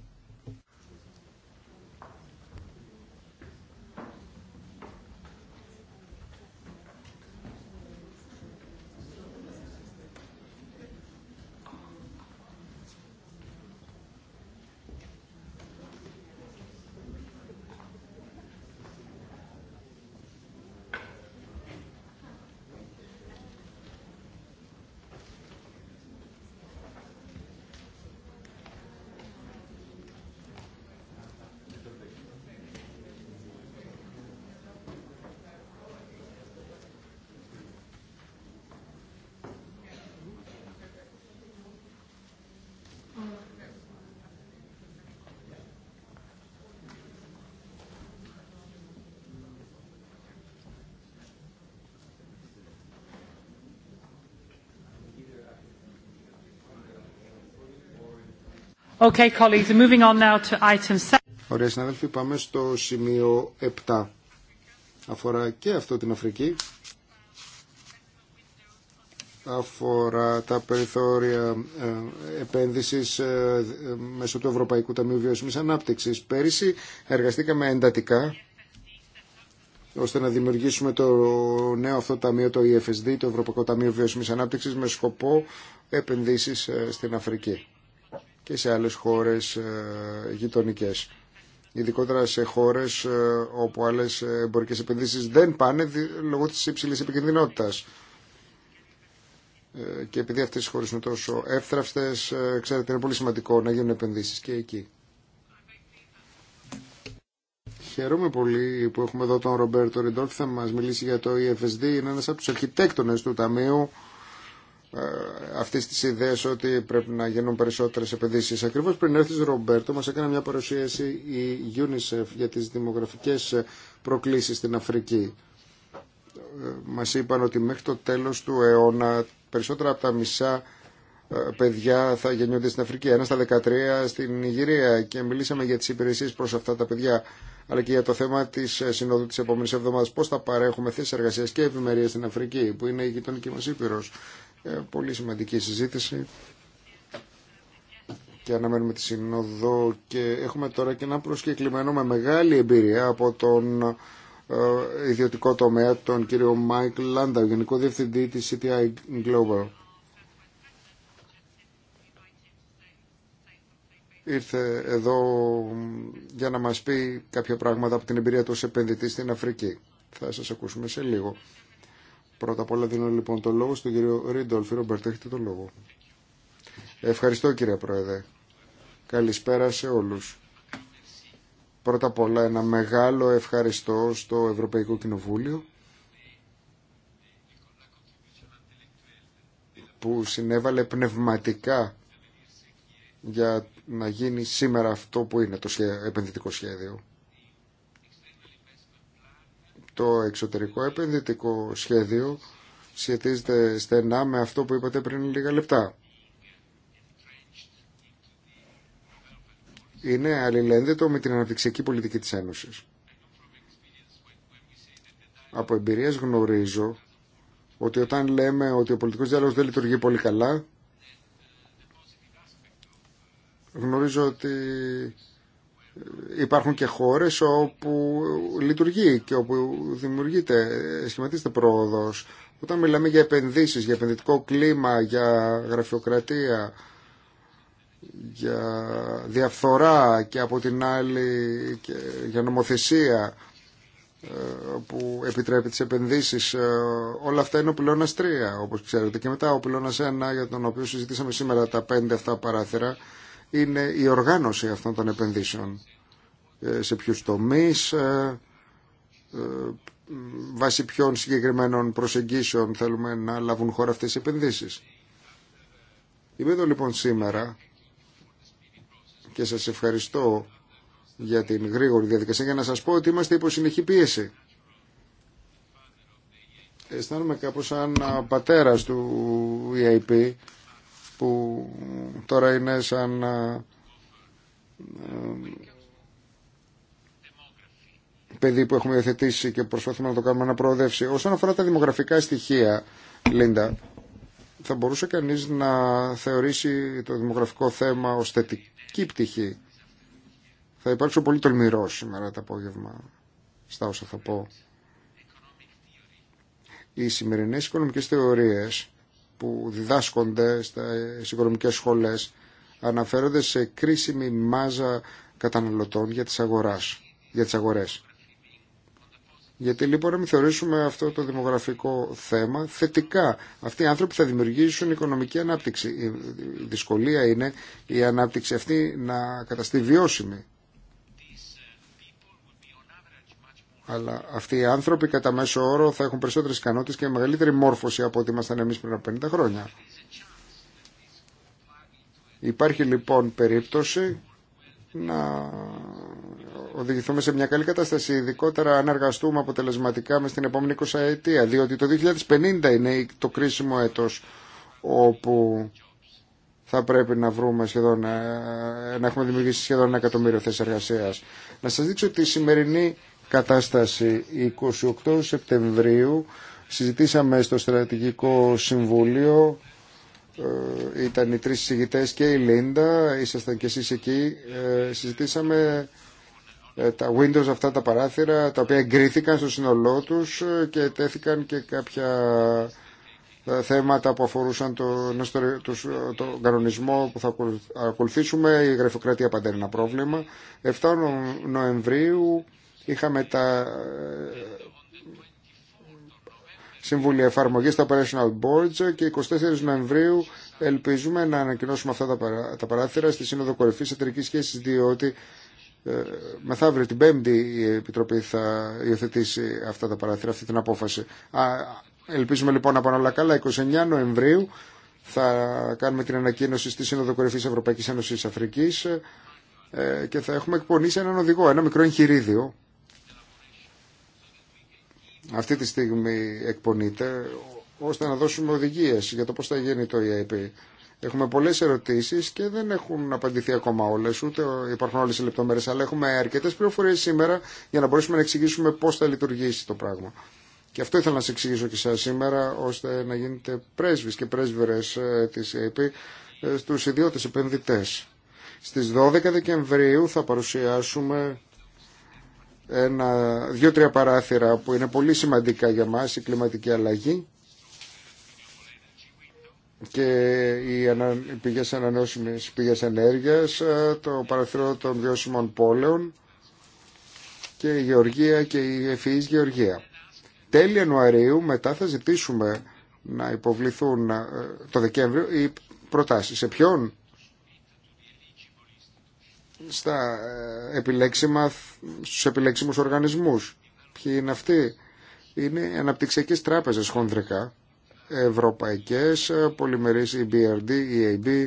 Ωραία συναδέλφοι, πάμε στο σημείο 7. Αφορά και αυτό την Αφρική. Αφορά τα περιθώρια ε, επένδυσης ε, μέσω του Ευρωπαϊκού Ταμείου Βιώσιμης Ανάπτυξης. Πέρυσι εργαστήκαμε εντατικά ώστε να δημιουργήσουμε το νέο αυτό ταμείο, το EFSD, το Ευρωπαϊκό Ταμείο Βιώσιμης Ανάπτυξης, με σκοπό επενδύσεις ε, στην Αφρική και σε άλλες χώρες ε, γειτονικές. Ειδικότερα σε χώρες ε, όπου άλλες εμπορικές επενδύσεις δεν πάνε λόγω της υψηλής επικινδυνότητας. Ε, και επειδή αυτές οι χώρες είναι τόσο εύθραυστες, ξέρετε είναι πολύ σημαντικό να γίνουν επενδύσεις και εκεί. Χαίρομαι πολύ που έχουμε εδώ τον Ρομπέρτο Ριντόλφ, θα μας μιλήσει για το EFSD, είναι ένας από τους αρχιτέκτονες του Ταμείου ε, αυτές τις ιδέες ότι πρέπει να γίνουν περισσότερες επενδύσεις. Ακριβώς πριν έρθει ο Ρομπέρτο μας έκανε μια παρουσίαση η UNICEF για τις δημογραφικές προκλήσεις στην Αφρική. Ε, μας είπαν ότι μέχρι το τέλος του αιώνα περισσότερα από τα μισά ε, παιδιά θα γεννιούνται στην Αφρική. Ένα στα 13 στην Ιγυρία και μιλήσαμε για τις υπηρεσίες προς αυτά τα παιδιά αλλά και για το θέμα τη ε, συνόδου τη επόμενη εβδομάδα. Πώ θα παρέχουμε θέσει εργασία και ευημερία στην Αφρική, που είναι η γειτονική μα ήπειρο. Ε, πολύ σημαντική συζήτηση. Και αναμένουμε τη συνόδο και έχουμε τώρα και ένα προσκεκλημένο με μεγάλη εμπειρία από τον ε, ιδιωτικό τομέα, τον κύριο Μάικ Λάντα, Γενικό Διευθυντή τη CTI Global. ήρθε εδώ για να μας πει κάποια πράγματα από την εμπειρία του ως επενδυτή στην Αφρική. Θα σας ακούσουμε σε λίγο. Πρώτα απ' όλα δίνω λοιπόν το λόγο στον κύριο Ρίντολφ. Ρομπερτ, έχετε το λόγο. Ευχαριστώ κύριε Πρόεδρε. Καλησπέρα σε όλους. Πρώτα απ' όλα ένα μεγάλο ευχαριστώ στο Ευρωπαϊκό Κοινοβούλιο που συνέβαλε πνευματικά για να γίνει σήμερα αυτό που είναι το επενδυτικό σχέδιο. Το εξωτερικό επενδυτικό σχέδιο σχετίζεται στενά με αυτό που είπατε πριν λίγα λεπτά. Είναι αλληλένδετο με την αναπτυξιακή πολιτική της Ένωσης. Από εμπειρίας γνωρίζω ότι όταν λέμε ότι ο πολιτικός διάλογος δεν λειτουργεί πολύ καλά, Γνωρίζω ότι υπάρχουν και χώρες όπου λειτουργεί και όπου δημιουργείται, σχηματίζεται πρόοδος. Όταν μιλάμε για επενδύσεις, για επενδυτικό κλίμα, για γραφειοκρατία, για διαφθορά και από την άλλη για νομοθεσία ε, που επιτρέπει τις επενδύσεις ε, όλα αυτά είναι ο πυλώνας 3 όπως ξέρετε και μετά ο πυλώνας 1 για τον οποίο συζητήσαμε σήμερα τα πέντε αυτά παράθυρα είναι η οργάνωση αυτών των επενδύσεων. Ε, σε ποιους τομείς, ε, ε, βάσει ποιων συγκεκριμένων προσεγγίσεων θέλουμε να λάβουν χώρα αυτές οι επενδύσεις. Είμαι εδώ λοιπόν σήμερα και σας ευχαριστώ για την γρήγορη διαδικασία για να σας πω ότι είμαστε υπό συνεχή πίεση. Αισθάνομαι κάπως σαν πατέρας του EIP που τώρα είναι σαν ε, ε, παιδί που έχουμε υιοθετήσει και προσπαθούμε να το κάνουμε να προοδεύσει. Όσον αφορά τα δημογραφικά στοιχεία, Λίντα, θα μπορούσε κανείς να θεωρήσει το δημογραφικό θέμα ως θετική πτυχή. Θα υπάρξω πολύ τολμηρό σήμερα το απόγευμα στα όσα θα πω. Οι σημερινές οικονομικές θεωρίες που διδάσκονται στις οικονομικές σχολές αναφέρονται σε κρίσιμη μάζα καταναλωτών για τις, αγοράς, για τις αγορές. Γιατί λοιπόν να μην θεωρήσουμε αυτό το δημογραφικό θέμα θετικά. Αυτοί οι άνθρωποι θα δημιουργήσουν οικονομική ανάπτυξη. Η δυσκολία είναι η ανάπτυξη αυτή να καταστεί βιώσιμη. Αλλά αυτοί οι άνθρωποι κατά μέσο όρο θα έχουν περισσότερες ικανότητες και μεγαλύτερη μόρφωση από ό,τι ήμασταν εμείς πριν από 50 χρόνια. Υπάρχει λοιπόν περίπτωση να οδηγηθούμε σε μια καλή κατάσταση, ειδικότερα αν εργαστούμε αποτελεσματικά με στην επόμενη 20 ετία, διότι το 2050 είναι το κρίσιμο έτος όπου θα πρέπει να βρούμε ε, έχουμε δημιουργήσει σχεδόν ένα εκατομμύριο θέσεις εργασίας. Να σας δείξω σημερινή κατάσταση. 28 Σεπτεμβρίου συζητήσαμε στο Στρατηγικό Συμβούλιο ε, ήταν οι τρεις συζητητές και η Λίντα, ήσασταν και εσείς εκεί. Ε, συζητήσαμε ε, τα Windows αυτά τα παράθυρα, τα οποία εγκρίθηκαν στο σύνολό τους και τέθηκαν και κάποια θέματα που αφορούσαν το, το, το, κανονισμό που θα ακολουθήσουμε. Η γραφειοκρατία πάντα είναι ένα πρόβλημα. 7 Νοεμβρίου Είχαμε τα ε, Συμβούλια εφαρμογή στα Operational Boards και 24 Νοεμβρίου ελπίζουμε να ανακοινώσουμε αυτά τα παράθυρα στη Σύνοδο Κορυφή Εταιρική Σχέσης, διότι ε, μεθαύριο την Πέμπτη η Επιτροπή θα υιοθετήσει αυτά τα παράθυρα, αυτή την απόφαση. Ελπίζουμε λοιπόν να πάνε όλα καλά. 29 Νοεμβρίου θα κάνουμε την ανακοίνωση στη Σύνοδο Κορυφής Ευρωπαϊκής Ένωσης Αφρικής ε, και θα έχουμε εκπονήσει έναν οδηγό, ένα μικρό εγχειρίδιο αυτή τη στιγμή εκπονείται ώστε να δώσουμε οδηγίες για το πώς θα γίνει το EIP. Έχουμε πολλές ερωτήσεις και δεν έχουν απαντηθεί ακόμα όλες, ούτε υπάρχουν όλες οι λεπτομέρειες, αλλά έχουμε αρκετές πληροφορίες σήμερα για να μπορέσουμε να εξηγήσουμε πώς θα λειτουργήσει το πράγμα. Και αυτό ήθελα να σας εξηγήσω και εσά σήμερα, ώστε να γίνετε πρέσβεις και πρέσβυρες ε, της EIP ε, στους ιδιώτες επενδυτές. Στις 12 Δεκεμβρίου θα παρουσιάσουμε ένα, δύο-τρία παράθυρα που είναι πολύ σημαντικά για μας, η κλιματική αλλαγή και οι, ανα, οι πηγές ανανεώσιμες πηγές ενέργειας, ε, το παραθυρό των βιώσιμων πόλεων και η γεωργία και η ευφυής γεωργία. Τέλη Ιανουαρίου μετά θα ζητήσουμε να υποβληθούν ε, το Δεκέμβριο οι προτάσεις. Σε ποιον στα ε, επιλέξιμα, στους επιλέξιμους οργανισμούς. Ποιοι είναι αυτοί. Είναι αναπτυξιακές τράπεζες χονδρικά, ευρωπαϊκές, ε, πολυμερείς EBRD, EAB,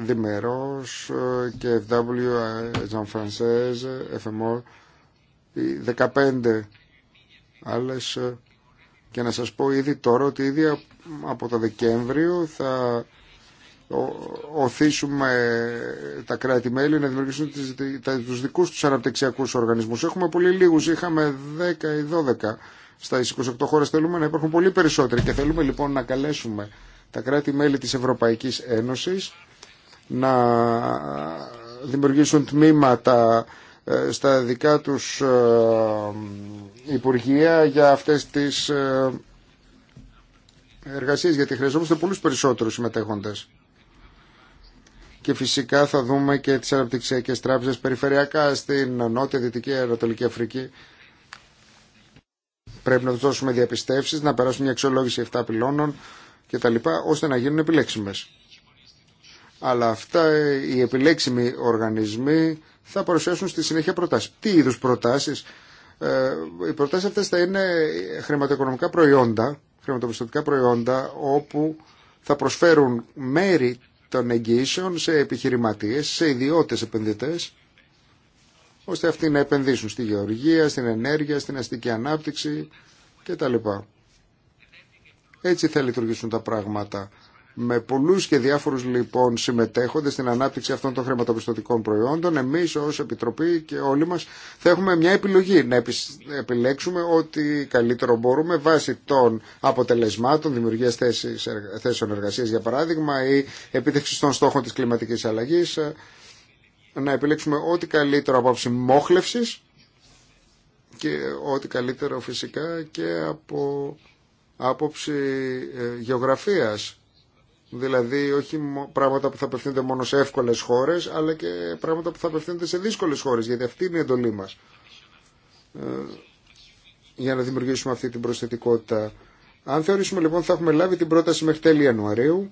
Δημερός ε, και FW, Jean Francais, FMO, 15 άλλες και να σας πω ήδη τώρα ότι ήδη από το Δεκέμβριο θα οθήσουμε ε, τα κράτη-μέλη να δημιουργήσουν τους δικούς τους αναπτυξιακούς οργανισμούς. Έχουμε πολύ λίγους, είχαμε 10 ή 12 στα 28 χώρες, θέλουμε να υπάρχουν πολύ περισσότεροι και θέλουμε λοιπόν να καλέσουμε τα κράτη-μέλη της Ευρωπαϊκής Ένωσης να δημιουργήσουν τμήματα ε, στα δικά τους ε, Υπουργεία για αυτές τις εργασίες, γιατί χρειαζόμαστε πολλούς περισσότερους συμμετέχοντες και φυσικά θα δούμε και τις αναπτυξιακές τράπεζες περιφερειακά στην Νότια, Δυτική, Ανατολική Αφρική. Πρέπει να τους δώσουμε διαπιστεύσεις, να περάσουν μια αξιολόγηση 7 πυλώνων και τα λοιπά, ώστε να γίνουν επιλέξιμες. Αλλά αυτά ε, οι επιλέξιμοι οργανισμοί θα παρουσιάσουν στη συνέχεια προτάσεις. Τι είδους προτάσεις. Ε, οι προτάσεις αυτές θα είναι χρηματοοικονομικά προϊόντα, χρηματοπιστωτικά προϊόντα όπου θα προσφέρουν μέρη των εγγυήσεων σε επιχειρηματίες, σε ιδιώτες επενδυτές, ώστε αυτοί να επενδύσουν στη γεωργία, στην ενέργεια, στην αστική ανάπτυξη κτλ. Έτσι θα λειτουργήσουν τα πράγματα. Με πολλούς και διάφορους λοιπόν συμμετέχοντες στην ανάπτυξη αυτών των χρηματοπιστωτικών προϊόντων, εμείς ως Επιτροπή και όλοι μας θα έχουμε μια επιλογή να επιλέξουμε ότι καλύτερο μπορούμε βάσει των αποτελεσμάτων, δημιουργίας θέσεων εργασίας για παράδειγμα ή επίτευξη των στόχων της κλιματικής αλλαγής, να επιλέξουμε ό,τι καλύτερο απόψη μόχλευσης και ό,τι καλύτερο φυσικά και από άποψη ε, γεωγραφίας Δηλαδή όχι πράγματα που θα απευθύνονται μόνο σε εύκολες χώρες αλλά και πράγματα που θα απευθύνονται σε δύσκολες χώρες γιατί αυτή είναι η εντολή μας ε, για να δημιουργήσουμε αυτή την προσθετικότητα. Αν θεωρήσουμε λοιπόν θα έχουμε λάβει την πρόταση μέχρι τέλη Ιανουαρίου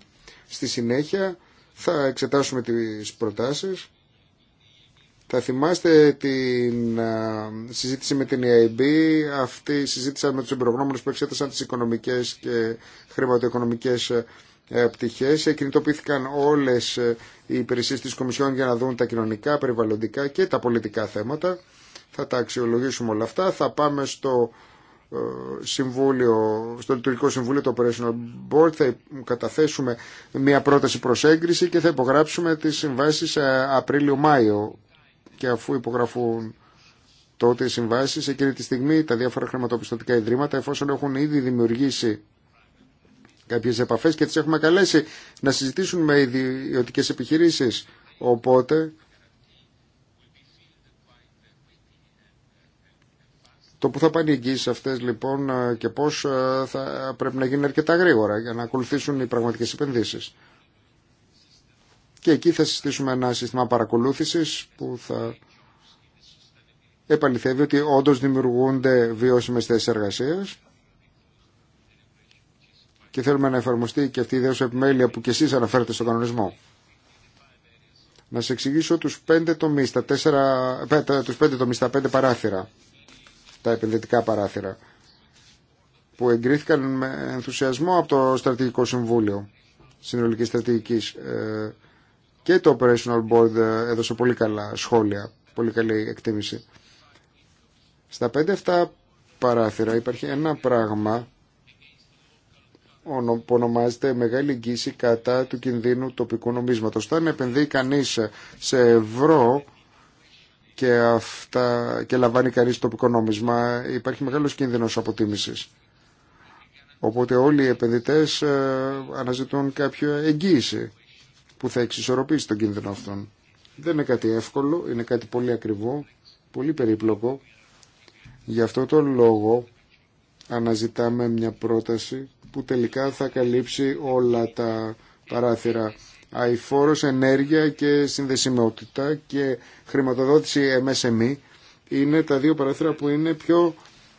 στη συνέχεια θα εξετάσουμε τις προτάσεις θα θυμάστε την συζήτηση με την EIB, ε αυτή συζήτησα με τους εμπρογνώμενους που εξέτασαν τις οικονομικές και χρηματοοικονομικές ε, πτυχές. Κινητοποιήθηκαν όλες ε, οι υπηρεσίες της Κομισιόν για να δουν τα κοινωνικά, περιβαλλοντικά και τα πολιτικά θέματα. Θα τα αξιολογήσουμε όλα αυτά. Θα πάμε στο, ε, συμβούλιο, στο λειτουργικό συμβούλιο του Operational Board θα καταθέσουμε μια πρόταση προς έγκριση και θα υπογράψουμε τις συμβάσεις Απρίλιο-Μάιο και αφού υπογραφούν τότε οι συμβάσεις εκείνη τη στιγμή τα διάφορα χρηματοπιστωτικά ιδρύματα εφόσον έχουν ήδη δημιουργήσει Κάποιε επαφέ και τι έχουμε καλέσει να συζητήσουν με ιδιωτικέ επιχειρήσεις. Οπότε το που θα πάνε οι αυτές λοιπόν ε, και πώς ε, θα πρέπει να γίνει αρκετά γρήγορα για να ακολουθήσουν οι πραγματικές επενδύσεις. Και εκεί θα συστήσουμε ένα σύστημα παρακολούθησης που θα επαληθεύει ότι όντως δημιουργούνται βιώσιμες θέσεις εργασίας και θέλουμε να εφαρμοστεί και αυτή η σου επιμέλεια που και εσείς αναφέρετε στον κανονισμό. Να σε εξηγήσω τους πέντε τομείς, τα τέσσερα, τους πέντε τομείς, τα πέντε παράθυρα, τα επενδυτικά παράθυρα, που εγκρίθηκαν με ενθουσιασμό από το Στρατηγικό Συμβούλιο Συνολικής Στρατηγικής. Ε, και το Operational Board ε, έδωσε πολύ καλά σχόλια, πολύ καλή εκτίμηση. Στα πέντε αυτά παράθυρα υπάρχει ένα πράγμα που ονομάζεται μεγάλη εγγύηση κατά του κινδύνου τοπικού νομίσματος. Θα επενδύει κανείς σε ευρώ και, αυτά, και λαμβάνει κανείς τοπικό νόμισμα, υπάρχει μεγάλος κίνδυνος αποτίμησης. Οπότε όλοι οι επενδυτές ε, αναζητούν κάποια εγγύηση που θα εξισορροπήσει τον κίνδυνο αυτόν. Δεν είναι κάτι εύκολο, είναι κάτι πολύ ακριβό, πολύ περίπλοκο. Γι' αυτό τον λόγο αναζητάμε μια πρόταση που τελικά θα καλύψει όλα τα παράθυρα. Αηφόρος, ενέργεια και συνδεσιμότητα και χρηματοδότηση MSME είναι τα δύο παράθυρα που είναι πιο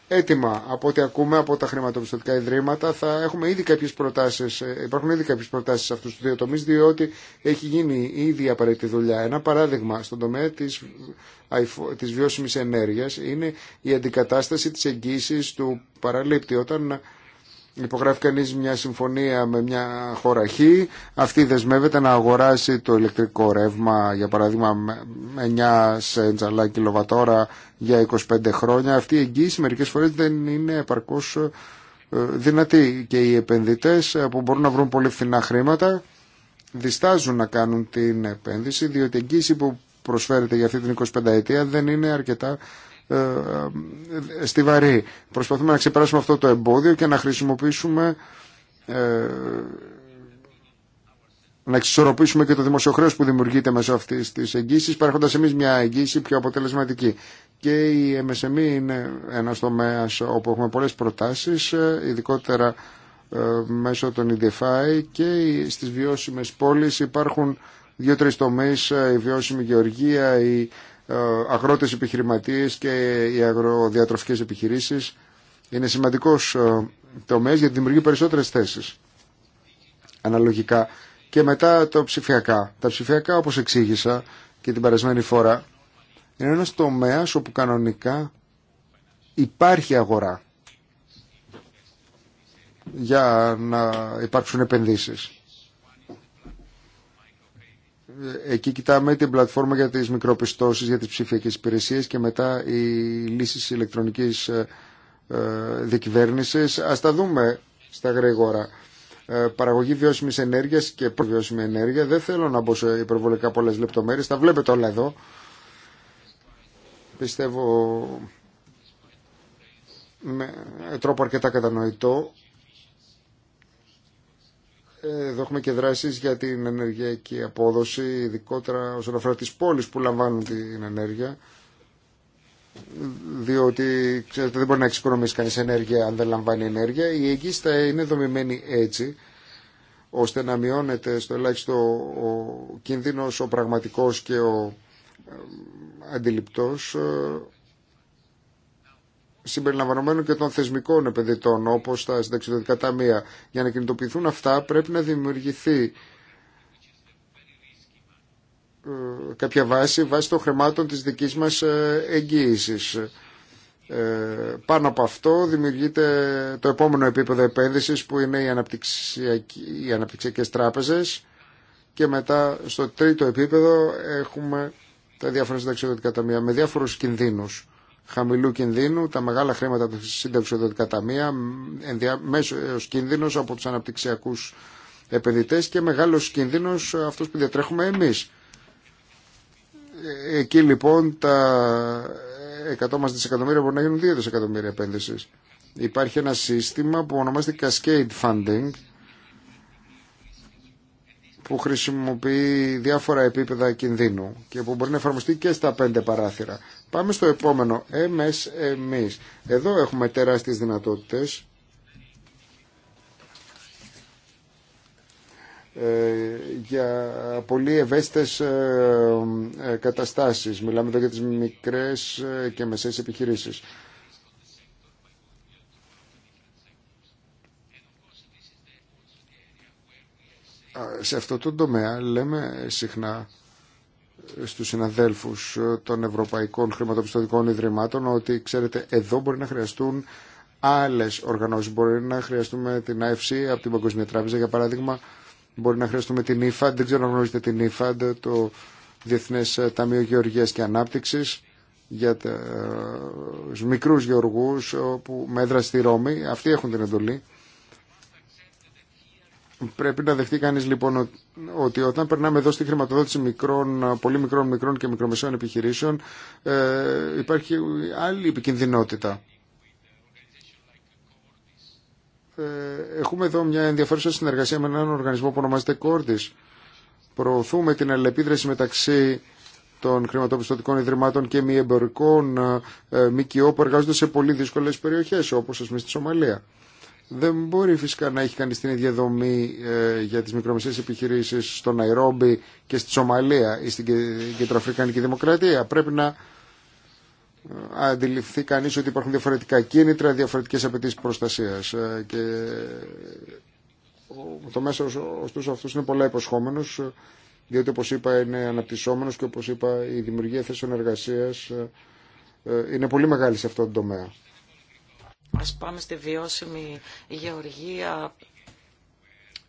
έτοιμα από ό,τι ακούμε από τα χρηματοπιστωτικά ιδρύματα. Θα έχουμε ήδη κάποιες προτάσεις, ε, υπάρχουν ήδη κάποιες προτάσεις σε αυτούς τους δύο τομείς, διότι έχει γίνει ήδη η απαραίτητη δουλειά. Ένα παράδειγμα στον τομέα της, της βιώσιμης ενέργειας είναι η αντικατάσταση της εγγύησης του παραλήπτη. Όταν υπογράφει κανείς μια συμφωνία με μια χώρα Χ, αυτή δεσμεύεται να αγοράσει το ηλεκτρικό ρεύμα, για παράδειγμα με 9 σεντζαλά κιλοβατόρα για 25 χρόνια. Αυτή η εγγύηση μερικές φορές δεν είναι επαρκώς ε, δυνατή και οι επενδυτές ε, που μπορούν να βρουν πολύ φθηνά χρήματα διστάζουν να κάνουν την επένδυση διότι η εγγύηση που προσφέρεται για αυτή την 25 ετία δεν είναι αρκετά ε, βαρύ. Προσπαθούμε να ξεπεράσουμε αυτό το εμπόδιο και να χρησιμοποιήσουμε ε, να εξισορροπήσουμε και το δημοσιοχρέος που δημιουργείται μέσω αυτή τη εγγύηση, παρέχοντα εμεί μια εγγύηση πιο αποτελεσματική. Και η MSME είναι ένα τομέα όπου έχουμε πολλέ προτάσει, ε, ειδικότερα μέσω των EDFI και στις βιώσιμες πόλεις υπάρχουν δύο-τρεις τομείς, η βιώσιμη γεωργία, η ε, αγρότες επιχειρηματίες και οι αγροδιατροφικές επιχειρήσεις είναι σημαντικός ε, τομέας γιατί δημιουργεί περισσότερες θέσεις αναλογικά και μετά το ψηφιακά. Τα ψηφιακά όπως εξήγησα και την περασμένη φορά είναι ένας τομέας όπου κανονικά υπάρχει αγορά για να υπάρξουν επενδύσεις εκεί κοιτάμε την πλατφόρμα για τις μικροπιστώσεις, για τις ψηφιακές υπηρεσίες και μετά οι λύσεις ηλεκτρονικής ε, ε, διακυβέρνησης. Ας τα δούμε στα γρήγορα. Ε, παραγωγή βιώσιμη ενέργεια και προβιώσιμη ενέργεια. Δεν θέλω να μπω σε υπερβολικά πολλέ λεπτομέρειε. Τα βλέπετε όλα εδώ. Πιστεύω με τρόπο αρκετά κατανοητό εδώ έχουμε και δράσει για την ενεργειακή απόδοση, ειδικότερα όσον αφορά τι πόλεις που λαμβάνουν την ενέργεια. Διότι δεν μπορεί να εξοικονομήσει κανεί ενέργεια αν δεν λαμβάνει ενέργεια. Η εγγύηση είναι δομημένη έτσι ώστε να μειώνεται στο ελάχιστο ο κίνδυνος, ο πραγματικός και ο ε, αντιληπτός ε, συμπεριλαμβανομένων και των θεσμικών επενδυτών όπως τα συνταξιδοτικά ταμεία. Για να κινητοποιηθούν αυτά πρέπει να δημιουργηθεί ε, κάποια βάση, βάσει των χρημάτων της δικής μας ε, εγγύησης. Ε, πάνω από αυτό δημιουργείται το επόμενο επίπεδο επένδυσης που είναι οι, οι αναπτυξιακές τράπεζες και μετά στο τρίτο επίπεδο έχουμε τα διάφορα συνταξιδοτικά ταμεία με διάφορους κινδύνους χαμηλού κινδύνου, τα μεγάλα χρήματα από σύνταξη οδοτικά ταμεία, μέσος κίνδυνος από τους αναπτυξιακούς επενδυτές και μεγάλος κίνδυνος αυτός που διατρέχουμε εμείς. Ε, εκεί λοιπόν τα 100 μας δισεκατομμύρια μπορεί να γίνουν 2 δισεκατομμύρια επένδυσης. Υπάρχει ένα σύστημα που ονομάζεται Cascade Funding που χρησιμοποιεί διάφορα επίπεδα κινδύνου και που μπορεί να εφαρμοστεί και στα πέντε παράθυρα. Πάμε στο επόμενο, εμείς. Εδώ έχουμε τεράστιες δυνατότητες. Ε, για πολύ ευαίσθητες ε, ε, καταστάσεις. Μιλάμε εδώ για τις μικρές και μεσαίες επιχειρήσεις. Σε αυτό το τομέα λέμε συχνά στους συναδέλφους των Ευρωπαϊκών Χρηματοπιστωτικών Ιδρυμάτων ότι ξέρετε εδώ μπορεί να χρειαστούν άλλες οργανώσεις. Μπορεί να χρειαστούμε την ΑΕΦΣΥ από την Παγκοσμία Τράπεζα για παράδειγμα. Μπορεί να χρειαστούμε την IFAD, δεν ξέρω αν γνωρίζετε την IFAD, το Διεθνές Ταμείο Γεωργίας και Ανάπτυξης για τους ε, μικρούς γεωργούς που με έδρα στη Ρώμη. Αυτοί έχουν την εντολή. Πρέπει να δεχτεί κανείς λοιπόν ότι όταν περνάμε εδώ στη χρηματοδότηση μικρών, πολύ μικρών, μικρών και μικρομεσαίων επιχειρήσεων ε, υπάρχει άλλη επικινδυνότητα. Ε, έχουμε εδώ μια ενδιαφέρουσα συνεργασία με έναν οργανισμό που ονομάζεται Cordis. Προωθούμε την αλληλεπίδραση μεταξύ των χρηματοπιστωτικών ιδρυμάτων και μη εμπορικών ε, ΜΚΟ που εργάζονται σε πολύ δύσκολε περιοχέ, όπω α στη Σομαλία. Δεν μπορεί φυσικά να έχει κανεί την ίδια δομή ε, για τι μικρομεσαίε επιχειρήσει στο Ναϊρόμπι και στη Σομαλία ή στην Κεντροαφρικανική Δημοκρατία. Πρέπει να ε, αντιληφθεί κανεί ότι υπάρχουν διαφορετικά κίνητρα, διαφορετικέ απαιτήσει προστασία. Ε, και το μέσο ωστόσο αυτό είναι πολλά υποσχόμενο, διότι όπω είπα είναι αναπτυσσόμενο και όπω είπα η δημιουργία θέσεων εργασία είναι πολύ μεγάλη σε αυτο τον τομέα. Ας πάμε στη βιώσιμη γεωργία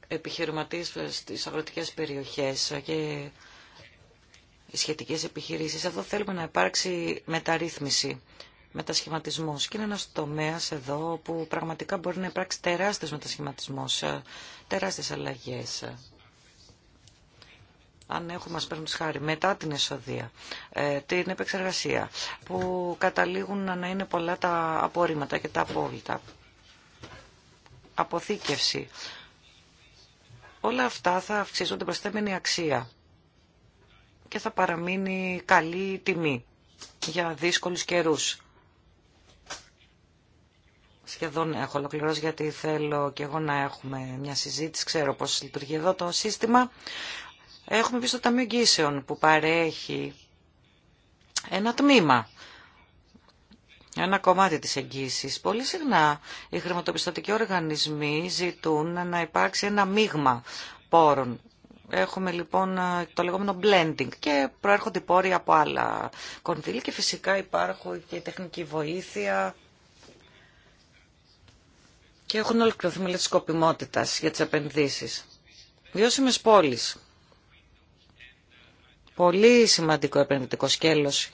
επιχειρηματίες στις αγροτικές περιοχές και οι σχετικές επιχειρήσεις. Εδώ θέλουμε να υπάρξει μεταρρύθμιση, μετασχηματισμός. Και είναι ένας τομέας εδώ που πραγματικά μπορεί να υπάρξει τεράστιος μετασχηματισμός, τεράστιες αλλαγές αν έχουμε, ας χάρη, μετά την εσοδεία, ε, την επεξεργασία, που καταλήγουν να είναι πολλά τα απορρίμματα και τα απόβλητα, αποθήκευση. Όλα αυτά θα αυξήσουν την προσθέμενη αξία και θα παραμείνει καλή τιμή για δύσκολους καιρούς. Σχεδόν έχω ολοκληρώσει γιατί θέλω και εγώ να έχουμε μια συζήτηση. Ξέρω πώς λειτουργεί εδώ το σύστημα. Έχουμε πει στο Ταμείο που παρέχει ένα τμήμα, ένα κομμάτι της εγγύησης. Πολύ συχνά οι χρηματοπιστωτικοί οργανισμοί ζητούν να υπάρξει ένα μείγμα πόρων. Έχουμε λοιπόν το λεγόμενο blending και προέρχονται πόροι από άλλα κονδύλια και φυσικά υπάρχουν και τεχνική βοήθεια και έχουν ολοκληρωθεί μελέτη σκοπιμότητας για τις επενδύσεις. Βιώσιμες πόλεις πολύ σημαντικό επενδυτικό σκέλος.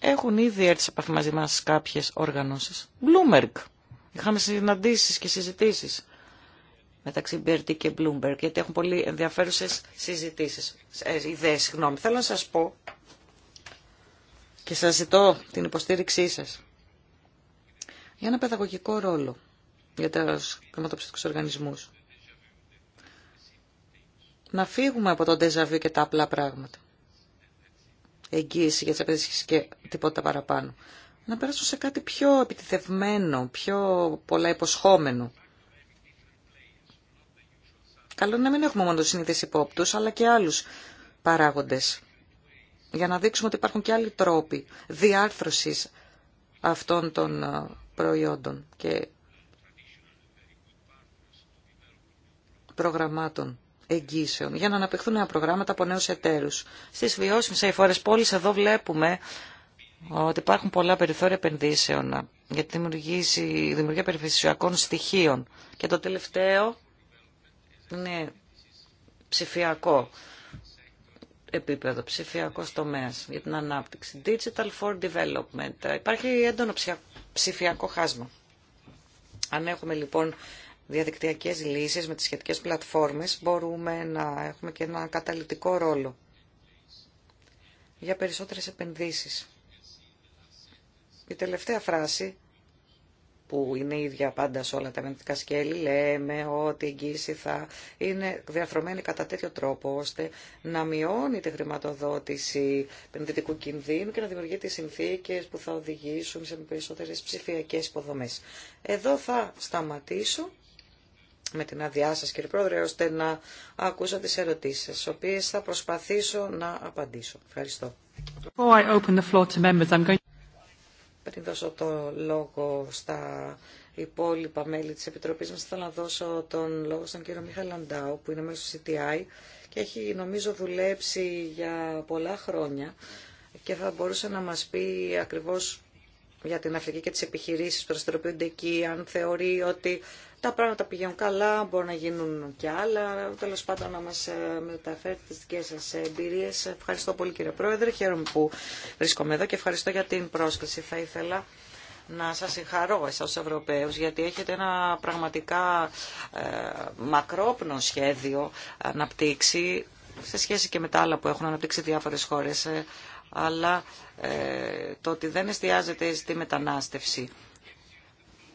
Έχουν ήδη έρθει σε επαφή μαζί μας κάποιες οργανώσεις. Bloomberg. Είχαμε συναντήσεις και συζητήσεις μεταξύ Μπερτή και Bloomberg, γιατί έχουν πολύ ενδιαφέρουσες συζητήσεις, ε, ιδέες, συγγνώμη. Θέλω να σας πω και σας ζητώ την υποστήριξή σας για ένα παιδαγωγικό ρόλο για τους χρηματοπιστικού οργανισμούς να φύγουμε από τον τεζαβί και τα απλά πράγματα. Εγγύηση για τις επενδύσει και τίποτα παραπάνω. Να περάσουμε σε κάτι πιο επιτιθευμένο, πιο πολλά υποσχόμενο. Καλό είναι να μην έχουμε μόνο τους συνήθει υπόπτους, αλλά και άλλους παράγοντες. Για να δείξουμε ότι υπάρχουν και άλλοι τρόποι διάρθρωσης αυτών των ε, προϊόντων και προγραμμάτων εγγύσεων για να αναπτυχθούν νέα προγράμματα από νέους εταίρους. Στις βιώσιμες φορές πόλεις εδώ βλέπουμε ότι υπάρχουν πολλά περιθώρια επενδύσεων για τη δημιουργία περιφερειακών στοιχείων. Και το τελευταίο είναι ψηφιακό επίπεδο, ψηφιακό τομέα για την ανάπτυξη. Digital for development. Υπάρχει έντονο ψηφιακό χάσμα. Αν έχουμε λοιπόν διαδικτυακές λύσεις με τις σχετικές πλατφόρμες μπορούμε να έχουμε και ένα καταλητικό ρόλο για περισσότερες επενδύσεις. Η τελευταία φράση που είναι η ίδια πάντα σε όλα τα επενδυτικά σκέλη, λέμε ότι η εγγύηση θα είναι διαρθρωμένη κατά τέτοιο τρόπο ώστε να μειώνει τη χρηματοδότηση επενδυτικού κινδύνου και να δημιουργεί τις συνθήκες που θα οδηγήσουν σε περισσότερες ψηφιακές υποδομές. Εδώ θα σταματήσω με την άδειά σα, κύριε Πρόεδρε, ώστε να ακούσω τι ερωτήσει, τι οποίε θα προσπαθήσω να απαντήσω. Ευχαριστώ. members, going... Πριν δώσω το λόγο στα υπόλοιπα μέλη της Επιτροπής μας, θέλω να δώσω τον λόγο στον κύριο Μίχαλ Αντάου, που είναι μέσα στο CTI και έχει νομίζω δουλέψει για πολλά χρόνια και θα μπορούσε να μας πει ακριβώς για την Αφρική και τις επιχειρήσεις που δραστηριοποιούνται εκεί, αν θεωρεί ότι τα πράγματα πηγαίνουν καλά, μπορεί να γίνουν και άλλα. Τέλο πάντων, να μα ε, μεταφέρει τι δικέ σα εμπειρίε. Ευχαριστώ πολύ, κύριε Πρόεδρε. Χαίρομαι που βρίσκομαι εδώ και ευχαριστώ για την πρόσκληση. Θα ήθελα να σα συγχαρώ εσά, ως Ευρωπαίους γιατί έχετε ένα πραγματικά ε, μακρόπνο σχέδιο αναπτύξει σε σχέση και με τα άλλα που έχουν αναπτύξει διάφορες χώρες. Ε, αλλά ε, το ότι δεν εστιάζεται στη μετανάστευση.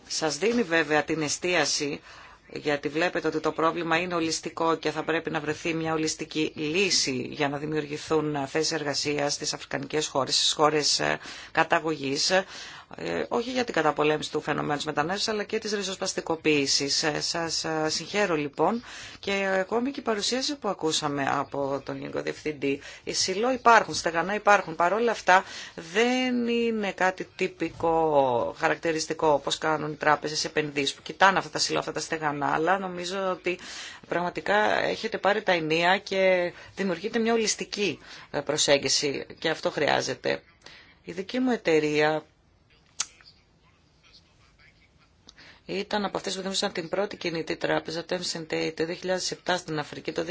Σας δίνει βέβαια την εστίαση, γιατί βλέπετε ότι το πρόβλημα είναι ολιστικό και θα πρέπει να βρεθεί μια ολιστική λύση για να δημιουργηθούν θέσεις εργασίας στις αφρικανικές χώρες, στις χώρες ε, καταγωγής. Ε, όχι για την καταπολέμηση του φαινομένου της μετανάστευσης, αλλά και της ριζοσπαστικοποίησης. Ε, σας ε, συγχαίρω λοιπόν και ακόμη και η παρουσίαση που ακούσαμε από τον Γενικό Διευθυντή. Οι σιλό υπάρχουν, στεγανά υπάρχουν. Παρ' όλα αυτά δεν είναι κάτι τυπικό, χαρακτηριστικό, όπως κάνουν οι τράπεζες επενδύσεις που κοιτάνε αυτά τα σιλό, αυτά τα στεγανά, αλλά νομίζω ότι πραγματικά έχετε πάρει τα ενία και δημιουργείται μια ολιστική προσέγγιση και αυτό χρειάζεται. Η δική μου εταιρεία ήταν από αυτές που δημιούργησαν την πρώτη κινητή τράπεζα, το MCNT, το 2007 στην Αφρική. Το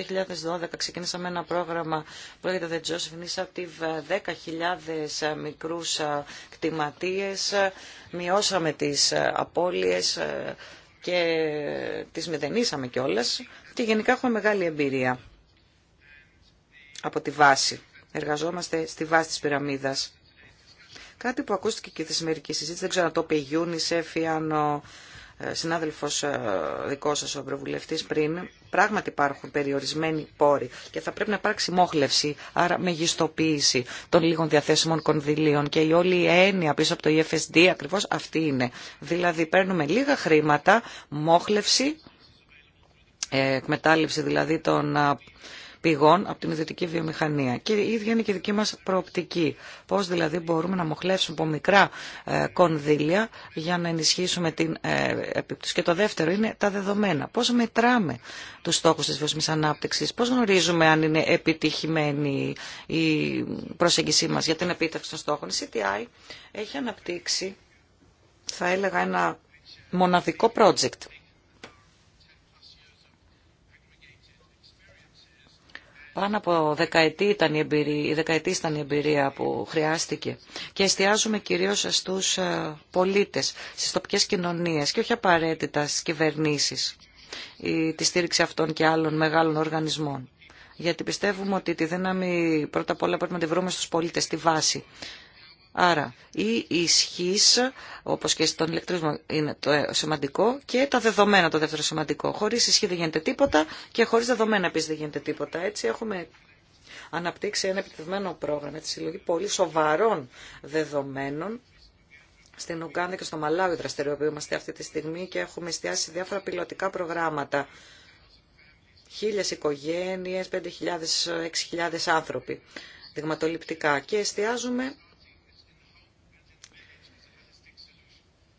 2012 ξεκίνησαμε ένα πρόγραμμα που λέγεται The Joseph Initiative, 10.000 ε, ε, μικρούς ε, κτηματίες, μειώσαμε τις απώλειες και τις μηδενίσαμε κιόλας και γενικά έχουμε μεγάλη εμπειρία από τη βάση. Εργαζόμαστε στη βάση της πυραμίδας. Κάτι που ακούστηκε και η θεσμερική συζήτηση, δεν ξέρω αν το είπε η UNICEF ή αν ο ε, συνάδελφος ε, δικός σας ο Ευρωβουλευτής πριν, πράγματι υπάρχουν περιορισμένοι πόροι και θα πρέπει να υπάρξει μόχλευση, άρα μεγιστοποίηση των λίγων διαθέσιμων κονδυλίων και η όλη έννοια πίσω από το EFSD ακριβώς αυτή είναι. Δηλαδή παίρνουμε λίγα χρήματα, μόχλευση, ε, εκμετάλλευση δηλαδή των πηγών από την ιδιωτική βιομηχανία. Και η ίδια είναι και η δική μας προοπτική. Πώς δηλαδή μπορούμε να μοχλεύσουμε από μικρά ε, κονδύλια για να ενισχύσουμε την ε, επίπτωση. Και το δεύτερο είναι τα δεδομένα. Πώς μετράμε τους στόχους της βιώσιμης ανάπτυξης. Πώς γνωρίζουμε αν είναι επιτυχημένη η προσέγγιση μας για την επίτευξη των στόχων. Η CTI έχει αναπτύξει, θα έλεγα, ένα μοναδικό project Πάνω από δεκαετή ήταν η εμπειρία, η δεκαετή ήταν η εμπειρία που χρειάστηκε. Και εστιάζουμε κυρίως στους ε, πολίτες, στις τοπικές κοινωνίες και όχι απαραίτητα στις κυβερνήσεις ή τη στήριξη αυτών και άλλων μεγάλων οργανισμών. Γιατί πιστεύουμε ότι τη δύναμη πρώτα απ' όλα πρέπει να τη βρούμε στους πολίτες, στη βάση. Άρα η ισχύ, όπω και στον ηλεκτρισμό είναι το σημαντικό, και τα δεδομένα το δεύτερο σημαντικό. Χωρί ισχύ δεν γίνεται τίποτα και χωρί δεδομένα επίση δεν γίνεται τίποτα. Έτσι έχουμε αναπτύξει ένα επιτευμένο πρόγραμμα τη συλλογή δηλαδή πολύ σοβαρών δεδομένων. Στην Ουγκάντα και στο Μαλάουι δραστηριοποιούμαστε αυτή τη στιγμή και έχουμε εστιάσει διάφορα πιλωτικά προγράμματα. Χίλιες οικογένειες, 5.000-6.000 άνθρωποι δειγματοληπτικά και εστιάζουμε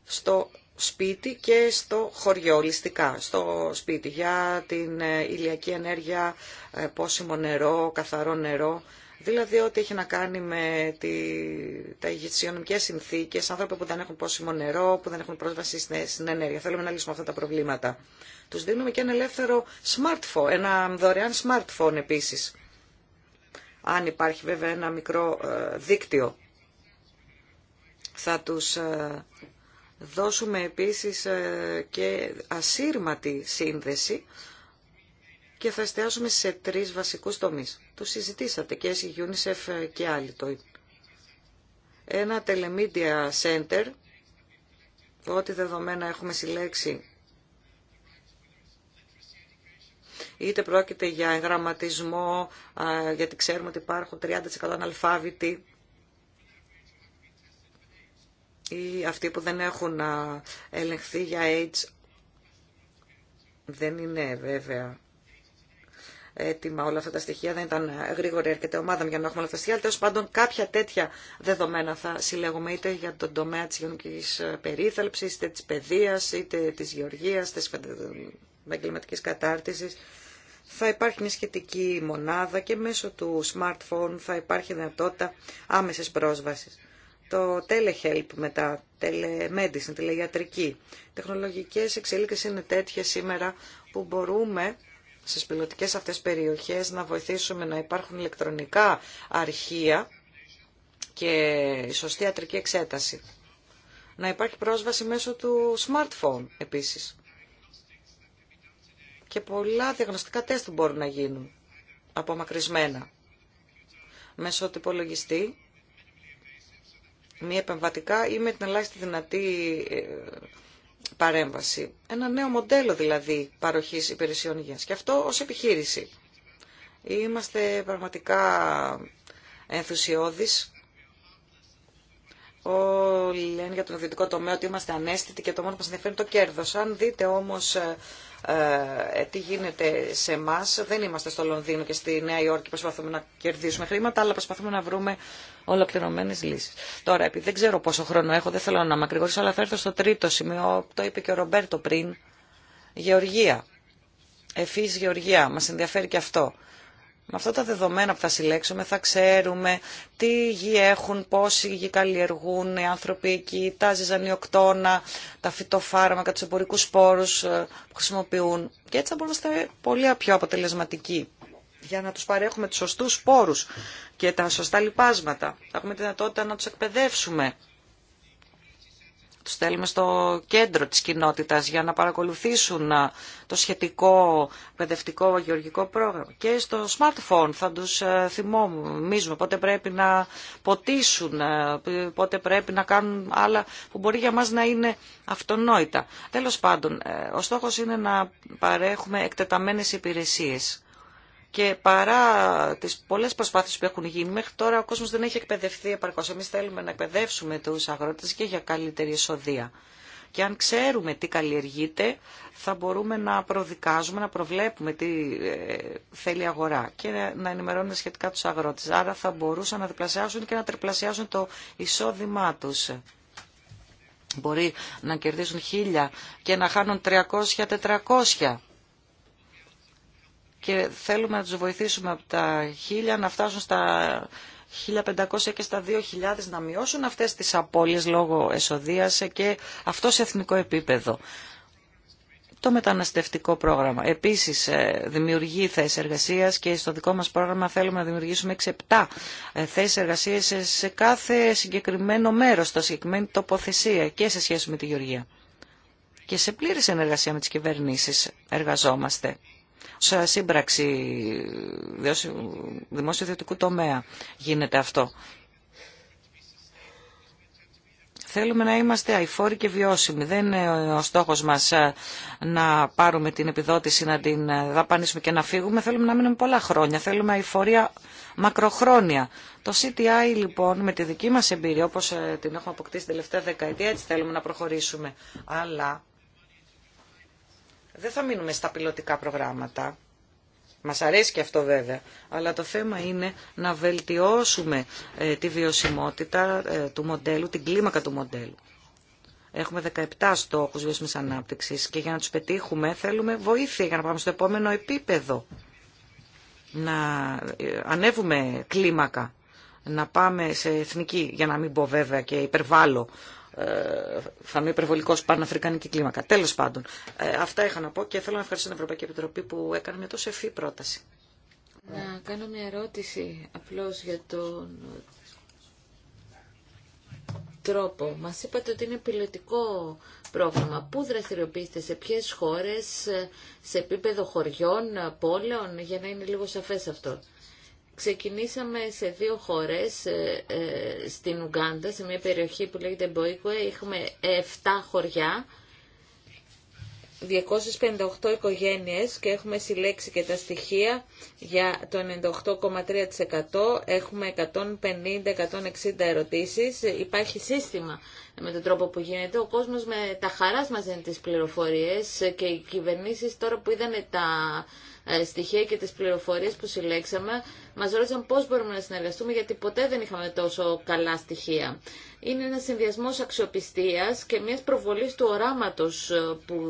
στο σπίτι και στο χωριό, ληστικά, στο σπίτι, για την ε, ηλιακή ενέργεια, ε, πόσιμο νερό, καθαρό νερό, δηλαδή ό,τι έχει να κάνει με τη, τα υγειονομικές συνθήκες, άνθρωποι που δεν έχουν πόσιμο νερό, που δεν έχουν πρόσβαση στην ενέργεια. Θέλουμε να λύσουμε αυτά τα προβλήματα. Τους δίνουμε και ένα ελεύθερο smartphone, ένα δωρεάν smartphone επίσης. Αν υπάρχει βέβαια ένα μικρό ε, δίκτυο θα τους δώσουμε επίσης ε, και ασύρματη σύνδεση και θα εστιάσουμε σε τρεις βασικούς τομείς. Το συζητήσατε και εσύ, UNICEF ε, και άλλοι το Ένα telemedia center, ό,τι δεδομένα έχουμε συλλέξει, είτε πρόκειται για εγγραμματισμό, γιατί ξέρουμε ότι υπάρχουν 30% αναλφάβητοι, ή αυτοί που δεν έχουν ελεγχθεί για AIDS δεν είναι βέβαια έτοιμα όλα αυτά τα στοιχεία, δεν ήταν γρήγορη αρκετή ομάδα για να έχουμε όλα αυτά τα στοιχεία. Τέλο πάντων, κάποια τέτοια δεδομένα θα συλλέγουμε είτε για τον τομέα τη γενική ε, περίθαλψη, είτε τη παιδεία, είτε τη γεωργία, τη επαγγελματική κατάρτιση. Θα υπάρχει μια σχετική μονάδα και μέσω του smartphone θα υπάρχει δυνατότητα άμεσης πρόσβασης το telehelp μετά, telemedicine, τηλεγιατρική. Τεχνολογικές εξελίξεις είναι τέτοιες σήμερα που μπορούμε στις πιλωτικές αυτές περιοχές να βοηθήσουμε να υπάρχουν ηλεκτρονικά αρχεία και η σωστή ιατρική εξέταση. Να υπάρχει πρόσβαση μέσω του smartphone επίσης. Και πολλά διαγνωστικά τεστ μπορούν να γίνουν απομακρυσμένα. Μέσω του υπολογιστή μη επεμβατικά ή με την ελάχιστη δυνατή ε, παρέμβαση. Ένα νέο μοντέλο δηλαδή παροχής υπηρεσιών υγείας και αυτό ως επιχείρηση. Είμαστε πραγματικά ενθουσιώδεις. Όλοι λένε για τον ιδιωτικό τομέα ότι είμαστε ανέστητοι και το μόνο που μας ενδιαφέρει είναι το κέρδος. Αν δείτε όμως ε, ε, τι γίνεται σε εμά. Δεν είμαστε στο Λονδίνο και στη Νέα Υόρκη προσπαθούμε να κερδίσουμε χρήματα, αλλά προσπαθούμε να βρούμε ολοκληρωμένε λύσει. Τώρα, επειδή δεν ξέρω πόσο χρόνο έχω, δεν θέλω να μακρηγορήσω, αλλά θα έρθω στο τρίτο σημείο, το είπε και ο Ρομπέρτο πριν. Γεωργία. Εφής Γεωργία, μας ενδιαφέρει και αυτό. Με αυτά τα δεδομένα που θα συλλέξουμε θα ξέρουμε τι γη έχουν, πόσοι γη καλλιεργούν οι άνθρωποι εκεί, τα ζυζανιοκτώνα, τα φυτοφάρμακα, τους εμπορικούς σπόρους ε, που χρησιμοποιούν. Και έτσι θα μπορούμε να είμαστε πολύ πιο αποτελεσματικοί για να τους παρέχουμε τους σωστούς σπόρους και τα σωστά λοιπάσματα. Θα έχουμε τη δυνατότητα να τους εκπαιδεύσουμε τους στέλνουμε στο κέντρο της κοινότητας για να παρακολουθήσουν το σχετικό παιδευτικό γεωργικό πρόγραμμα. Και στο smartphone θα τους ε, θυμόμίζουμε πότε πρέπει να ποτίσουν, ε, πότε πρέπει να κάνουν άλλα που μπορεί για μας να είναι αυτονόητα. Τέλος πάντων, ε, ο στόχος είναι να παρέχουμε εκτεταμένες υπηρεσίες και παρά τι πολλέ προσπάθειε που έχουν γίνει μέχρι τώρα ο κόσμο δεν έχει εκπαιδευτεί επαρκώ. εμεί θέλουμε να εκπαιδεύσουμε του αγρότες και για καλύτερη εισοδεία. Και αν ξέρουμε τι καλλιεργείται, θα μπορούμε να προδικάζουμε, να προβλέπουμε τι ε, θέλει η αγορά και να ενημερώνουμε σχετικά του αγρότε. Άρα θα μπορούσαν να διπλασιάσουν και να τριπλασιάσουν το εισόδημά του. Μπορεί να κερδίσουν χίλια και να χάνουν 300-400 και θέλουμε να τους βοηθήσουμε από τα 1.000 να φτάσουν στα 1.500 και στα 2.000 να μειώσουν αυτές τις απώλειες λόγω εσοδείας και αυτό σε εθνικό επίπεδο. Το μεταναστευτικό πρόγραμμα. Επίσης ε, δημιουργεί θέσεις εργασίας και στο δικό μας πρόγραμμα θέλουμε να δημιουργήσουμε 6-7 ε, θέσεις εργασίας σε κάθε συγκεκριμένο μέρος, στο συγκεκριμένη τοποθεσία και σε σχέση με τη Γεωργία. Και σε πλήρη συνεργασία με τις κυβερνήσεις εργαζόμαστε σε σύμπραξη δημόσιο-ιδιωτικού τομέα γίνεται αυτό. Θέλουμε να είμαστε αηφόροι και βιώσιμοι. Δεν είναι ο στόχος μας ε, να πάρουμε την επιδότηση, να την ε, δαπανίσουμε και να φύγουμε. Θέλουμε να μείνουμε πολλά χρόνια. Θέλουμε αηφορία μακροχρόνια. Το CTI λοιπόν με τη δική μας εμπειρία, όπως ε, την έχουμε αποκτήσει την τελευταία δεκαετία, έτσι θέλουμε να προχωρήσουμε. Αλλά δεν θα μείνουμε στα πιλωτικά προγράμματα. Μας αρέσει και αυτό βέβαια, αλλά το θέμα είναι να βελτιώσουμε ε, τη βιωσιμότητα ε, του μοντέλου, την κλίμακα του μοντέλου. Έχουμε 17 στόχους βιώσιμης ανάπτυξης και για να τους πετύχουμε θέλουμε βοήθεια για να πάμε στο επόμενο επίπεδο. Να ε, ανέβουμε κλίμακα, να πάμε σε εθνική, για να μην πω βέβαια και υπερβάλλω, θα είμαι υπερβολικό παναφρικανική κλίμακα. Τέλο πάντων, ε, αυτά είχα να πω και θέλω να ευχαριστήσω την Ευρωπαϊκή Επιτροπή που έκανε μια τόσο ευφύ πρόταση. Να κάνω μια ερώτηση απλώς για τον τρόπο. Μα είπατε ότι είναι πιλωτικό πρόγραμμα. Πού δραστηριοποιείστε, σε ποιε χώρες, σε επίπεδο χωριών, πόλεων, για να είναι λίγο σαφέ αυτό. Ξεκινήσαμε σε δύο χώρες, ε, ε, στην Ουγκάντα, σε μια περιοχή που λέγεται Μποίκουε, είχαμε 7 χωριά, 258 οικογένειες και έχουμε συλλέξει και τα στοιχεία για το 98,3%. Έχουμε 150-160 ερωτήσεις. Υπάρχει σύστημα με τον τρόπο που γίνεται. Ο κόσμος με τα χαράς δίνει τις πληροφορίες και οι κυβερνήσεις τώρα που είδανε τα ε, στοιχεία και τις πληροφορίες που συλλέξαμε, μας ρώτησαν πώς μπορούμε να συνεργαστούμε, γιατί ποτέ δεν είχαμε τόσο καλά στοιχεία. Είναι ένας συνδυασμός αξιοπιστίας και μιας προβολής του οράματος ε, που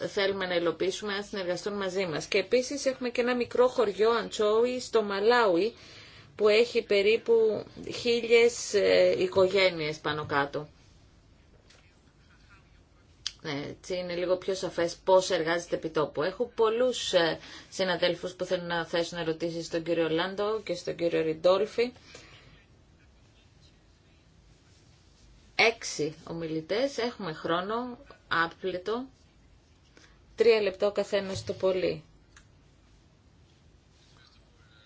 ε, θέλουμε να υλοποιήσουμε αν συνεργαστούν μαζί μας. Και επίσης έχουμε και ένα μικρό χωριό αντσόη στο Μαλάουι που έχει περίπου χίλιες οικογένειες πάνω κάτω. Έτσι είναι λίγο πιο σαφές πώς εργάζεται επί τόπου. Έχω πολλούς ε, συναδέλφους που θέλουν να θέσουν ερωτήσεις στον κύριο Λάντο και στον κύριο Ριντόλφη. Έξι ομιλητές, έχουμε χρόνο, άπλετο, τρία λεπτά ο καθένας το πολύ.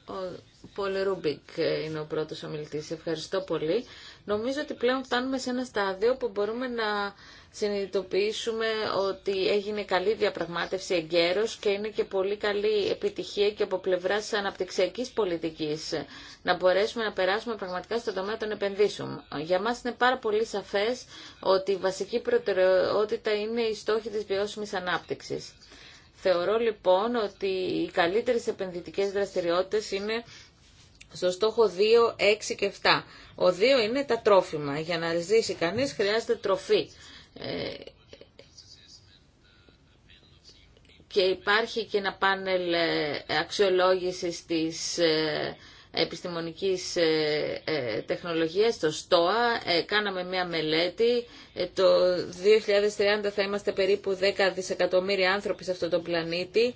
Ο Πολ Ρούμπικ είναι ο πρώτος ομιλητής. Ευχαριστώ πολύ. Νομίζω ότι πλέον φτάνουμε σε ένα στάδιο που μπορούμε να συνειδητοποιήσουμε ότι έγινε καλή διαπραγμάτευση εγκαίρως και είναι και πολύ καλή επιτυχία και από πλευρά τη αναπτυξιακή πολιτική να μπορέσουμε να περάσουμε πραγματικά στον τομέα των επενδύσεων. Για μα είναι πάρα πολύ σαφέ ότι η βασική προτεραιότητα είναι η στόχη τη βιώσιμη ανάπτυξη. Θεωρώ λοιπόν ότι οι καλύτερε επενδυτικέ δραστηριότητε είναι στο στόχο 2, 6 και 7. Ο 2 είναι τα τρόφιμα. Για να ζήσει κανείς χρειάζεται τροφή. Ε, και υπάρχει και ένα πάνελ ε, αξιολόγησης της ε, επιστημονικής ε, ε, τεχνολογίας, το ΣΤΟΑ. Ε, κάναμε μια μελέτη. Το 2030 θα είμαστε περίπου 10 δισεκατομμύρια άνθρωποι σε αυτό τον πλανήτη.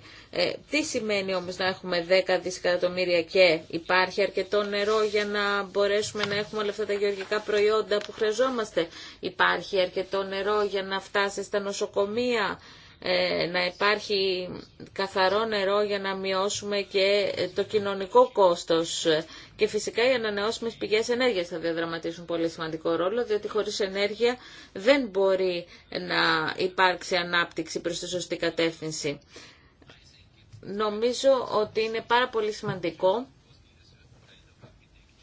Τι σημαίνει όμως να έχουμε 10 δισεκατομμύρια και υπάρχει αρκετό νερό για να μπορέσουμε να έχουμε όλα αυτά τα γεωργικά προϊόντα που χρειαζόμαστε. Υπάρχει αρκετό νερό για να φτάσει στα νοσοκομεία. Ε, να υπάρχει καθαρό νερό για να μειώσουμε και το κοινωνικό κόστος. Και φυσικά οι ανανεώσιμες πηγές ενέργειας θα διαδραματίσουν πολύ σημαντικό ρόλο, διότι χωρίς ενέργεια δεν μπορεί να υπάρξει ανάπτυξη προς τη σωστή κατεύθυνση. Νομίζω ότι είναι πάρα πολύ σημαντικό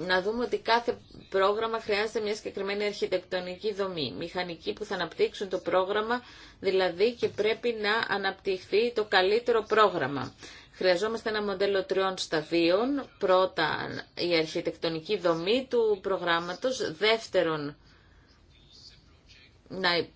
να δούμε ότι κάθε πρόγραμμα χρειάζεται μια συγκεκριμένη αρχιτεκτονική δομή, μηχανική που θα αναπτύξουν το πρόγραμμα, δηλαδή και πρέπει να αναπτυχθεί το καλύτερο πρόγραμμα. Χρειαζόμαστε ένα μοντέλο τριών σταδίων. Πρώτα η αρχιτεκτονική δομή του προγράμματος, δεύτερον να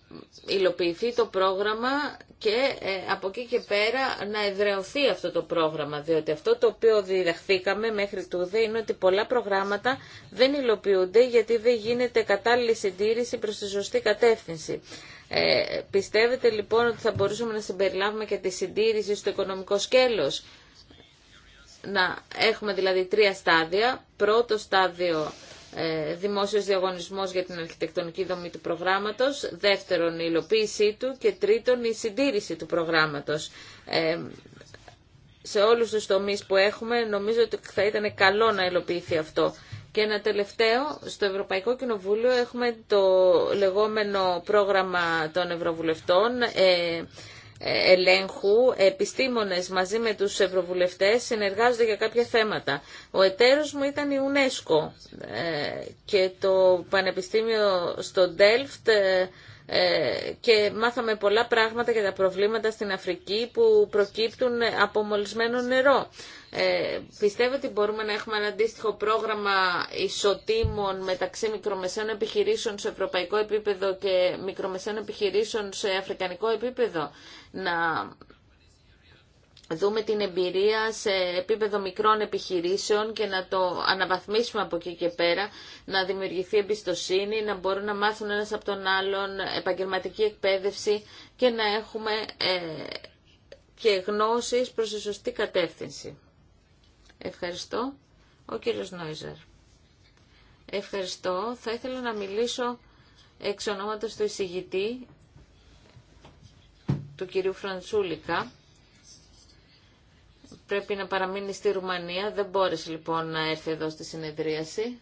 υλοποιηθεί το πρόγραμμα και ε, από εκεί και πέρα να εδραιωθεί αυτό το πρόγραμμα, διότι αυτό το οποίο διδαχθήκαμε μέχρι τούδε είναι ότι πολλά προγράμματα δεν υλοποιούνται γιατί δεν γίνεται κατάλληλη συντήρηση προς τη σωστή κατεύθυνση. Ε, πιστεύετε λοιπόν ότι θα μπορούσαμε να συμπεριλάβουμε και τη συντήρηση στο οικονομικό σκέλος. Να έχουμε δηλαδή τρία στάδια. Πρώτο στάδιο ε, δημόσιος διαγωνισμός για την αρχιτεκτονική δομή του προγράμματος, δεύτερον η υλοποίησή του και τρίτον η συντήρηση του προγράμματος. Ε, σε όλους τους τομείς που έχουμε νομίζω ότι θα ήταν καλό να υλοποιηθεί αυτό. Και ένα τελευταίο, στο Ευρωπαϊκό Κοινοβούλιο έχουμε το λεγόμενο πρόγραμμα των Ευρωβουλευτών, ε, ελέγχου, επιστήμονες μαζί με τους ευρωβουλευτές συνεργάζονται για κάποια θέματα. Ο εταίρος μου ήταν η UNESCO ε, και το Πανεπιστήμιο στο Ντέλφτ ε, και μάθαμε πολλά πράγματα για τα προβλήματα στην Αφρική που προκύπτουν από μολυσμένο νερό. Ε, πιστεύω ότι μπορούμε να έχουμε ένα αντίστοιχο πρόγραμμα ισοτήμων μεταξύ μικρομεσαίων επιχειρήσεων σε ευρωπαϊκό επίπεδο και μικρομεσαίων επιχειρήσεων σε αφρικανικό επίπεδο. Να δούμε την εμπειρία σε επίπεδο μικρών επιχειρήσεων και να το αναβαθμίσουμε από εκεί και πέρα, να δημιουργηθεί εμπιστοσύνη, να μπορούν να μάθουν ένας από τον άλλον επαγγελματική εκπαίδευση και να έχουμε ε, και γνώσεις προς τη σωστή κατεύθυνση. Ευχαριστώ. Ο κύριος Νόιζερ. Ευχαριστώ. Θα ήθελα να μιλήσω εξ ονόματος του εισηγητή, του κυρίου Φραντσούλικα πρέπει να παραμείνει στη Ρουμανία. Δεν μπόρεσε λοιπόν να έρθει εδώ στη συνεδρίαση.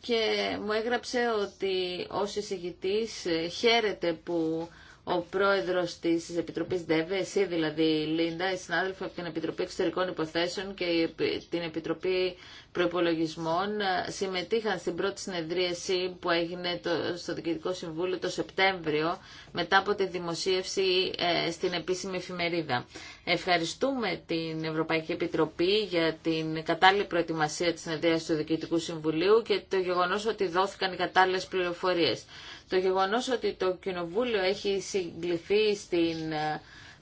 Και μου έγραψε ότι ως εισηγητής ε, χαίρεται που ο πρόεδρο τη Επιτροπή ΔΕΒΕ, εσύ δηλαδή Λίντα, η συνάδελφα από την Επιτροπή Εξωτερικών Υποθέσεων και την Επιτροπή Προπολογισμών ε, συμμετείχαν στην πρώτη συνεδρίαση που έγινε στο Διοικητικό Συμβούλιο το Σεπτέμβριο μετά από τη δημοσίευση ε, στην επίσημη εφημερίδα. Ευχαριστούμε την Ευρωπαϊκή Επιτροπή για την κατάλληλη προετοιμασία τη συνεδρίας του Διοικητικού Συμβουλίου και το γεγονό ότι δόθηκαν οι κατάλληλε πληροφορίε. Το γεγονός ότι το Κοινοβούλιο έχει συγκληθεί στην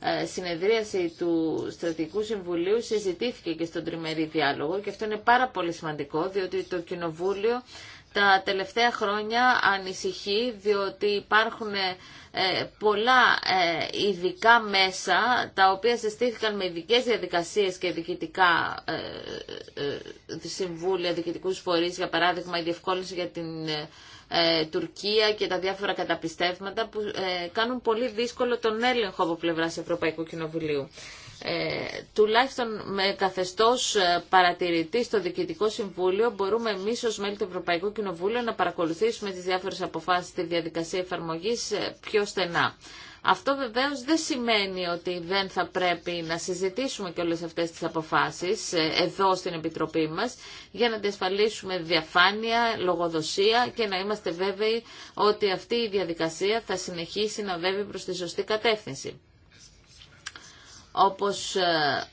ε, συνεδρίαση του Στρατικού Συμβουλίου συζητήθηκε και στον τριμερή διάλογο και αυτό είναι πάρα πολύ σημαντικό διότι το Κοινοβούλιο τα τελευταία χρόνια ανησυχεί διότι υπάρχουν ε, πολλά ε, ειδικά μέσα τα οποία συστήθηκαν με ειδικέ διαδικασίες και διοικητικά συμβούλια, διοικητικούς φορείς, για παράδειγμα η διευκόλυνση για την ε, Τουρκία και τα διάφορα καταπιστεύματα που ε, κάνουν πολύ δύσκολο τον έλεγχο από πλευράς Ευρωπαϊκού Κοινοβουλίου. Ε, τουλάχιστον με καθεστώς ε, παρατηρητή στο Διοικητικό Συμβούλιο μπορούμε εμείς ως μέλη του Ευρωπαϊκού Κοινοβούλου να παρακολουθήσουμε τις διάφορες αποφάσεις στη διαδικασία εφαρμογής πιο στενά. Αυτό βεβαίως δεν σημαίνει ότι δεν θα πρέπει να συζητήσουμε και όλες αυτές τις αποφάσεις ε, εδώ στην Επιτροπή μας για να διασφαλίσουμε διαφάνεια, λογοδοσία και να είμαστε βέβαιοι ότι αυτή η διαδικασία θα συνεχίσει να βέβαιει προς τη σωστή κατεύθυνση. Όπως ε,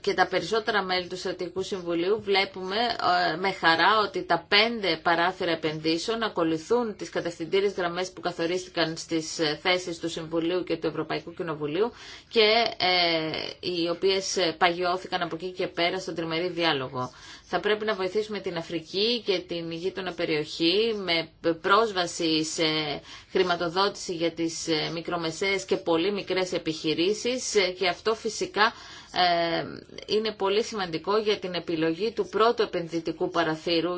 και τα περισσότερα μέλη του Στρατηγικού Συμβουλίου βλέπουμε ε, με χαρά ότι τα πέντε παράθυρα επενδύσεων ακολουθούν τις κατευθυντήρες γραμμές που καθορίστηκαν στις ε, θέσεις του Συμβουλίου και του Ευρωπαϊκού Κοινοβουλίου και ε, οι οποίες παγιώθηκαν από εκεί και πέρα στον τριμερή διάλογο. Θα πρέπει να βοηθήσουμε την Αφρική και την γείτονα περιοχή με πρόσβαση σε χρηματοδότηση για τις μικρομεσαίες και πολύ μικρές επιχειρήσεις και αυτό φυσικά ε, είναι πολύ σημαντικό για την επιλογή του πρώτου επενδυτικού παραθύρου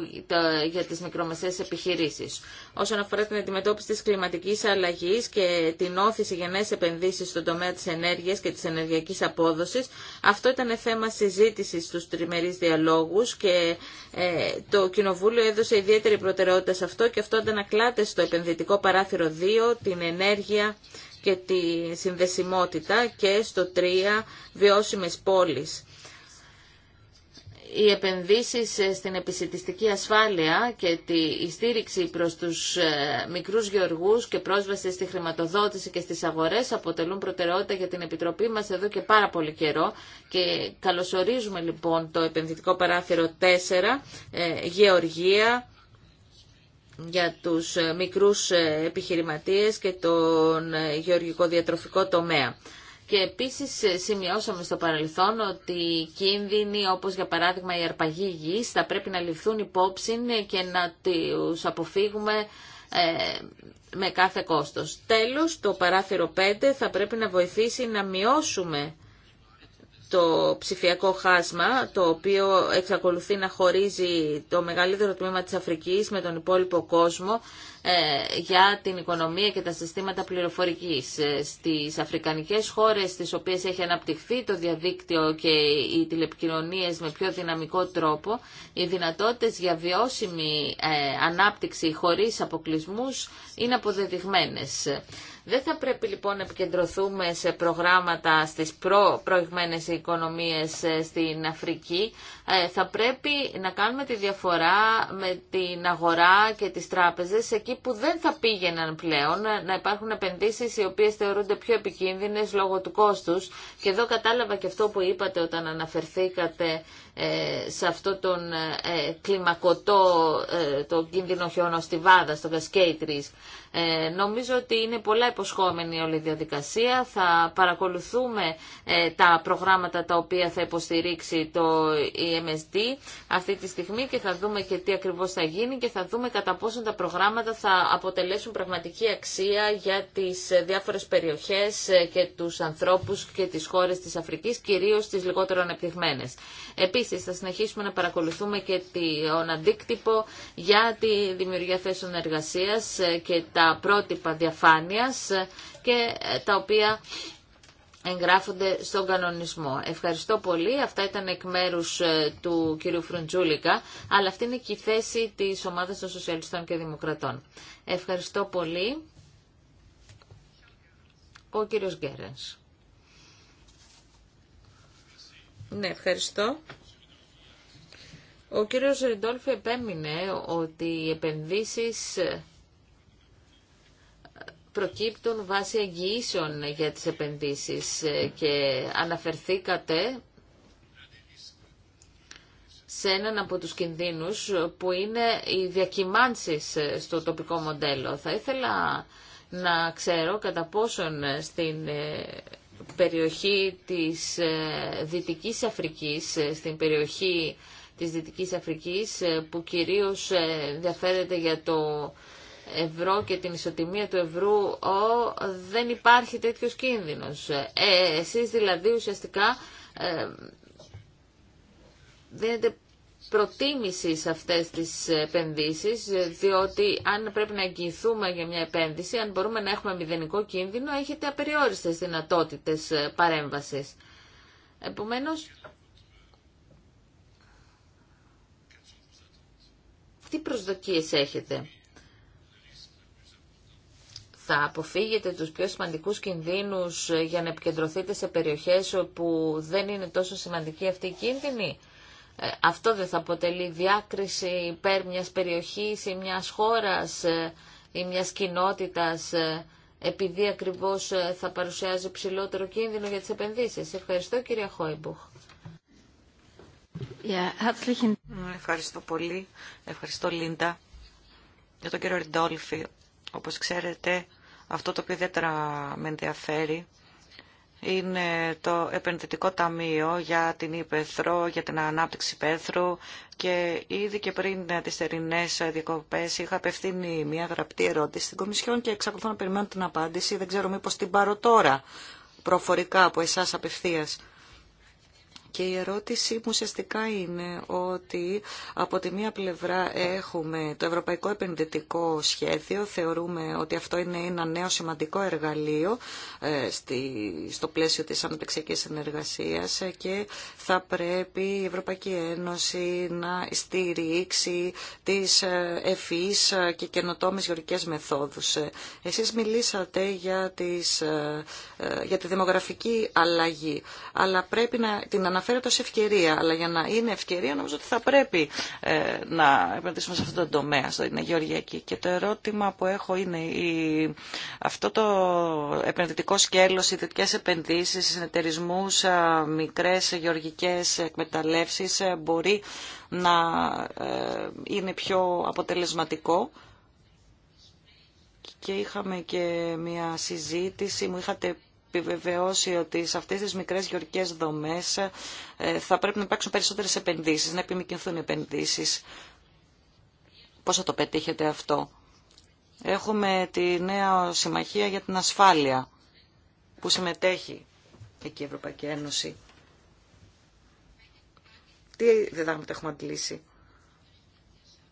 για τις μικρομεσαίες επιχειρήσεις. Όσον αφορά την αντιμετώπιση της κλιματικής αλλαγής και την όθηση για νέες επενδύσεις στον τομέα της ενέργειας και της ενεργειακής απόδοσης, αυτό ήταν θέμα συζήτησης στους τριμερείς διαλόγους και ε, το Κοινοβούλιο έδωσε ιδιαίτερη προτεραιότητα σε αυτό και αυτό αντανακλάται στο επενδυτικό παράθυρο 2, την ενέργεια και τη συνδεσιμότητα και στο 3 βιώσιμες πόλεις. Οι επενδύσεις στην επισητιστική ασφάλεια και τη στήριξη προς τους ε, μικρούς γεωργούς και πρόσβαση στη χρηματοδότηση και στις αγορές αποτελούν προτεραιότητα για την Επιτροπή μας εδώ και πάρα πολύ καιρό και καλωσορίζουμε λοιπόν το επενδυτικό παράθυρο 4, ε, γεωργία, για τους ε, μικρούς ε, επιχειρηματίες και τον ε, γεωργικό διατροφικό τομέα. Και επίσης σημειώσαμε στο παρελθόν ότι κίνδυνοι όπως για παράδειγμα η αρπαγή γης θα πρέπει να ληφθούν υπόψη και να τους αποφύγουμε με κάθε κόστος. Τέλος, το παράθυρο 5 θα πρέπει να βοηθήσει να μειώσουμε το ψηφιακό χάσμα, το οποίο εξακολουθεί να χωρίζει το μεγαλύτερο τμήμα της Αφρικής με τον υπόλοιπο κόσμο ε, για την οικονομία και τα συστήματα πληροφορικής. Ε, στις αφρικανικές χώρες στις οποίες έχει αναπτυχθεί το διαδίκτυο και οι τηλεπικοινωνίες με πιο δυναμικό τρόπο, οι δυνατότητες για βιώσιμη ε, ανάπτυξη χωρίς αποκλεισμούς είναι αποδεδειγμένες. Δεν θα πρέπει λοιπόν να επικεντρωθούμε σε προγράμματα στις προ, προηγμένες οικονομίες ε, στην Αφρική, ε, θα πρέπει να κάνουμε τη διαφορά με την αγορά και τις τράπεζες εκεί που δεν θα πήγαιναν πλέον ε, να υπάρχουν επενδύσεις οι οποίες θεωρούνται πιο επικίνδυνες λόγω του κόστους και εδώ κατάλαβα και αυτό που είπατε όταν αναφερθήκατε ε, σε αυτό τον κλιμακωτό το κίνδυνο Βάδα, στο cascade ε, Νομίζω ότι είναι πολλά υποσχόμενη όλη η διαδικασία. Θα παρακολουθούμε τα προγράμματα τα οποία θα υποστηρίξει το MSD αυτή τη στιγμή και θα δούμε και τι ακριβώς θα γίνει και θα δούμε κατά πόσο τα προγράμματα θα αποτελέσουν πραγματική αξία για τις διάφορες περιοχές και τους ανθρώπους και τις χώρες της Αφρικής, κυρίως τις λιγότερο ανεπτυγμένες. Επίσης θα συνεχίσουμε να παρακολουθούμε και τον αντίκτυπο για τη δημιουργία θέσεων εργασίας και τα πρότυπα διαφάνειας και τα οποία εγγράφονται στον κανονισμό. Ευχαριστώ πολύ. Αυτά ήταν εκ μέρου ε, του κυρίου Φρουντζούλικα, αλλά αυτή είναι και η θέση τη ομάδα των Σοσιαλιστών και Δημοκρατών. Ευχαριστώ πολύ. Ο κύριος Γκέρενς. Ναι, ευχαριστώ. Ο κύριος Ριντόλφη επέμεινε ότι οι επενδύσεις ε, προκύπτουν βάσει εγγυήσεων για τις επενδύσεις και αναφερθήκατε σε έναν από τους κινδύνους που είναι οι διακυμάνσεις στο τοπικό μοντέλο. Θα ήθελα να ξέρω κατά πόσον στην ε, περιοχή της ε, Δυτικής Αφρικής, ε, στην περιοχή της Δυτικής Αφρικής που κυρίως ενδιαφέρεται για το ευρώ και την ισοτιμία του ευρώ ο, δεν υπάρχει τέτοιος κίνδυνος. Ε, εσείς δηλαδή ουσιαστικά ε, δίνετε προτίμηση σε αυτές τις επενδύσεις, διότι αν πρέπει να εγγυηθούμε για μια επένδυση, αν μπορούμε να έχουμε μηδενικό κίνδυνο, έχετε απεριόριστες δυνατότητες ε, παρέμβασης. Επομένως, τι προσδοκίες έχετε θα αποφύγετε τους πιο σημαντικούς κινδύνους ε, για να επικεντρωθείτε σε περιοχές όπου δεν είναι τόσο σημαντική αυτή η κίνδυνη. Ε, αυτό δεν θα αποτελεί διάκριση υπέρ μιας περιοχής ή μιας χώρας ε, ή μιας κοινότητας επειδή ακριβώς θα παρουσιάζει ψηλότερο κίνδυνο για τις επενδύσεις. Ευχαριστώ κυρία Χόιμπουχ. Ευχαριστώ πολύ. Ευχαριστώ Λίντα για τον κύριο Ριντόλφη. Όπως ξέρετε αυτό το οποίο ιδιαίτερα με ενδιαφέρει είναι το επενδυτικό ταμείο για την Ήπεθρο, για την ανάπτυξη Πέθρου και ήδη και πριν τις θερινές διακοπές είχα απευθύνει μια γραπτή ερώτηση στην Κομισιόν και εξακολουθώ να περιμένω την απάντηση. Δεν ξέρω μήπως την πάρω τώρα προφορικά από εσάς απευθείας. Και η ερώτησή μου ουσιαστικά είναι ότι από τη μία πλευρά έχουμε το Ευρωπαϊκό Επενδυτικό Σχέδιο. Θεωρούμε ότι αυτό είναι ένα νέο σημαντικό εργαλείο ε, στο πλαίσιο της αναπτυξιακής συνεργασίας ε, και θα πρέπει η Ευρωπαϊκή Ένωση να στηρίξει τις ε, ευφυείς και καινοτόμες γεωργικές μεθόδους. Εσείς μιλήσατε για, τις, για τη δημογραφική αλλαγή, αλλά πρέπει να την αναφέρεται ως ευκαιρία, αλλά για να είναι ευκαιρία νομίζω ότι θα πρέπει ε, να επενδύσουμε σε αυτό το τομέα, στην Γεωργιακή. Και το ερώτημα που έχω είναι η... αυτό το επενδυτικό σκέλος, οι δυτικές επενδύσεις, συνεταιρισμούς, ε, μικρές ε, γεωργικές εκμεταλλεύσεις μπορεί να είναι πιο αποτελεσματικό και είχαμε και μια συζήτηση, μου είχατε επιβεβαιώσει ότι σε αυτές τις μικρές γεωργικές δομές ε, θα πρέπει να υπάρξουν περισσότερες επενδύσεις, να επιμηκυνθούν οι επενδύσεις. Πώς θα το πετύχετε αυτό. Έχουμε τη νέα συμμαχία για την ασφάλεια που συμμετέχει εκεί η Ευρωπαϊκή Ένωση. Τι διδάγματα έχουμε αντλήσει.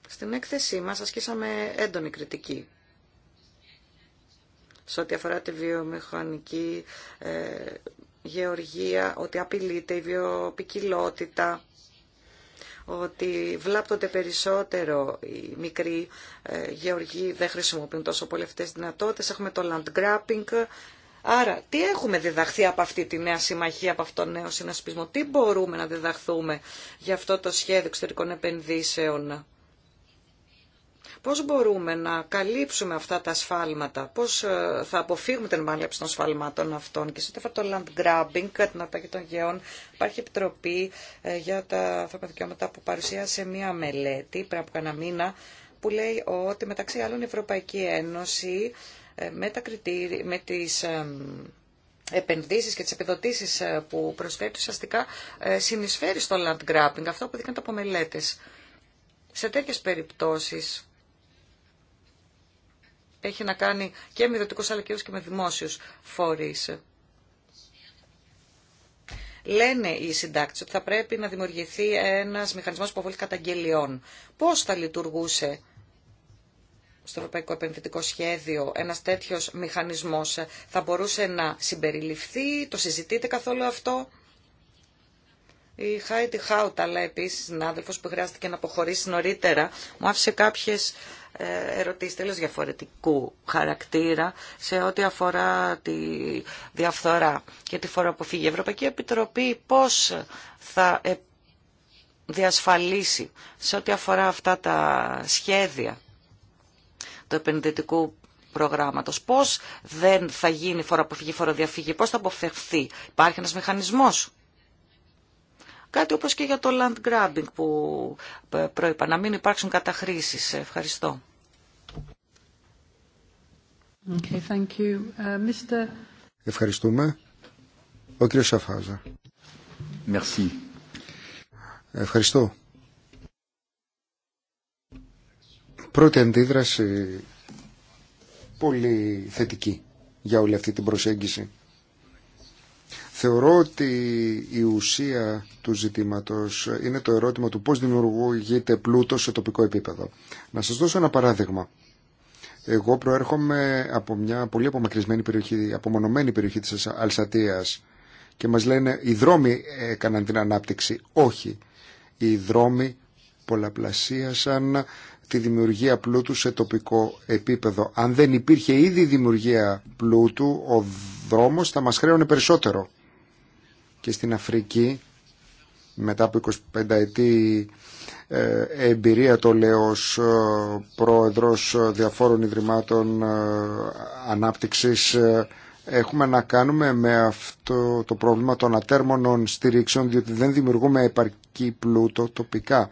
Στην έκθεσή μας ασκήσαμε έντονη κριτική σε ό,τι αφορά τη βιομηχανική ε, γεωργία, ότι απειλείται η βιοπικιλότητα, ότι βλάπτονται περισσότερο οι μικροί ε, γεωργοί, δεν χρησιμοποιούν τόσο πολύ αυτές τις δυνατότητες. Έχουμε το land grabbing. Άρα, τι έχουμε διδαχθεί από αυτή τη νέα συμμαχία, από αυτόν τον νέο συνασπισμό, τι μπορούμε να διδαχθούμε για αυτό το σχέδιο εξωτερικών επενδύσεων Πώς μπορούμε να καλύψουμε αυτά τα σφάλματα, πώς ε, θα αποφύγουμε την μάλεψη των σφάλματων αυτών και σε το land grabbing, την αρπαγή των γεών, υπάρχει επιτροπή ε, για τα ανθρώπινα δικαιώματα που παρουσίασε μία μελέτη πριν από κανένα μήνα που λέει ότι μεταξύ άλλων η Ευρωπαϊκή Ένωση ε, με, τα κριτήρια, με τις επενδύσεις και τις επιδοτήσεις που προσφέρει ουσιαστικά συνεισφέρει στο land grabbing, αυτό που δείχνεται από μελέτες. Σε τέτοιες περιπτώσεις έχει να κάνει και με ιδιωτικούς αλλά και με δημόσιους φορείς. Λένε οι συντάκτες ότι θα πρέπει να δημιουργηθεί ένας μηχανισμός υποβολής καταγγελιών. Πώς θα λειτουργούσε στο Ευρωπαϊκό Επενδυτικό Σχέδιο ένας τέτοιος μηχανισμός θα μπορούσε να συμπεριληφθεί, το συζητείτε καθόλου αυτό. Η Χάιντι αλλά επίση, συνάδελφο που χρειάστηκε να αποχωρήσει νωρίτερα, μου άφησε κάποιε ε, ερωτήσεις τέλος διαφορετικού χαρακτήρα σε ό,τι αφορά τη διαφθορά και τη φοροαποφυγή. Η Ευρωπαϊκή Επιτροπή πώς θα διασφαλίσει σε ό,τι αφορά αυτά τα σχέδια του επενδυτικού προγράμματος. Πώς δεν θα γίνει φοροαποφυγή, φοροδιαφυγή, πώς θα αποφευθεί. Υπάρχει ένας μηχανισμός Κάτι όπως και για το land grabbing που προείπα, να μην υπάρξουν καταχρήσεις. Ευχαριστώ. Okay, thank you. Uh, Mr. Ευχαριστούμε. Ο κύριος Σαφάζα. Merci. Ευχαριστώ. Πρώτη αντίδραση πολύ θετική για όλη αυτή την προσέγγιση. Θεωρώ ότι η ουσία του ζητήματος είναι το ερώτημα του πώς δημιουργείται πλούτο σε τοπικό επίπεδο. Να σας δώσω ένα παράδειγμα. Εγώ προέρχομαι από μια πολύ απομακρυσμένη περιοχή, απομονωμένη περιοχή της Αλσατίας και μας λένε οι δρόμοι έκαναν την ανάπτυξη. Όχι. Οι δρόμοι πολλαπλασίασαν τη δημιουργία πλούτου σε τοπικό επίπεδο. Αν δεν υπήρχε ήδη δημιουργία πλούτου, ο δρόμος θα μας χρέωνε περισσότερο και στην Αφρική μετά από 25 ετή ε, εμπειρία το λέω ως ε, πρόεδρος ε, διαφόρων ιδρυμάτων ανάπτυξης έχουμε να κάνουμε με αυτό το πρόβλημα των ατέρμονων στηρίξεων διότι δεν δημιουργούμε επαρκή πλούτο τοπικά.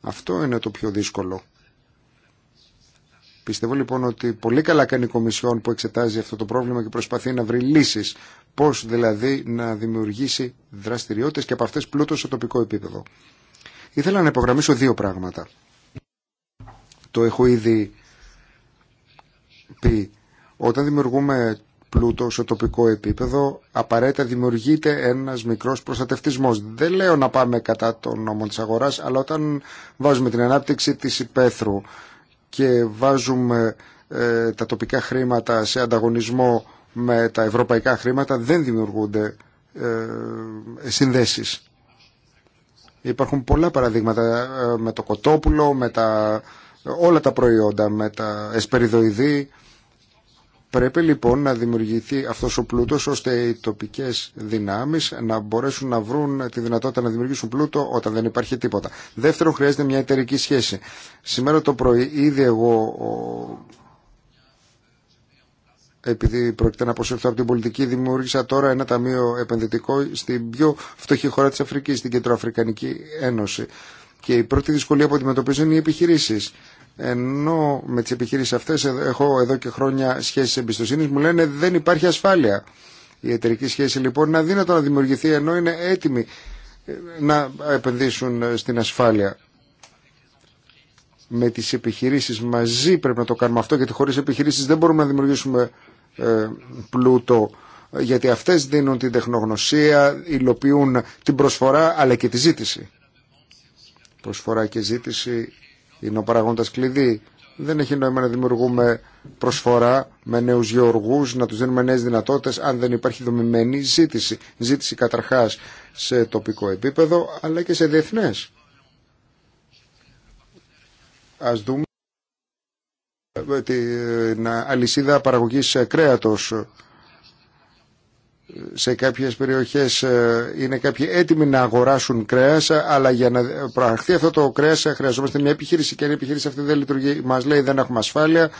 Αυτό είναι το πιο δύσκολο. Πιστεύω λοιπόν ότι πολύ καλά κάνει η Κομισιόν που εξετάζει αυτό το πρόβλημα και προσπαθεί να βρει λύσει. Πώ δηλαδή να δημιουργήσει δραστηριότητε και από αυτέ πλούτο στο τοπικό επίπεδο. Ήθελα να υπογραμμίσω δύο πράγματα. Το έχω ήδη πει. Όταν δημιουργούμε πλούτο στο τοπικό επίπεδο, απαραίτητα δημιουργείται ένα μικρό προστατευτισμό. Δεν λέω να πάμε κατά των νόμων τη αγορά, αλλά όταν βάζουμε την ανάπτυξη τη υπαίθρου και βάζουμε ε, τα τοπικά χρήματα σε ανταγωνισμό με τα ευρωπαϊκά χρήματα δεν δημιουργούνται ε, συνδέσεις. Υπάρχουν πολλά παραδείγματα ε, με το κοτόπουλο, με τα, όλα τα προϊόντα, με τα εσπεριδοειδή. Πρέπει λοιπόν να δημιουργηθεί αυτός ο πλούτος ώστε οι τοπικές δυνάμεις να μπορέσουν να βρουν τη δυνατότητα να δημιουργήσουν πλούτο όταν δεν υπάρχει τίποτα. Δεύτερο χρειάζεται μια εταιρική σχέση. Σήμερα το πρωί ήδη εγώ επειδή πρόκειται να αποσυρθώ από την πολιτική, δημιούργησα τώρα ένα ταμείο επενδυτικό στην πιο φτωχή χώρα της Αφρικής, στην Κεντροαφρικανική Ένωση. Και η πρώτη δυσκολία που αντιμετωπίζουν είναι οι επιχειρήσεις. Ενώ με τις επιχειρήσεις αυτές έχω εδώ και χρόνια σχέσεις εμπιστοσύνης, μου λένε δεν υπάρχει ασφάλεια. Η εταιρική σχέση λοιπόν είναι αδύνατο να δημιουργηθεί ενώ είναι έτοιμοι ε, να επενδύσουν ε, στην ασφάλεια. Με τις επιχειρήσεις μαζί πρέπει να το κάνουμε αυτό γιατί χωρίς επιχειρήσεις δεν μπορούμε να δημιουργήσουμε ε, πλούτο γιατί αυτές δίνουν την τεχνογνωσία, υλοποιούν την προσφορά αλλά και τη ζήτηση. Προσφορά και ζήτηση είναι ο παραγόντα κλειδί. Δεν έχει νόημα να δημιουργούμε προσφορά με νέου γεωργού, να του δίνουμε νέε δυνατότητε, αν δεν υπάρχει δομημένη ζήτηση. Ζήτηση καταρχά σε τοπικό επίπεδο, αλλά και σε διεθνέ. Α δούμε την αλυσίδα παραγωγή κρέατος σε κάποιες περιοχές ε, είναι κάποιοι έτοιμοι να αγοράσουν κρέας αλλά για να προαχθεί αυτό το κρέας ε, χρειαζόμαστε μια επιχείρηση και αν η επιχείρηση αυτή δεν λειτουργεί μας λέει δεν έχουμε ασφάλεια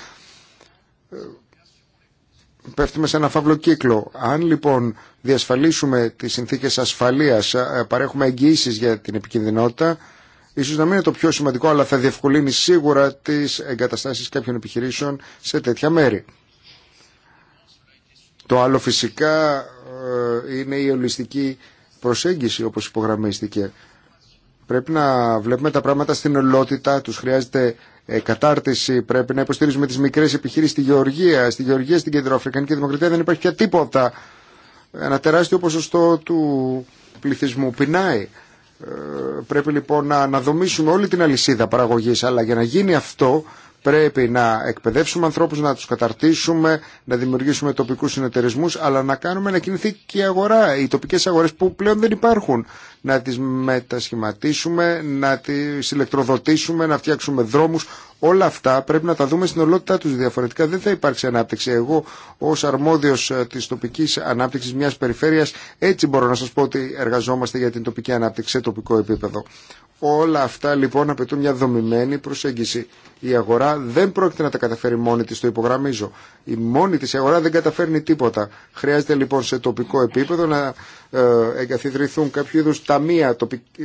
ε, πέφτουμε σε ένα φαύλο κύκλο. Αν λοιπόν διασφαλίσουμε τις συνθήκες ασφαλείας, παρέχουμε εγγυήσεις για την επικινδυνότητα, ίσως να μην είναι το πιο σημαντικό, αλλά θα διευκολύνει σίγουρα τις εγκαταστάσεις κάποιων επιχειρήσεων σε τέτοια μέρη. Το άλλο φυσικά ε, είναι η ολιστική προσέγγιση όπως υπογραμμίστηκε. Πρέπει να βλέπουμε τα πράγματα στην ολότητα, τους χρειάζεται ε, κατάρτιση, πρέπει να υποστηρίζουμε τις μικρές επιχείρησεις στη Γεωργία, στη Γεωργία, στην Κεντροαφρικανική Δημοκρατία δεν υπάρχει πια τίποτα. Ένα τεράστιο ποσοστό του πληθυσμού πεινάει. Ε, πρέπει λοιπόν να αναδομήσουμε όλη την αλυσίδα παραγωγής, αλλά για να γίνει αυτό Πρέπει να εκπαιδεύσουμε ανθρώπους, να τους καταρτήσουμε, να δημιουργήσουμε τοπικούς συνεταιρισμούς, αλλά να κάνουμε να κινηθεί και η αγορά, οι τοπικές αγορές που πλέον δεν υπάρχουν να τις μετασχηματίσουμε, να τις ηλεκτροδοτήσουμε, να φτιάξουμε δρόμους. Όλα αυτά πρέπει να τα δούμε στην ολότητά τους. Διαφορετικά δεν θα υπάρξει ανάπτυξη. Εγώ ως αρμόδιος ε, της τοπικής ανάπτυξης μιας περιφέρειας έτσι μπορώ να σας πω ότι εργαζόμαστε για την τοπική ανάπτυξη σε τοπικό επίπεδο. Όλα αυτά λοιπόν απαιτούν μια δομημένη προσέγγιση. Η αγορά δεν πρόκειται να τα καταφέρει μόνη της, το υπογραμμίζω. Η μόνη της αγορά δεν καταφέρνει τίποτα. Χρειάζεται λοιπόν σε τοπικό επίπεδο να ε, εγκαθιδρυθούν κάποιο είδου ταμεία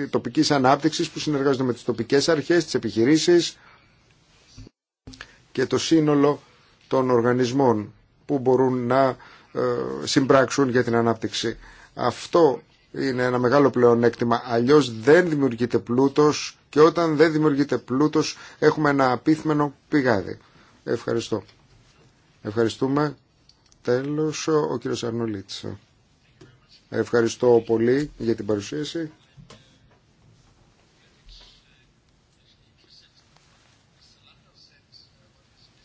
τοπικής ανάπτυξης που συνεργάζονται με τις τοπικές αρχές, τις επιχειρήσεις και το σύνολο των οργανισμών που μπορούν να ε, συμπράξουν για την ανάπτυξη. Αυτό είναι ένα μεγάλο πλεονέκτημα. Αλλιώς δεν δημιουργείται πλούτος και όταν δεν δημιουργείται πλούτος έχουμε ένα απίθμενο πηγάδι. Ευχαριστώ. Ευχαριστούμε. Τέλος ο κύριος Αρνουλίτσο. Ευχαριστώ πολύ για την παρουσίαση.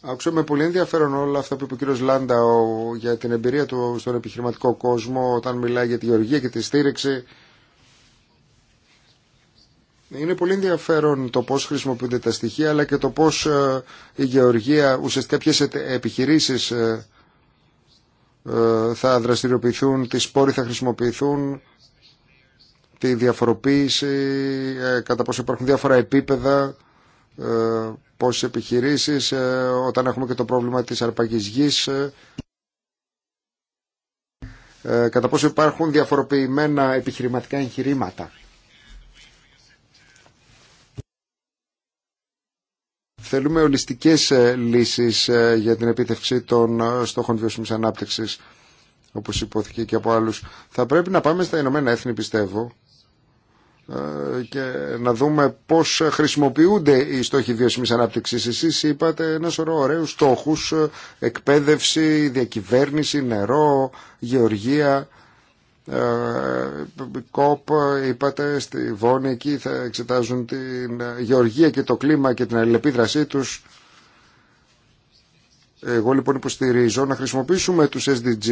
Άκουσα με πολύ ενδιαφέρον όλα αυτά που είπε ο κύριο Λάντα για την εμπειρία του στον επιχειρηματικό κόσμο όταν μιλάει για τη γεωργία και τη στήριξη. Είναι πολύ ενδιαφέρον το πώς χρησιμοποιούνται τα στοιχεία αλλά και το πώς ε, η γεωργία, ουσιαστικά ποιες επιχειρήσεις ε, ε, θα δραστηριοποιηθούν, τι σπόροι θα χρησιμοποιηθούν, τη διαφοροποίηση, ε, κατά πόσο υπάρχουν διάφορα επίπεδα, ε, πόσες επιχειρήσεις, όταν έχουμε και το πρόβλημα της αρπαγής γης, κατά πόσο υπάρχουν διαφοροποιημένα επιχειρηματικά εγχειρήματα. Θέλουμε ολιστικές ε, λύσεις ε, για την επίτευξη των ε, στόχων βιώσιμης ανάπτυξης, όπως υπόθηκε και από άλλους. Θα πρέπει να πάμε στα Ηνωμένα Έθνη, πιστεύω, και να δούμε πώς χρησιμοποιούνται οι στόχοι βιώσιμης ανάπτυξης. Εσείς είπατε ένα σωρό ωραίους στόχους, εκπαίδευση, διακυβέρνηση, νερό, γεωργία. Ε, ΚΟΠ είπατε στη Βόνη εκεί θα εξετάζουν την γεωργία και το κλίμα και την αλληλεπίδρασή τους εγώ λοιπόν υποστηρίζω να χρησιμοποιήσουμε τους SDG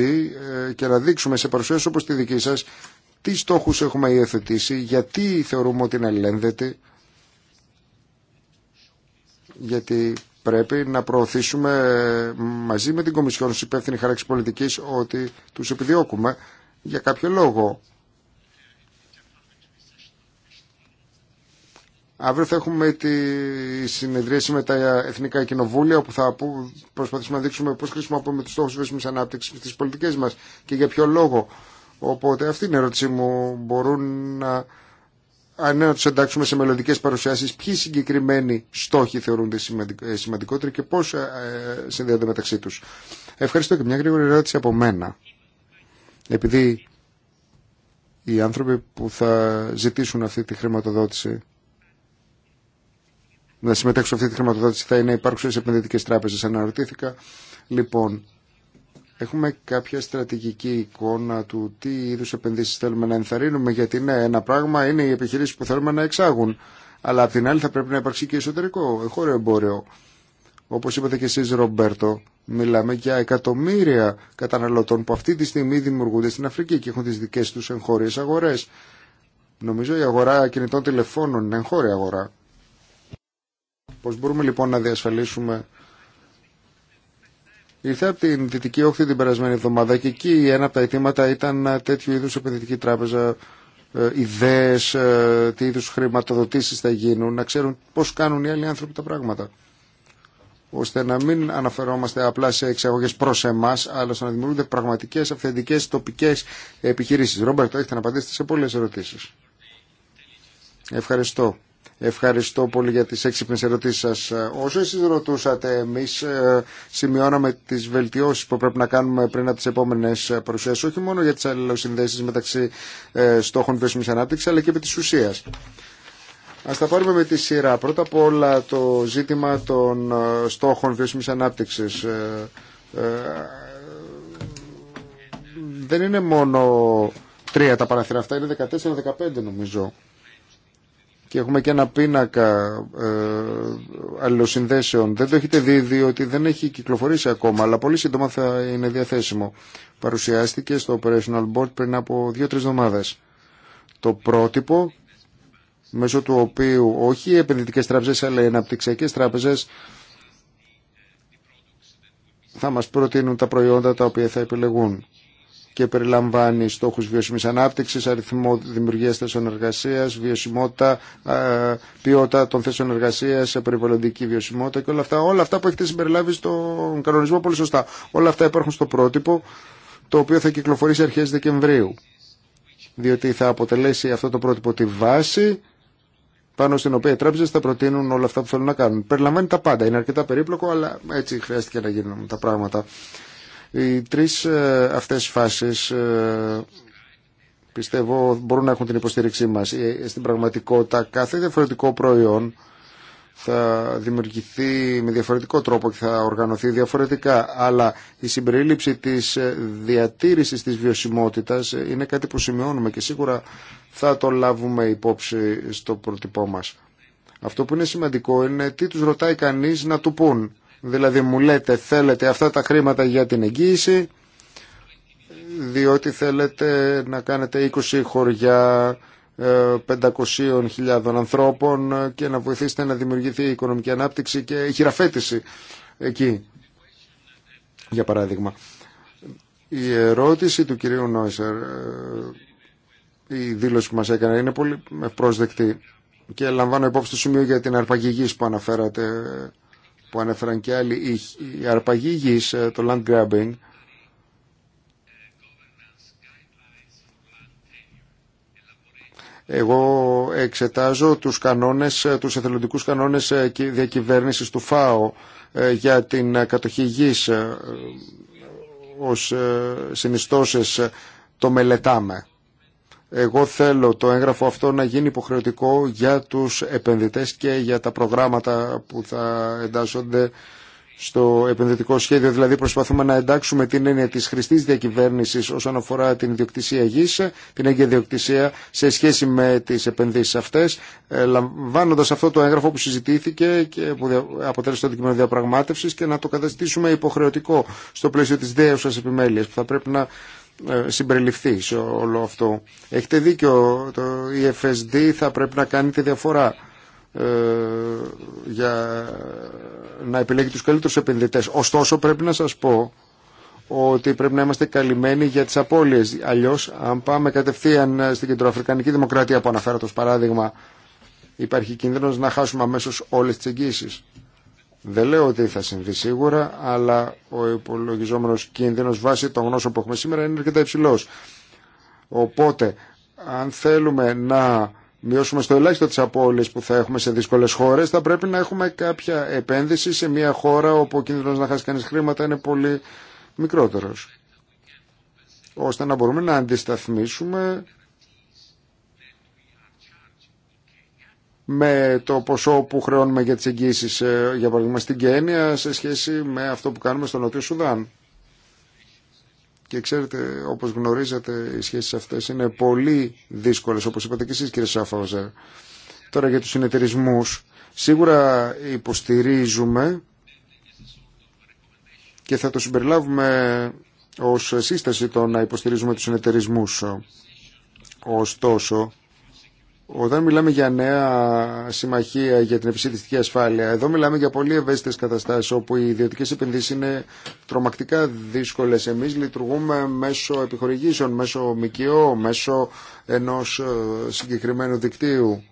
ε, και να δείξουμε σε παρουσίαση όπως τη δική σας τι στόχους έχουμε υιοθετήσει, γιατί θεωρούμε ότι είναι αλληλένδετοι, γιατί πρέπει να προωθήσουμε μαζί με την Κομισιόν στις υπεύθυνη χάραξη πολιτικής ότι τους επιδιώκουμε για κάποιο λόγο. Αύριο θα έχουμε τη συνεδρίαση με τα Εθνικά Κοινοβούλια όπου θα προσπαθήσουμε να δείξουμε πώς χρησιμοποιούμε τους στόχους βέσμης ανάπτυξης στις πολιτικές μας και για ποιο λόγο. Οπότε αυτή είναι η ερώτησή μου. Μπορούν να, αν είναι να τους εντάξουμε σε μελλοντικέ παρουσιάσεις ποιοι συγκεκριμένοι στόχοι θεωρούνται ε, σημαντικότεροι και πώς ε, ε, συνδέονται μεταξύ τους. Ευχαριστώ και μια γρήγορη ερώτηση από μένα επειδή οι άνθρωποι που θα ζητήσουν αυτή τη χρηματοδότηση να συμμετέχουν σε αυτή τη χρηματοδότηση θα είναι υπάρξουσες επενδυτικές τράπεζες. Αναρωτήθηκα, λοιπόν, Έχουμε κάποια στρατηγική εικόνα του τι είδους επενδύσεις θέλουμε να ενθαρρύνουμε, γιατί ναι, ένα πράγμα είναι οι επιχειρήσεις που θέλουμε να εξάγουν, αλλά απ' την άλλη θα πρέπει να υπάρξει και εσωτερικό, χώρο εμπόριο. Όπως είπατε και εσείς Ρομπέρτο, μιλάμε για εκατομμύρια καταναλωτών που αυτή τη στιγμή δημιουργούνται στην Αφρική και έχουν τις δικές τους εγχώριες αγορές. Νομίζω η αγορά κινητών τηλεφώνων είναι εγχώρια αγορά. Πώς μπορούμε λοιπόν να διασφαλίσουμε... Ήρθε από την Δυτική Όχθη την περασμένη εβδομάδα και εκεί ένα από τα αιτήματα ήταν τέτοιου είδους επενδυτική τράπεζα ε, ιδέες, ε, τι είδους χρηματοδοτήσεις θα γίνουν, να ξέρουν πώς κάνουν οι άλλοι άνθρωποι τα πράγματα ώστε να μην αναφερόμαστε απλά σε εξαγωγές προς εμάς, αλλά στο να δημιουργούνται πραγματικές, αυθεντικές, τοπικές επιχειρήσεις. Ρόμπερτ, έχετε να απαντήσετε σε πολλές ερωτήσεις. Ευχαριστώ. Ευχαριστώ πολύ για τις έξυπνες ερωτήσεις σας. Όσο εσείς ρωτούσατε, εμείς ε, σημειώναμε τις βελτιώσεις που πρέπει να κάνουμε πριν από τις επόμενες παρουσίες, όχι μόνο για τις αλληλοσυνδέσεις μεταξύ ε, στόχων βιώσιμης ανάπτυξης, αλλά και επί της ουσίας. Ας τα πάρουμε με τη σειρά. Πρώτα απ' όλα το ζήτημα των ε, στόχων βιώσιμης ανάπτυξης. Ε, ε, δεν είναι μόνο τρία τα παραθυρά αυτά, είναι 14-15 νομίζω. Και έχουμε και ένα πίνακα ε, αλληλοσυνδέσεων. Δεν το έχετε δει διότι δεν έχει κυκλοφορήσει ακόμα, αλλά πολύ σύντομα θα είναι διαθέσιμο. Παρουσιάστηκε στο Operational Board πριν από δύο-τρεις εβδομάδε. Το πρότυπο μέσω του οποίου όχι οι επενδυτικές τράπεζες αλλά οι αναπτυξιακές τράπεζες θα μας προτείνουν τα προϊόντα τα οποία θα επιλεγούν και περιλαμβάνει στόχους βιώσιμης ανάπτυξης, αριθμό δημιουργίας θέσεων εργασίας, βιωσιμότητα, ποιότητα των θέσεων εργασίας, περιβαλλοντική βιωσιμότητα και όλα αυτά. Όλα αυτά που έχετε συμπεριλάβει στον κανονισμό πολύ σωστά. Όλα αυτά υπάρχουν στο πρότυπο το οποίο θα κυκλοφορήσει αρχές Δεκεμβρίου διότι θα αποτελέσει αυτό το πρότυπο τη βάση πάνω στην οποία οι τράπεζε θα προτείνουν όλα αυτά που θέλουν να κάνουν. Περιλαμβάνει τα πάντα. Είναι αρκετά περίπλοκο, αλλά έτσι χρειάστηκε να γίνουν τα πράγματα. Οι τρει ε, αυτέ φάσει ε, πιστεύω μπορούν να έχουν την υποστήριξή μα. Ε, στην πραγματικότητα, κάθε διαφορετικό προϊόν θα δημιουργηθεί με διαφορετικό τρόπο και θα οργανωθεί διαφορετικά. Αλλά η συμπερίληψη της διατήρησης της βιωσιμότητας είναι κάτι που σημειώνουμε και σίγουρα θα το λάβουμε υπόψη στο πρότυπό μας. Αυτό που είναι σημαντικό είναι τι τους ρωτάει κανείς να του πούν. Δηλαδή μου λέτε θέλετε αυτά τα χρήματα για την εγγύηση, διότι θέλετε να κάνετε 20 χωριά 500.000 ανθρώπων και να βοηθήσετε να δημιουργηθεί η οικονομική ανάπτυξη και η χειραφέτηση εκεί, για παράδειγμα. Η ερώτηση του κυρίου Νόισερ, ε, η δήλωση που μας έκανε, είναι πολύ πρόσδεκτη και λαμβάνω υπόψη το σημείο για την αρπαγή γης που αναφέρατε, που ανέφεραν και άλλοι. Η αρπαγή γης, ε, το land grabbing, Εγώ εξετάζω τους κανόνες, τους εθελοντικούς κανόνες ε, διακυβέρνησης του ΦΑΟ ε, για την ε, κατοχή γης ως συνιστώσεις το μελετάμε. Εγώ θέλω το έγγραφο αυτό να γίνει υποχρεωτικό για τους επενδυτές και για τα προγράμματα που θα εντάσσονται στο επενδυτικό σχέδιο. Δηλαδή προσπαθούμε να εντάξουμε την έννοια της χρηστής διακυβέρνησης όσον αφορά την ιδιοκτησία γης, την έγκαιρη ιδιοκτησία σε σχέση με τις επενδύσεις αυτές, ε, λαμβάνοντας αυτό το έγγραφο που συζητήθηκε και που αποτέλεσε το αντικείμενο διαπραγμάτευσης και να το καταστήσουμε υποχρεωτικό στο πλαίσιο της δέουσας επιμέλειας που θα πρέπει να ε, συμπεριληφθεί σε όλο αυτό. Έχετε δίκιο, το EFSD θα πρέπει να κάνει τη διαφορά ε, για να επιλέγει τους καλύτερους επενδυτές. Ωστόσο πρέπει να σας πω ότι πρέπει να είμαστε καλυμμένοι για τις απώλειες. Αλλιώς, αν πάμε κατευθείαν στην Κεντροαφρικανική Δημοκρατία που αναφέρατε ως παράδειγμα, υπάρχει κίνδυνος να χάσουμε αμέσω όλες τις εγγύσεις. Δεν λέω ότι θα συμβεί σίγουρα, αλλά ο υπολογιζόμενος κίνδυνος βάσει των γνώσεων που έχουμε σήμερα είναι αρκετά υψηλός. Οπότε, αν θέλουμε να μειώσουμε στο ελάχιστο τις απώλειες που θα έχουμε σε δύσκολες χώρες, θα πρέπει να έχουμε κάποια επένδυση σε μια χώρα όπου ο κίνδυνος να χάσει κανείς χρήματα είναι πολύ μικρότερος. Ώστε να μπορούμε να αντισταθμίσουμε με το ποσό που χρεώνουμε για τις εγγύσεις, ε, για παράδειγμα στην Κένια, σε σχέση με αυτό που κάνουμε στο Νότιο Σουδάν. Και ξέρετε, όπως γνωρίζετε, οι σχέσεις αυτές είναι πολύ δύσκολες, όπως είπατε και εσείς κύριε Σαφόζερ. Τώρα για τους συνεταιρισμού. Σίγουρα υποστηρίζουμε και θα το συμπεριλάβουμε ως σύσταση το να υποστηρίζουμε τους συνεταιρισμού. Ωστόσο, όταν μιλάμε για νέα συμμαχία για την επιστημιστική ασφάλεια, εδώ μιλάμε για πολύ ευαίσθητε καταστάσει όπου οι ιδιωτικέ επενδύσει είναι τρομακτικά δύσκολε. Εμεί λειτουργούμε μέσω επιχορηγήσεων, μέσω ΜΚΟ, μέσω ενό ε, συγκεκριμένου δικτύου.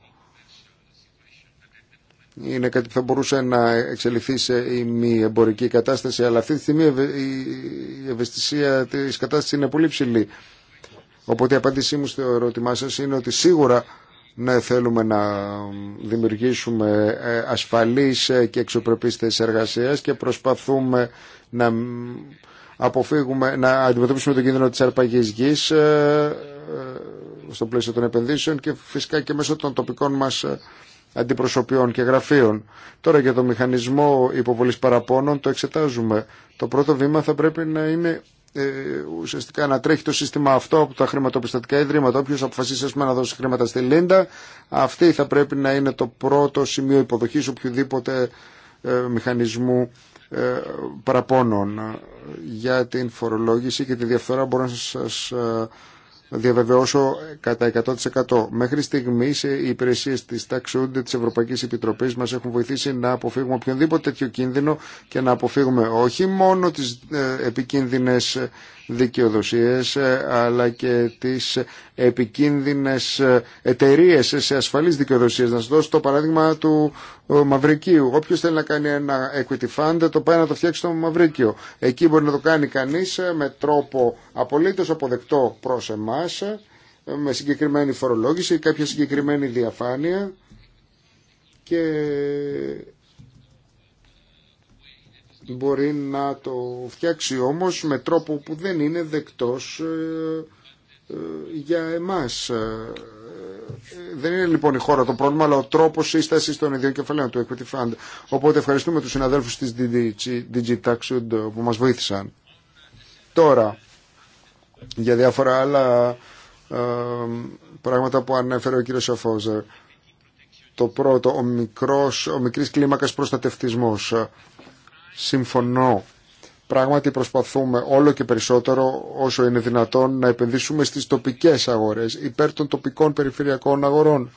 Είναι κάτι που θα μπορούσε να εξελιχθεί σε η μη εμπορική κατάσταση, αλλά αυτή τη στιγμή η ευαισθησία τη κατάσταση είναι πολύ ψηλή. Οπότε η απάντησή μου στο ερώτημά σα είναι ότι σίγουρα ναι, θέλουμε να δημιουργήσουμε ε, ασφαλείς ε, και εξωπρεπείς θέσεις εργασίας και προσπαθούμε να αποφύγουμε, να αντιμετωπίσουμε τον κίνδυνο της αρπαγής γης ε, στο πλαίσιο των επενδύσεων και φυσικά και μέσω των τοπικών μας αντιπροσωπιών και γραφείων. Τώρα για το μηχανισμό υποβολής παραπώνων το εξετάζουμε. Το πρώτο βήμα θα πρέπει να είναι ε, ουσιαστικά να τρέχει το σύστημα αυτό από τα χρηματοπιστωτικά ιδρύματα. Όποιο αποφασίσει πούμε, να δώσει χρήματα στη Λίντα, αυτή θα πρέπει να είναι το πρώτο σημείο υποδοχή οποιοδήποτε ε, μηχανισμού ε, παραπώνων για την φορολόγηση και τη διαφθορά μπορώ να σας διαβεβαιώσω κατά 100%. Μέχρι στιγμή ε, οι υπηρεσίε τη ταξούντε τη Ευρωπαϊκή Επιτροπή μα έχουν βοηθήσει να αποφύγουμε οποιονδήποτε τέτοιο κίνδυνο και να αποφύγουμε όχι μόνο τι ε, επικίνδυνε ε, δικαιοδοσίες ε, αλλά και τις επικίνδυνες ε, εταιρείε σε ασφαλείς δικαιοδοσίες. Να σας δώσω το παράδειγμα του ε, Μαυρικίου. Όποιος θέλει να κάνει ένα equity fund το πάει να το φτιάξει στο Μαυρίκιο. Εκεί μπορεί να το κάνει κανείς με τρόπο απολύτως αποδεκτό προς εμάς με συγκεκριμένη φορολόγηση, κάποια συγκεκριμένη διαφάνεια και Μπορεί να το φτιάξει όμως με τρόπο που δεν είναι δεκτός ε, ε, για εμάς. Ε, δεν είναι λοιπόν η χώρα το πρόβλημα, αλλά ο τρόπος σύστασης των ιδιών κεφαλαίων του Equity Fund. Οπότε ευχαριστούμε τους συναδέλφους της DigiTaxud που μας βοήθησαν. Τώρα, για διάφορα άλλα πράγματα που ανέφερε ο κύριος Σαφόζερ. Το πρώτο, ο, μικρός, ο μικρής κλίμακας προστατευτισμός. Συμφωνώ. Πράγματι προσπαθούμε όλο και περισσότερο όσο είναι δυνατόν να επενδύσουμε στις τοπικές αγορές υπέρ των τοπικών περιφερειακών αγορών.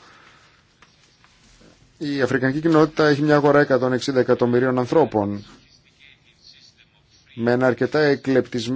Η Αφρικανική κοινότητα έχει μια αγορά 160 εκατομμυρίων ανθρώπων με ένα αρκετά εκλεπτισμένο